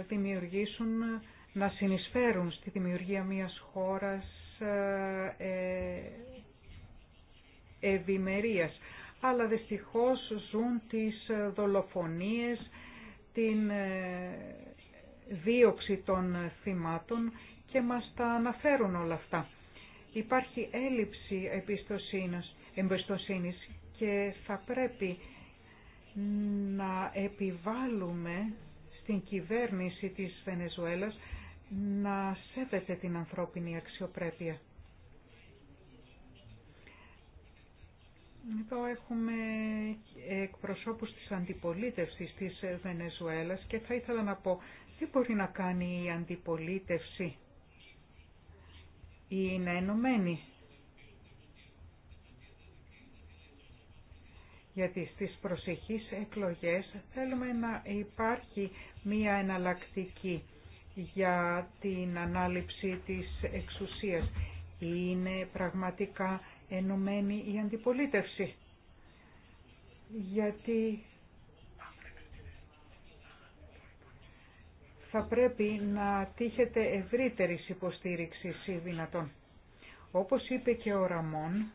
δημιουργήσουν, να συνεισφέρουν στη δημιουργία μιας χώρας ε, ευημερίας. Αλλά δυστυχώς ζουν τις ε, δολοφονίες, την ε, δίωξη των ε, θυμάτων και μας τα αναφέρουν όλα αυτά. Υπάρχει έλλειψη εμπιστοσύνης και θα πρέπει να επιβάλλουμε στην κυβέρνηση της Βενεζουέλας να σέβεται την ανθρώπινη αξιοπρέπεια. Εδώ έχουμε εκπροσώπους της αντιπολίτευσης της Βενεζουέλας και θα ήθελα να πω τι μπορεί να κάνει η αντιπολίτευση. Είναι ενωμένη. Γιατί στις προσεχείς εκλογές θέλουμε να υπάρχει μία εναλλακτική για την ανάληψη της εξουσίας. Είναι πραγματικά ενωμένη η αντιπολίτευση. Γιατί θα πρέπει να τύχετε ευρύτερη υποστήριξη ή δυνατόν. Όπως είπε και ο Ραμόν,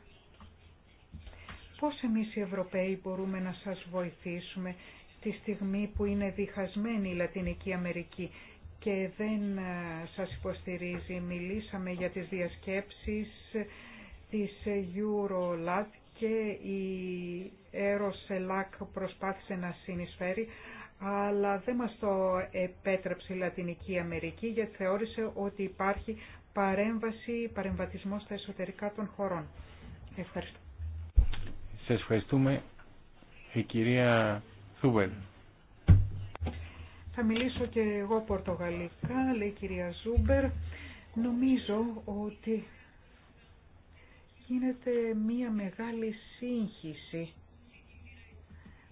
πώς εμείς οι Ευρωπαίοι μπορούμε να σας βοηθήσουμε τη στιγμή που είναι διχασμένη η Λατινική Αμερική και δεν ε, σας υποστηρίζει. Μιλήσαμε για τις διασκέψεις της Eurolat και η Ελάκ προσπάθησε να συνεισφέρει, αλλά δεν μας το επέτρεψε η Λατινική Αμερική γιατί θεώρησε ότι υπάρχει παρέμβαση, παρεμβατισμός στα εσωτερικά των χωρών. Ευχαριστώ. Σας ευχαριστούμε. Η κυρία Θούβερ. Θα μιλήσω και εγώ πορτογαλικά, λέει η κυρία Ζούμπερ. Νομίζω ότι γίνεται μία μεγάλη σύγχυση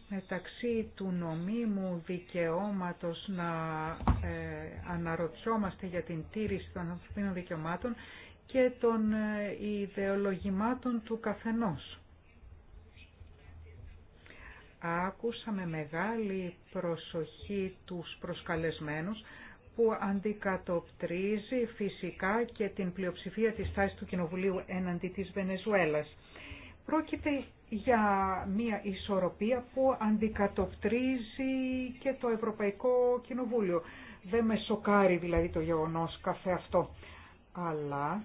μεταξύ του νομίμου δικαιώματος να ε, αναρωτιόμαστε για την τήρηση των ανθρωπίνων δικαιωμάτων και των ε, ιδεολογημάτων του καθενός. Άκουσα με μεγάλη προσοχή τους προσκαλεσμένους που αντικατοπτρίζει φυσικά και την πλειοψηφία της τάσης του Κοινοβουλίου έναντι της Βενεζουέλας. Πρόκειται για μια ισορροπία που αντικατοπτρίζει και το Ευρωπαϊκό Κοινοβούλιο. Δεν με σοκάρει δηλαδή το γεγονός καθε αυτό. Αλλά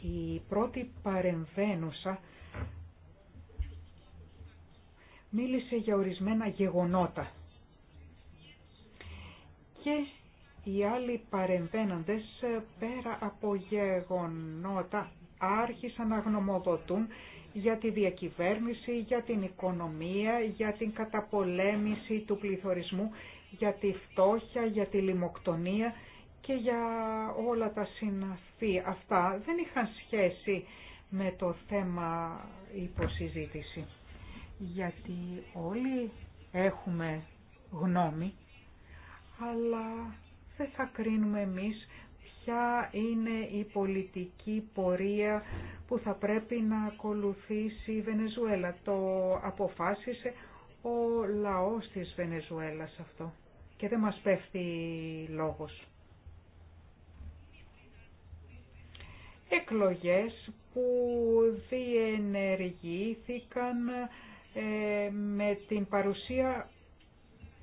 η πρώτη παρεμβαίνουσα μίλησε για ορισμένα γεγονότα και οι άλλοι παρεμβαίνοντες ε, πέρα από γεγονότα άρχισαν να γνωμοδοτούν για τη διακυβέρνηση, για την οικονομία, για την καταπολέμηση του πληθωρισμού, για τη φτώχεια, για τη λιμοκτονία και για όλα τα συναφή. Αυτά δεν είχαν σχέση με το θέμα υποσυζήτηση. Γιατί όλοι έχουμε γνώμη αλλά δεν θα κρίνουμε εμείς ποια είναι η πολιτική πορεία που θα πρέπει να ακολουθήσει η Βενεζουέλα. Το αποφάσισε ο λαός της Βενεζουέλας αυτό και δεν μας πέφτει λόγος. Εκλογές που διενεργήθηκαν ε, με την παρουσία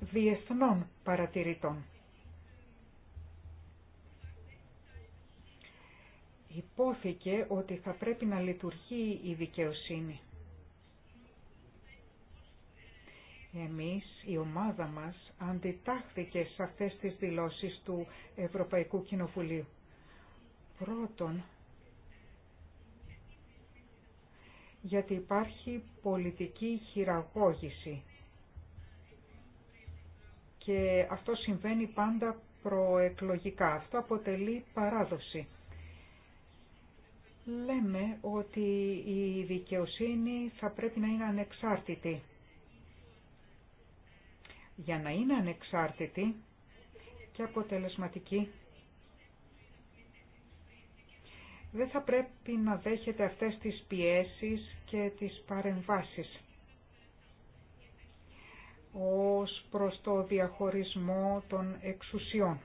διεθνών παρατηρητών. Υπόθηκε ότι θα πρέπει να λειτουργεί η δικαιοσύνη. Εμείς, η ομάδα μας, αντιτάχθηκε σε αυτές τις δηλώσεις του Ευρωπαϊκού Κοινοβουλίου. Πρώτον, γιατί υπάρχει πολιτική χειραγώγηση και αυτό συμβαίνει πάντα προεκλογικά. Αυτό αποτελεί παράδοση. Λέμε ότι η δικαιοσύνη θα πρέπει να είναι ανεξάρτητη. Για να είναι ανεξάρτητη και αποτελεσματική, δεν θα πρέπει να δέχεται αυτές τις πιέσεις και τις παρεμβάσεις ως προς το διαχωρισμό των εξουσιών.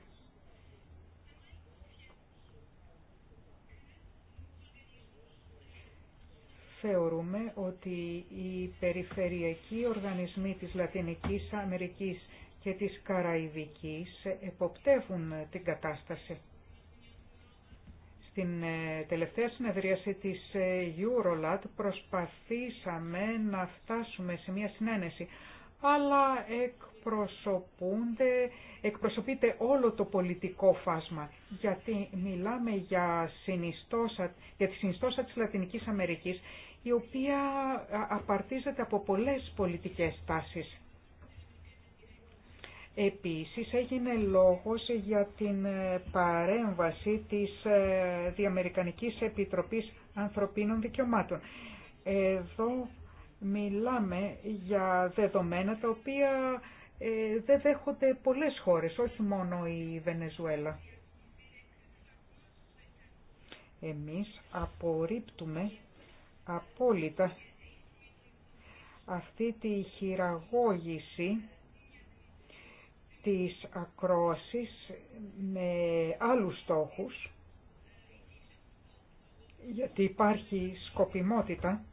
Θεωρούμε ότι οι περιφερειακοί οργανισμοί της Λατινικής Αμερικής και της Καραϊβικής εποπτεύουν την κατάσταση. Στην ε, τελευταία συνεδρίαση της ε, Eurolat προσπαθήσαμε να φτάσουμε σε μια συνένεση αλλά εκπροσωπούνται, εκπροσωπείται όλο το πολιτικό φάσμα, γιατί μιλάμε για, συνιστόσα, για τη συνιστόσα της Λατινικής Αμερικής, η οποία απαρτίζεται από πολλές πολιτικές τάσεις. Επίσης έγινε λόγος για την ε, παρέμβαση της ε, Διαμερικανικής Επιτροπής Ανθρωπίνων Δικαιωμάτων. Εδώ Μιλάμε για δεδομένα τα οποία ε, δεν δέχονται πολλές χώρες, όχι μόνο η Βενεζουέλα. Εμείς απορρίπτουμε απόλυτα αυτή τη χειραγώγηση της ακρόασης με άλλους στόχους, γιατί υπάρχει σκοπιμότητα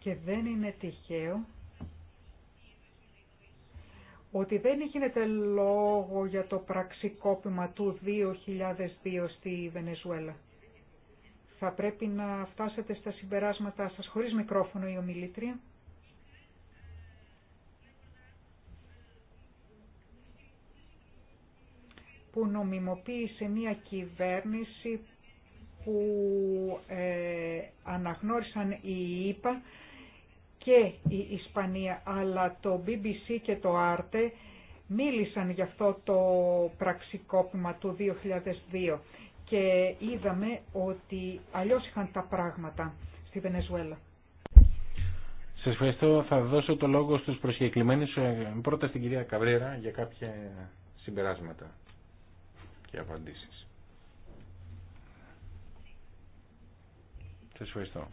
και δεν είναι τυχαίο ότι δεν γίνεται λόγο για το πραξικόπημα του 2002 στη Βενεζουέλα. Θα πρέπει να φτάσετε στα συμπεράσματά σας χωρίς μικρόφωνο η ομιλήτρια. που νομιμοποίησε μια κυβέρνηση που ε, αναγνώρισαν οι ΙΠΑ και η Ισπανία, αλλά το BBC και το Άρτε μίλησαν για αυτό το πραξικόπημα του 2002 και είδαμε ότι αλλιώς είχαν τα πράγματα στη Βενεζουέλα. Σας ευχαριστώ. Θα δώσω το λόγο στους προσκεκλημένους. Ε, πρώτα στην κυρία Καβρέρα για κάποια συμπεράσματα και απαντήσεις. Σας ευχαριστώ.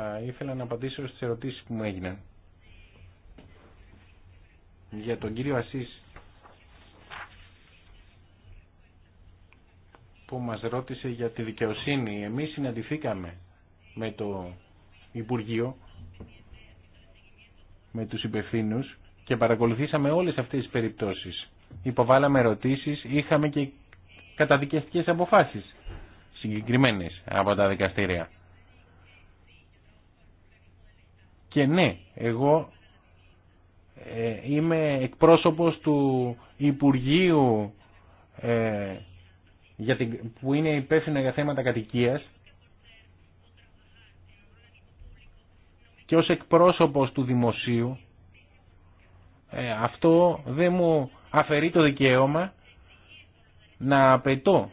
Θα ήθελα να απαντήσω στις ερωτήσεις που μου έγιναν. Για τον κύριο Ασής που μας ρώτησε για τη δικαιοσύνη. Εμείς συναντηθήκαμε με το Υπουργείο, με τους υπευθύνου και παρακολουθήσαμε όλες αυτές τις περιπτώσεις. Υποβάλαμε ερωτήσεις, είχαμε και καταδικαστικές αποφάσεις συγκεκριμένες από τα δικαστήρια. Και ναι, εγώ ε, είμαι εκπρόσωπος του Υπουργείου ε, που είναι υπεύθυνο για θέματα κατοικίας και ως εκπρόσωπος του Δημοσίου ε, αυτό δεν μου αφαιρεί το δικαίωμα να απαιτώ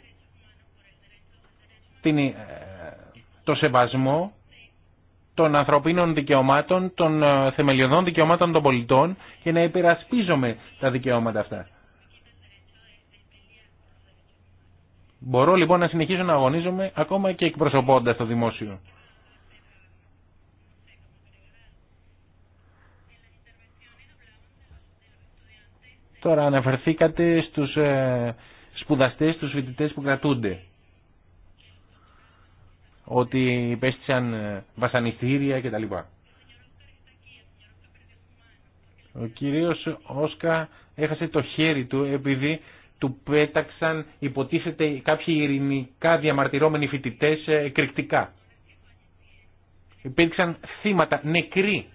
την, το σεβασμό των ανθρωπίνων δικαιωμάτων, των ε, θεμελιωδών δικαιωμάτων των πολιτών και να υπερασπίζομαι τα δικαιώματα αυτά. Μπορώ λοιπόν να συνεχίσω να αγωνίζομαι ακόμα και εκπροσωπώντας το δημόσιο. Τώρα αναφερθήκατε στους ε, σπουδαστές, στους φοιτητές που κρατούνται ότι υπέστησαν ε, βασανιστήρια κτλ. Ο κυρίος Όσκα έχασε το χέρι του επειδή του πέταξαν υποτίθεται κάποιοι ειρηνικά διαμαρτυρόμενοι φοιτητέ ε, εκρηκτικά. Υπήρξαν θύματα, νεκροί.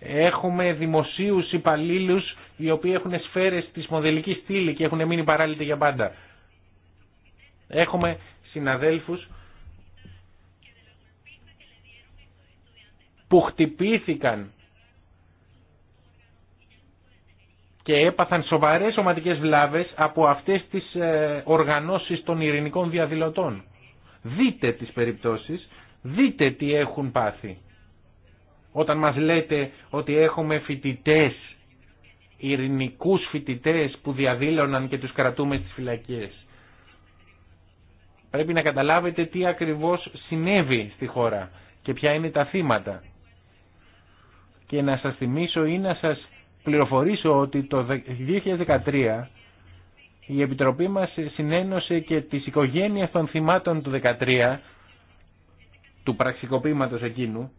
Έχουμε δημοσίους υπαλλήλους οι οποίοι έχουν σφαίρες της μοντελικής στήλη και έχουν μείνει παράλληλοι για πάντα. Έχουμε συναδέλφους που χτυπήθηκαν και έπαθαν σοβαρές σωματικέ βλάβες από αυτές τις ε, οργανώσεις των ειρηνικών διαδηλωτών. Δείτε τις περιπτώσεις, δείτε τι έχουν πάθει. Όταν μας λέτε ότι έχουμε φοιτητές, ειρηνικούς φοιτητές που διαδήλωναν και τους κρατούμε στις φυλακίες. Πρέπει να καταλάβετε τι ακριβώς συνέβη στη χώρα και ποια είναι τα θύματα. Και να σας θυμίσω ή να σας πληροφορήσω ότι το 2013 η Επιτροπή μας συνένωσε και τις οικογένειες των θυμάτων του 2013 του πραξικοπήματος εκείνου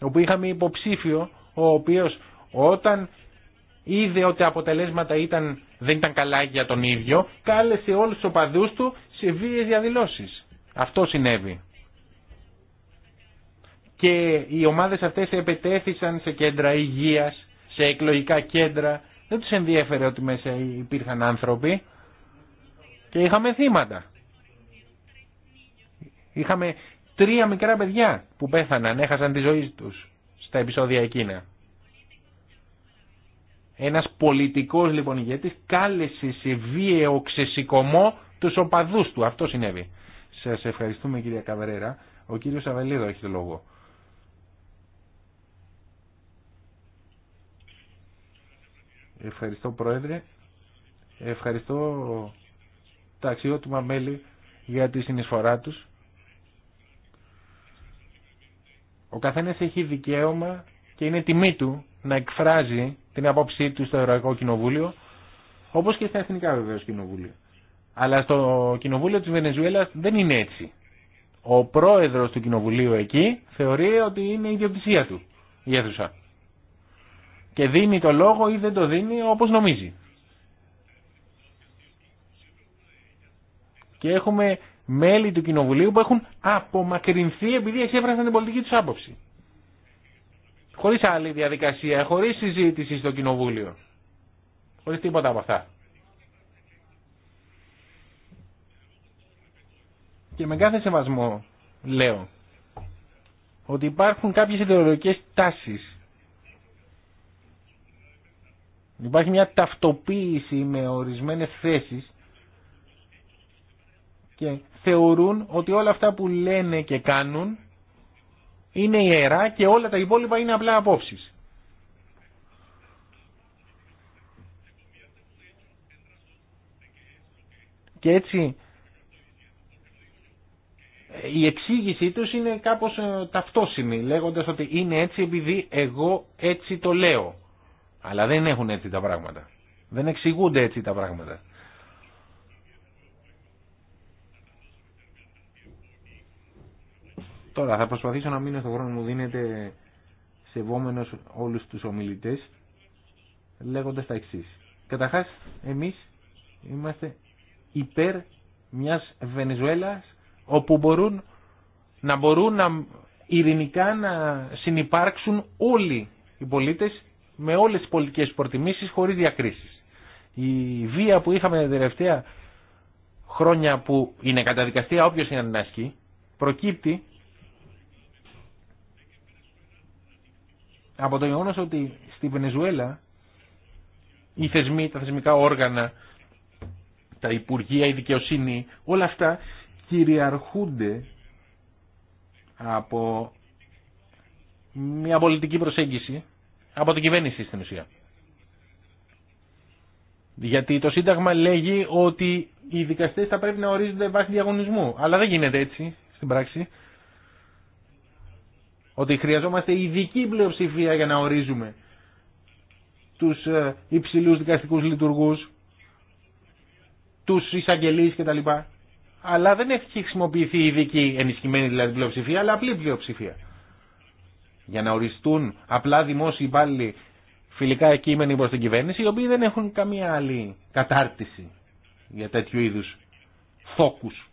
όπου είχαμε υποψήφιο ο οποίος όταν είδε ότι τα αποτελέσματα ήταν δεν ήταν καλά για τον ίδιο, κάλεσε όλους τους οπαδούς του σε βίαιες διαδηλώσεις. Αυτό συνέβη. Και οι ομάδες αυτές επετέθησαν σε κέντρα υγείας, σε εκλογικά κέντρα. Δεν τους ενδιέφερε ότι μέσα υπήρχαν άνθρωποι και είχαμε θύματα. Είχαμε τρία μικρά παιδιά που πέθαναν, έχασαν τη ζωή τους στα επεισόδια εκείνα. Ένας πολιτικός λοιπόν ηγέτης κάλεσε σε βίαιο ξεσηκωμό τους οπαδούς του. Αυτό συνέβη. Σας ευχαριστούμε κυρία Καβερέρα. Ο κύριος Αβελίδο έχει το λόγο. Ευχαριστώ Πρόεδρε. Ευχαριστώ τα αξιότιμα μέλη για τη συνεισφορά τους. Ο καθένας έχει δικαίωμα και είναι τιμή του να εκφράζει την απόψή του στο Ευρωπαϊκό Κοινοβούλιο, όπως και στα Εθνικά βεβαίως Κοινοβούλια. Αλλά στο Κοινοβούλιο της Βενεζουέλας δεν είναι έτσι. Ο πρόεδρος του Κοινοβουλίου εκεί θεωρεί ότι είναι η ιδιοκτησία του η αίθουσα. Και δίνει το λόγο ή δεν το δίνει όπως νομίζει. Και έχουμε μέλη του Κοινοβουλίου που έχουν απομακρυνθεί επειδή εξέφρασαν την πολιτική τους άποψη χωρίς άλλη διαδικασία, χωρίς συζήτηση στο Κοινοβούλιο. Χωρίς τίποτα από αυτά. Και με κάθε σεβασμό λέω ότι υπάρχουν κάποιες ιδεολογικές τάσεις. Υπάρχει μια ταυτοποίηση με ορισμένες θέσεις και θεωρούν ότι όλα αυτά που λένε και κάνουν είναι ιερά και όλα τα υπόλοιπα είναι απλά απόψεις. Και έτσι η εξήγησή τους είναι κάπως ε, ταυτόσιμη λέγοντας ότι είναι έτσι επειδή εγώ έτσι το λέω. Αλλά δεν έχουν έτσι τα πράγματα. Δεν εξηγούνται έτσι τα πράγματα. Τώρα θα προσπαθήσω να μείνω στον χρόνο μου δίνεται σεβόμενος όλους τους ομιλητές λέγοντας τα εξή. Καταρχά. εμείς είμαστε υπέρ μιας Βενεζουέλας όπου μπορούν να μπορούν να ειρηνικά να συνυπάρξουν όλοι οι πολίτες με όλες τις πολιτικές προτιμήσεις χωρίς διακρίσεις. Η βία που είχαμε τα τελευταία χρόνια που είναι καταδικαστή όποιος είναι να προκύπτει από το γεγονό ότι στη Βενεζουέλα οι θεσμοί, τα θεσμικά όργανα, τα υπουργεία, η δικαιοσύνη, όλα αυτά κυριαρχούνται από μια πολιτική προσέγγιση από την κυβέρνηση στην ουσία. Γιατί το Σύνταγμα λέγει ότι οι δικαστές θα πρέπει να ορίζονται βάσει διαγωνισμού. Αλλά δεν γίνεται έτσι στην πράξη ότι χρειαζόμαστε ειδική πλειοψηφία για να ορίζουμε τους ε, υψηλούς δικαστικούς λειτουργούς, τους εισαγγελείς κτλ. Αλλά δεν έχει χρησιμοποιηθεί ειδική ενισχυμένη δηλαδή πλειοψηφία, αλλά απλή πλειοψηφία. Για να οριστούν απλά δημόσιοι υπάλληλοι φιλικά κείμενοι προς την κυβέρνηση, οι οποίοι δεν έχουν καμία άλλη κατάρτιση για τέτοιου είδους θόκους.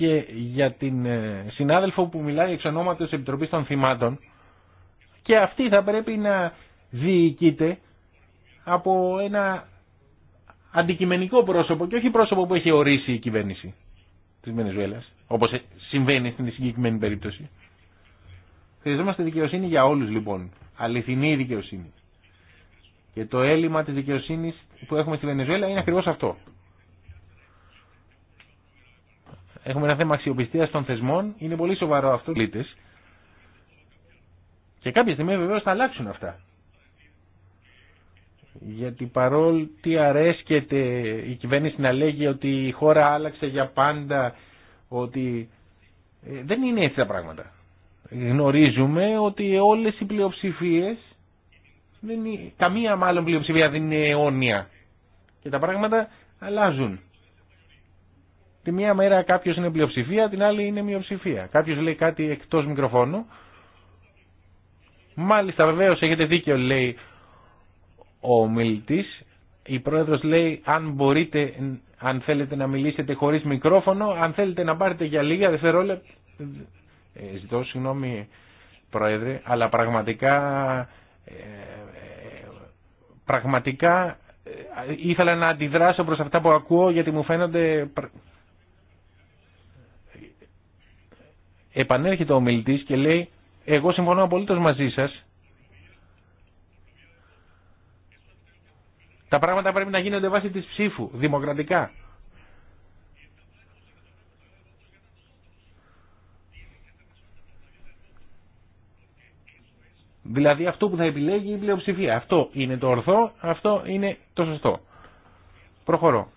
και για την ε, συνάδελφο που μιλάει εξ ονόματος Επιτροπής των Θυμάτων και αυτή θα πρέπει να διοικείται από ένα αντικειμενικό πρόσωπο και όχι πρόσωπο που έχει ορίσει η κυβέρνηση της Βενεζουέλας, όπως συμβαίνει στην συγκεκριμένη περίπτωση. Χρειαζόμαστε δικαιοσύνη για όλους λοιπόν, αληθινή δικαιοσύνη. Και το έλλειμμα της δικαιοσύνης που έχουμε στη Βενεζουέλα είναι ακριβώς αυτό. Έχουμε ένα θέμα αξιοπιστία των θεσμών. Είναι πολύ σοβαρό αυτό. Και κάποια στιγμή βεβαίω θα αλλάξουν αυτά. Γιατί τι αρέσκεται η κυβέρνηση να λέγει ότι η χώρα άλλαξε για πάντα, ότι ε, δεν είναι έτσι τα πράγματα. Γνωρίζουμε ότι όλες οι πλειοψηφίες, δεν είναι, καμία μάλλον πλειοψηφία δεν είναι αιώνια. Και τα πράγματα αλλάζουν μία μέρα κάποιο είναι πλειοψηφία, την άλλη είναι μειοψηφία. Κάποιο λέει κάτι εκτό μικροφώνου. Μάλιστα, βεβαίω έχετε δίκιο, λέει ο μιλητή. Η πρόεδρο λέει: Αν μπορείτε, αν θέλετε να μιλήσετε χωρί μικρόφωνο, αν θέλετε να πάρετε για λίγα δευτερόλεπτα. Ε, ζητώ συγγνώμη, πρόεδρε, αλλά πραγματικά. Ε, πραγματικά ε, ήθελα να αντιδράσω προς αυτά που ακούω γιατί μου φαίνονται επανέρχεται ο μιλητή και λέει εγώ συμφωνώ απολύτω μαζί σα. τα πράγματα πρέπει να γίνονται βάσει της ψήφου δημοκρατικά Δηλαδή αυτό που θα επιλέγει η πλειοψηφία. Αυτό είναι το ορθό, αυτό είναι το σωστό. Προχωρώ.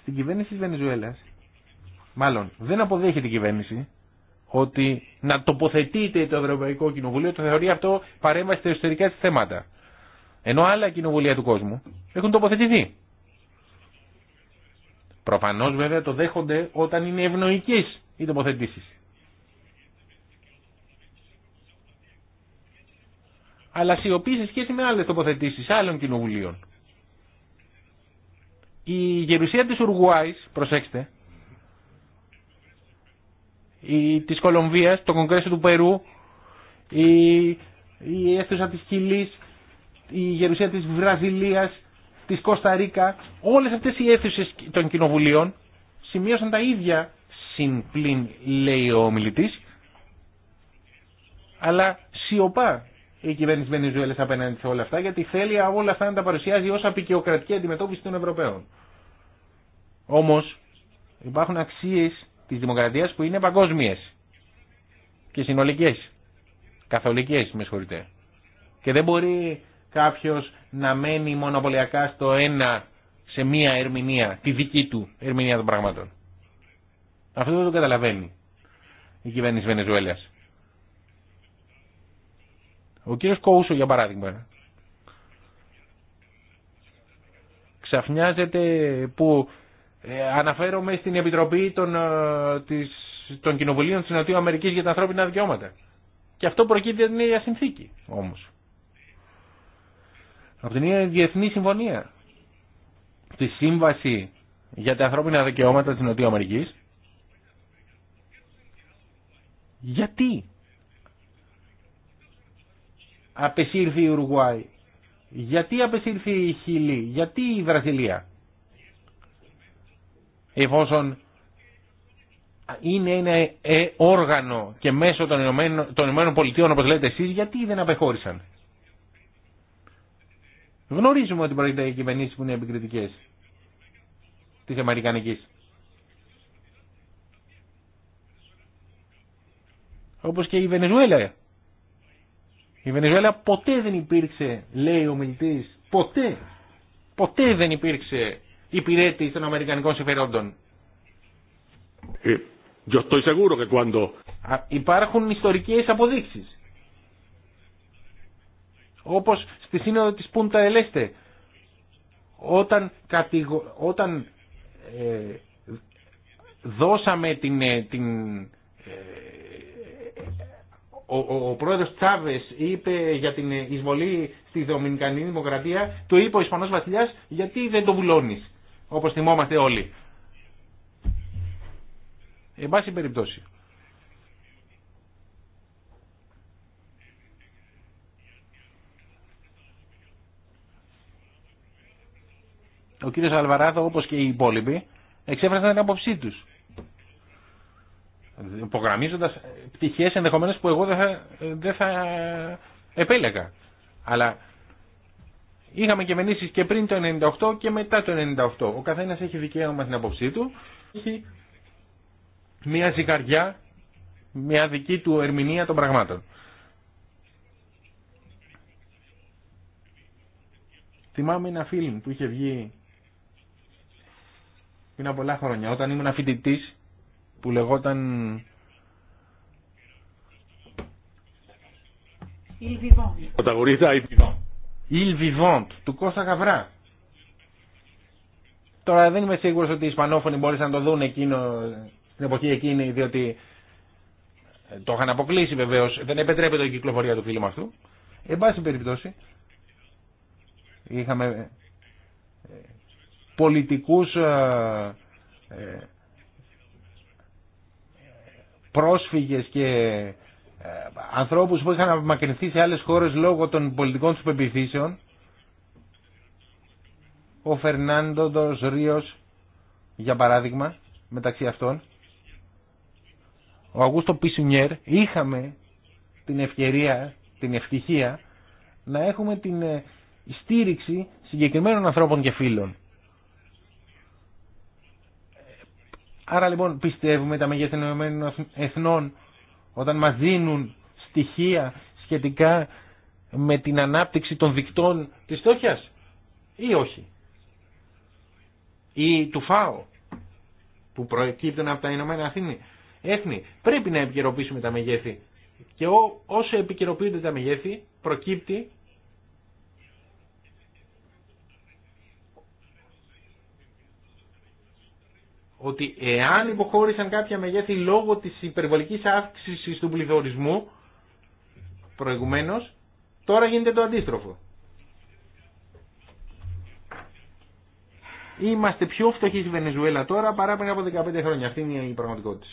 Στην κυβέρνηση της Βενεζουέλας μάλλον δεν αποδέχεται η κυβέρνηση ότι να τοποθετείται το Ευρωπαϊκό Κοινοβουλίο, το θεωρεί αυτό παρέμβαση στα εσωτερικά θέματα. Ενώ άλλα κοινοβουλία του κόσμου έχουν τοποθετηθεί. Προφανώ βέβαια το δέχονται όταν είναι ευνοϊκέ οι τοποθετήσει. Αλλά σιωπή σε σχέση με άλλε τοποθετήσει άλλων κοινοβουλίων. Η γερουσία τη Ουρουάη, προσέξτε, η, της Κολομβίας, το Κογκρέσο του Περού, η, η αίθουσα της Χιλής, η γερουσία της Βραζιλίας, της Κωνσταντίνα, όλες αυτές οι αίθουσες των κοινοβουλίων σημείωσαν τα ίδια συμπλήν λέει ο ομιλητής, αλλά σιωπά η κυβέρνηση Βενεζουέλα απέναντι σε όλα αυτά, γιατί θέλει όλα αυτά να τα παρουσιάζει ω απεικιοκρατική αντιμετώπιση των Ευρωπαίων. Όμω υπάρχουν αξίε Τη δημοκρατίας που είναι παγκόσμιες και συνολικές, καθολικέ με συγχωρείτε. Και δεν μπορεί κάποιο να μένει μονοπωλιακά στο ένα, σε μία ερμηνεία, τη δική του ερμηνεία των πραγμάτων. Αυτό δεν το καταλαβαίνει η κυβέρνηση Βενεζουέλας. Ο κύριο Κόουσο, για παράδειγμα, ξαφνιάζεται που ε, αναφέρομαι στην Επιτροπή των, ε, της, των Κοινοβουλίων της Νοτιού Αμερικής για τα ανθρώπινα δικαιώματα. Και αυτό προκύπτει από την ίδια συνθήκη όμως. Από την ίδια Διεθνή Συμφωνία. Τη Σύμβαση για τα ανθρώπινα δικαιώματα της Νοτιού Αμερικής. Γιατί απεσύρθη η Ουρουγουάη, γιατί απεσύρθη η Χιλή, γιατί η Βραζιλία εφόσον είναι ένα ε, όργανο και μέσω των Ηνωμένων, των Πολιτείων όπως λέτε εσείς γιατί δεν απεχώρησαν. Γνωρίζουμε ότι πρόκειται για κυβερνήσει που είναι επικριτικέ της Αμερικανικής. Όπως και η Βενεζουέλα. Η Βενεζουέλα ποτέ δεν υπήρξε, λέει ο μιλητής, ποτέ, ποτέ δεν υπήρξε υπηρέτη των Αμερικανικών συμφερόντων. Ε, υπάρχουν ιστορικές αποδείξεις. Όπως στη σύνοδο της Πούντα Ελέστε, όταν, κατηγο... όταν ε, δώσαμε την... Ε, ε, ο, ο, ο πρόεδρος Τσάβες είπε για την εισβολή στη Δομινικανή Δημοκρατία, το είπε ο Ισπανός Βασιλιάς, γιατί δεν το βουλώνεις όπως θυμόμαστε όλοι. Εν πάση περιπτώσει. Ο κύριος Αλβαράδο όπως και οι υπόλοιποι εξέφρασαν την άποψή τους. Υπογραμμίζοντας πτυχές ενδεχομένως που εγώ δεν θα, δεν θα επέλεγα. Αλλά Είχαμε κυβερνήσει και πριν το 98 και μετά το 98. Ο καθένα έχει δικαίωμα στην απόψη του. Έχει μια ζυγαριά, μια δική του ερμηνεία των πραγμάτων. Θυμάμαι ένα φιλμ που είχε βγει πριν από πολλά χρόνια, όταν ήμουν φοιτητή που λεγόταν. Il Vivant του Κώστα Γαβρά. Τώρα δεν είμαι σίγουρος ότι οι Ισπανόφωνοι μπορούσαν να το δουν εκείνο, την εποχή εκείνη, διότι ε, το είχαν αποκλείσει βεβαίω. Δεν επιτρέπεται η κυκλοφορία του φίλου του. Εν πάση περιπτώσει, είχαμε ε, πολιτικούς ε, πρόσφυγες και ανθρώπους που είχαν απομακρυνθεί σε άλλες χώρε λόγω των πολιτικών του πεπιθήσεων. Ο Φερνάντο Ρίος, για παράδειγμα, μεταξύ αυτών. Ο Αγούστο Πισουνιέρ. Είχαμε την ευκαιρία, την ευτυχία, να έχουμε την ε, στήριξη συγκεκριμένων ανθρώπων και φίλων. Άρα λοιπόν πιστεύουμε τα μεγέθη των Εθνών όταν μας δίνουν στοιχεία σχετικά με την ανάπτυξη των δικτών της στόχιας ή όχι. Ή του ΦΑΟ που προκύπτουν από τα Ηνωμένα Αθήνη. Έθνη. Πρέπει να επικαιροποιήσουμε τα μεγέθη. Και όσο επικαιροποιούνται τα μεγέθη προκύπτει ότι εάν υποχώρησαν κάποια μεγέθη λόγω της υπερβολικής αύξησης του πληθωρισμού προηγουμένω, τώρα γίνεται το αντίστροφο. Είμαστε πιο φτωχοί στη Βενεζουέλα τώρα παρά πριν από 15 χρόνια. Αυτή είναι η πραγματικότητα.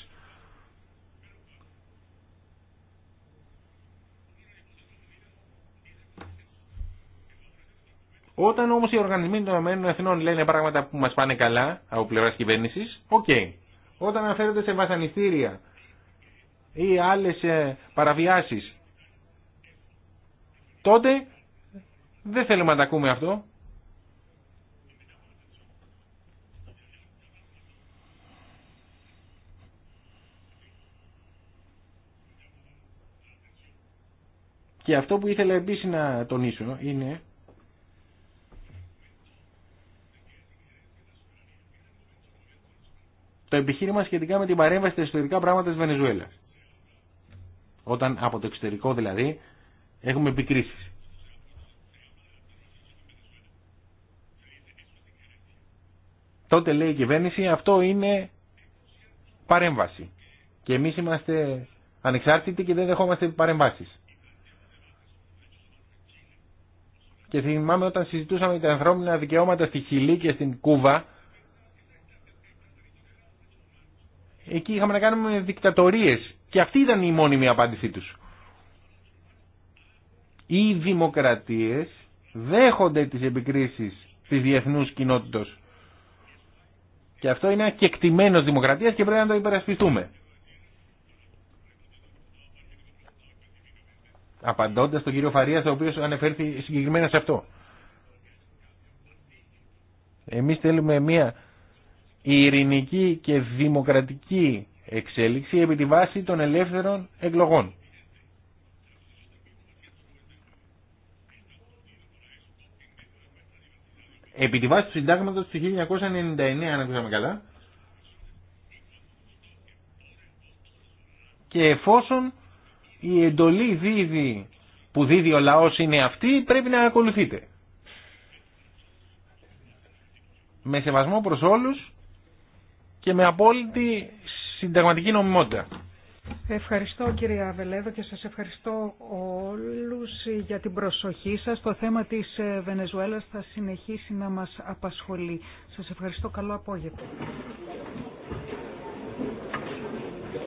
Όταν όμως οι οργανισμοί των ΗΕ λένε πράγματα που μας πάνε καλά από πλευράς κυβέρνησης, οκ. Όταν αναφέρονται σε βασανιστήρια ή άλλες ε, παραβιάσεις τότε δεν θέλουμε να τα ακούμε αυτό. Και αυτό που ήθελα επίσης να τονίσω είναι το επιχείρημα σχετικά με την παρέμβαση στα ιστορικά πράγματα της Βενεζουέλας. Όταν από το εξωτερικό δηλαδή έχουμε επικρίσεις. Τότε λέει η κυβέρνηση αυτό είναι παρέμβαση. Και εμείς είμαστε ανεξάρτητοι και δεν δεχόμαστε παρεμβάσεις. Και θυμάμαι όταν συζητούσαμε τα ανθρώπινα δικαιώματα στη Χιλή και στην Κούβα, εκεί είχαμε να κάνουμε δικτατορίες και αυτή ήταν η μόνιμη απάντησή τους οι δημοκρατίες δέχονται τις επικρίσεις της διεθνούς κοινότητος. Και αυτό είναι ακεκτημένος δημοκρατίας και πρέπει να το υπερασπιστούμε. Απαντώντας τον κύριο Φαρίας, ο οποίος ανεφέρθη συγκεκριμένα σε αυτό. Εμείς θέλουμε μια ειρηνική και δημοκρατική εξέλιξη επί τη βάση των ελεύθερων εκλογών. επί τη βάση του συντάγματος του 1999, αν ακούσαμε καλά, και εφόσον η εντολή δίδει, που δίδει ο λαός είναι αυτή, πρέπει να ακολουθείτε. Με σεβασμό προς όλους και με απόλυτη συνταγματική νομιμότητα. Ευχαριστώ κύριε Αβελέδο και σας ευχαριστώ όλους για την προσοχή σας. Το θέμα της ε, Βενεζουέλας θα συνεχίσει να μας απασχολεί. Σας ευχαριστώ. Καλό απόγευμα.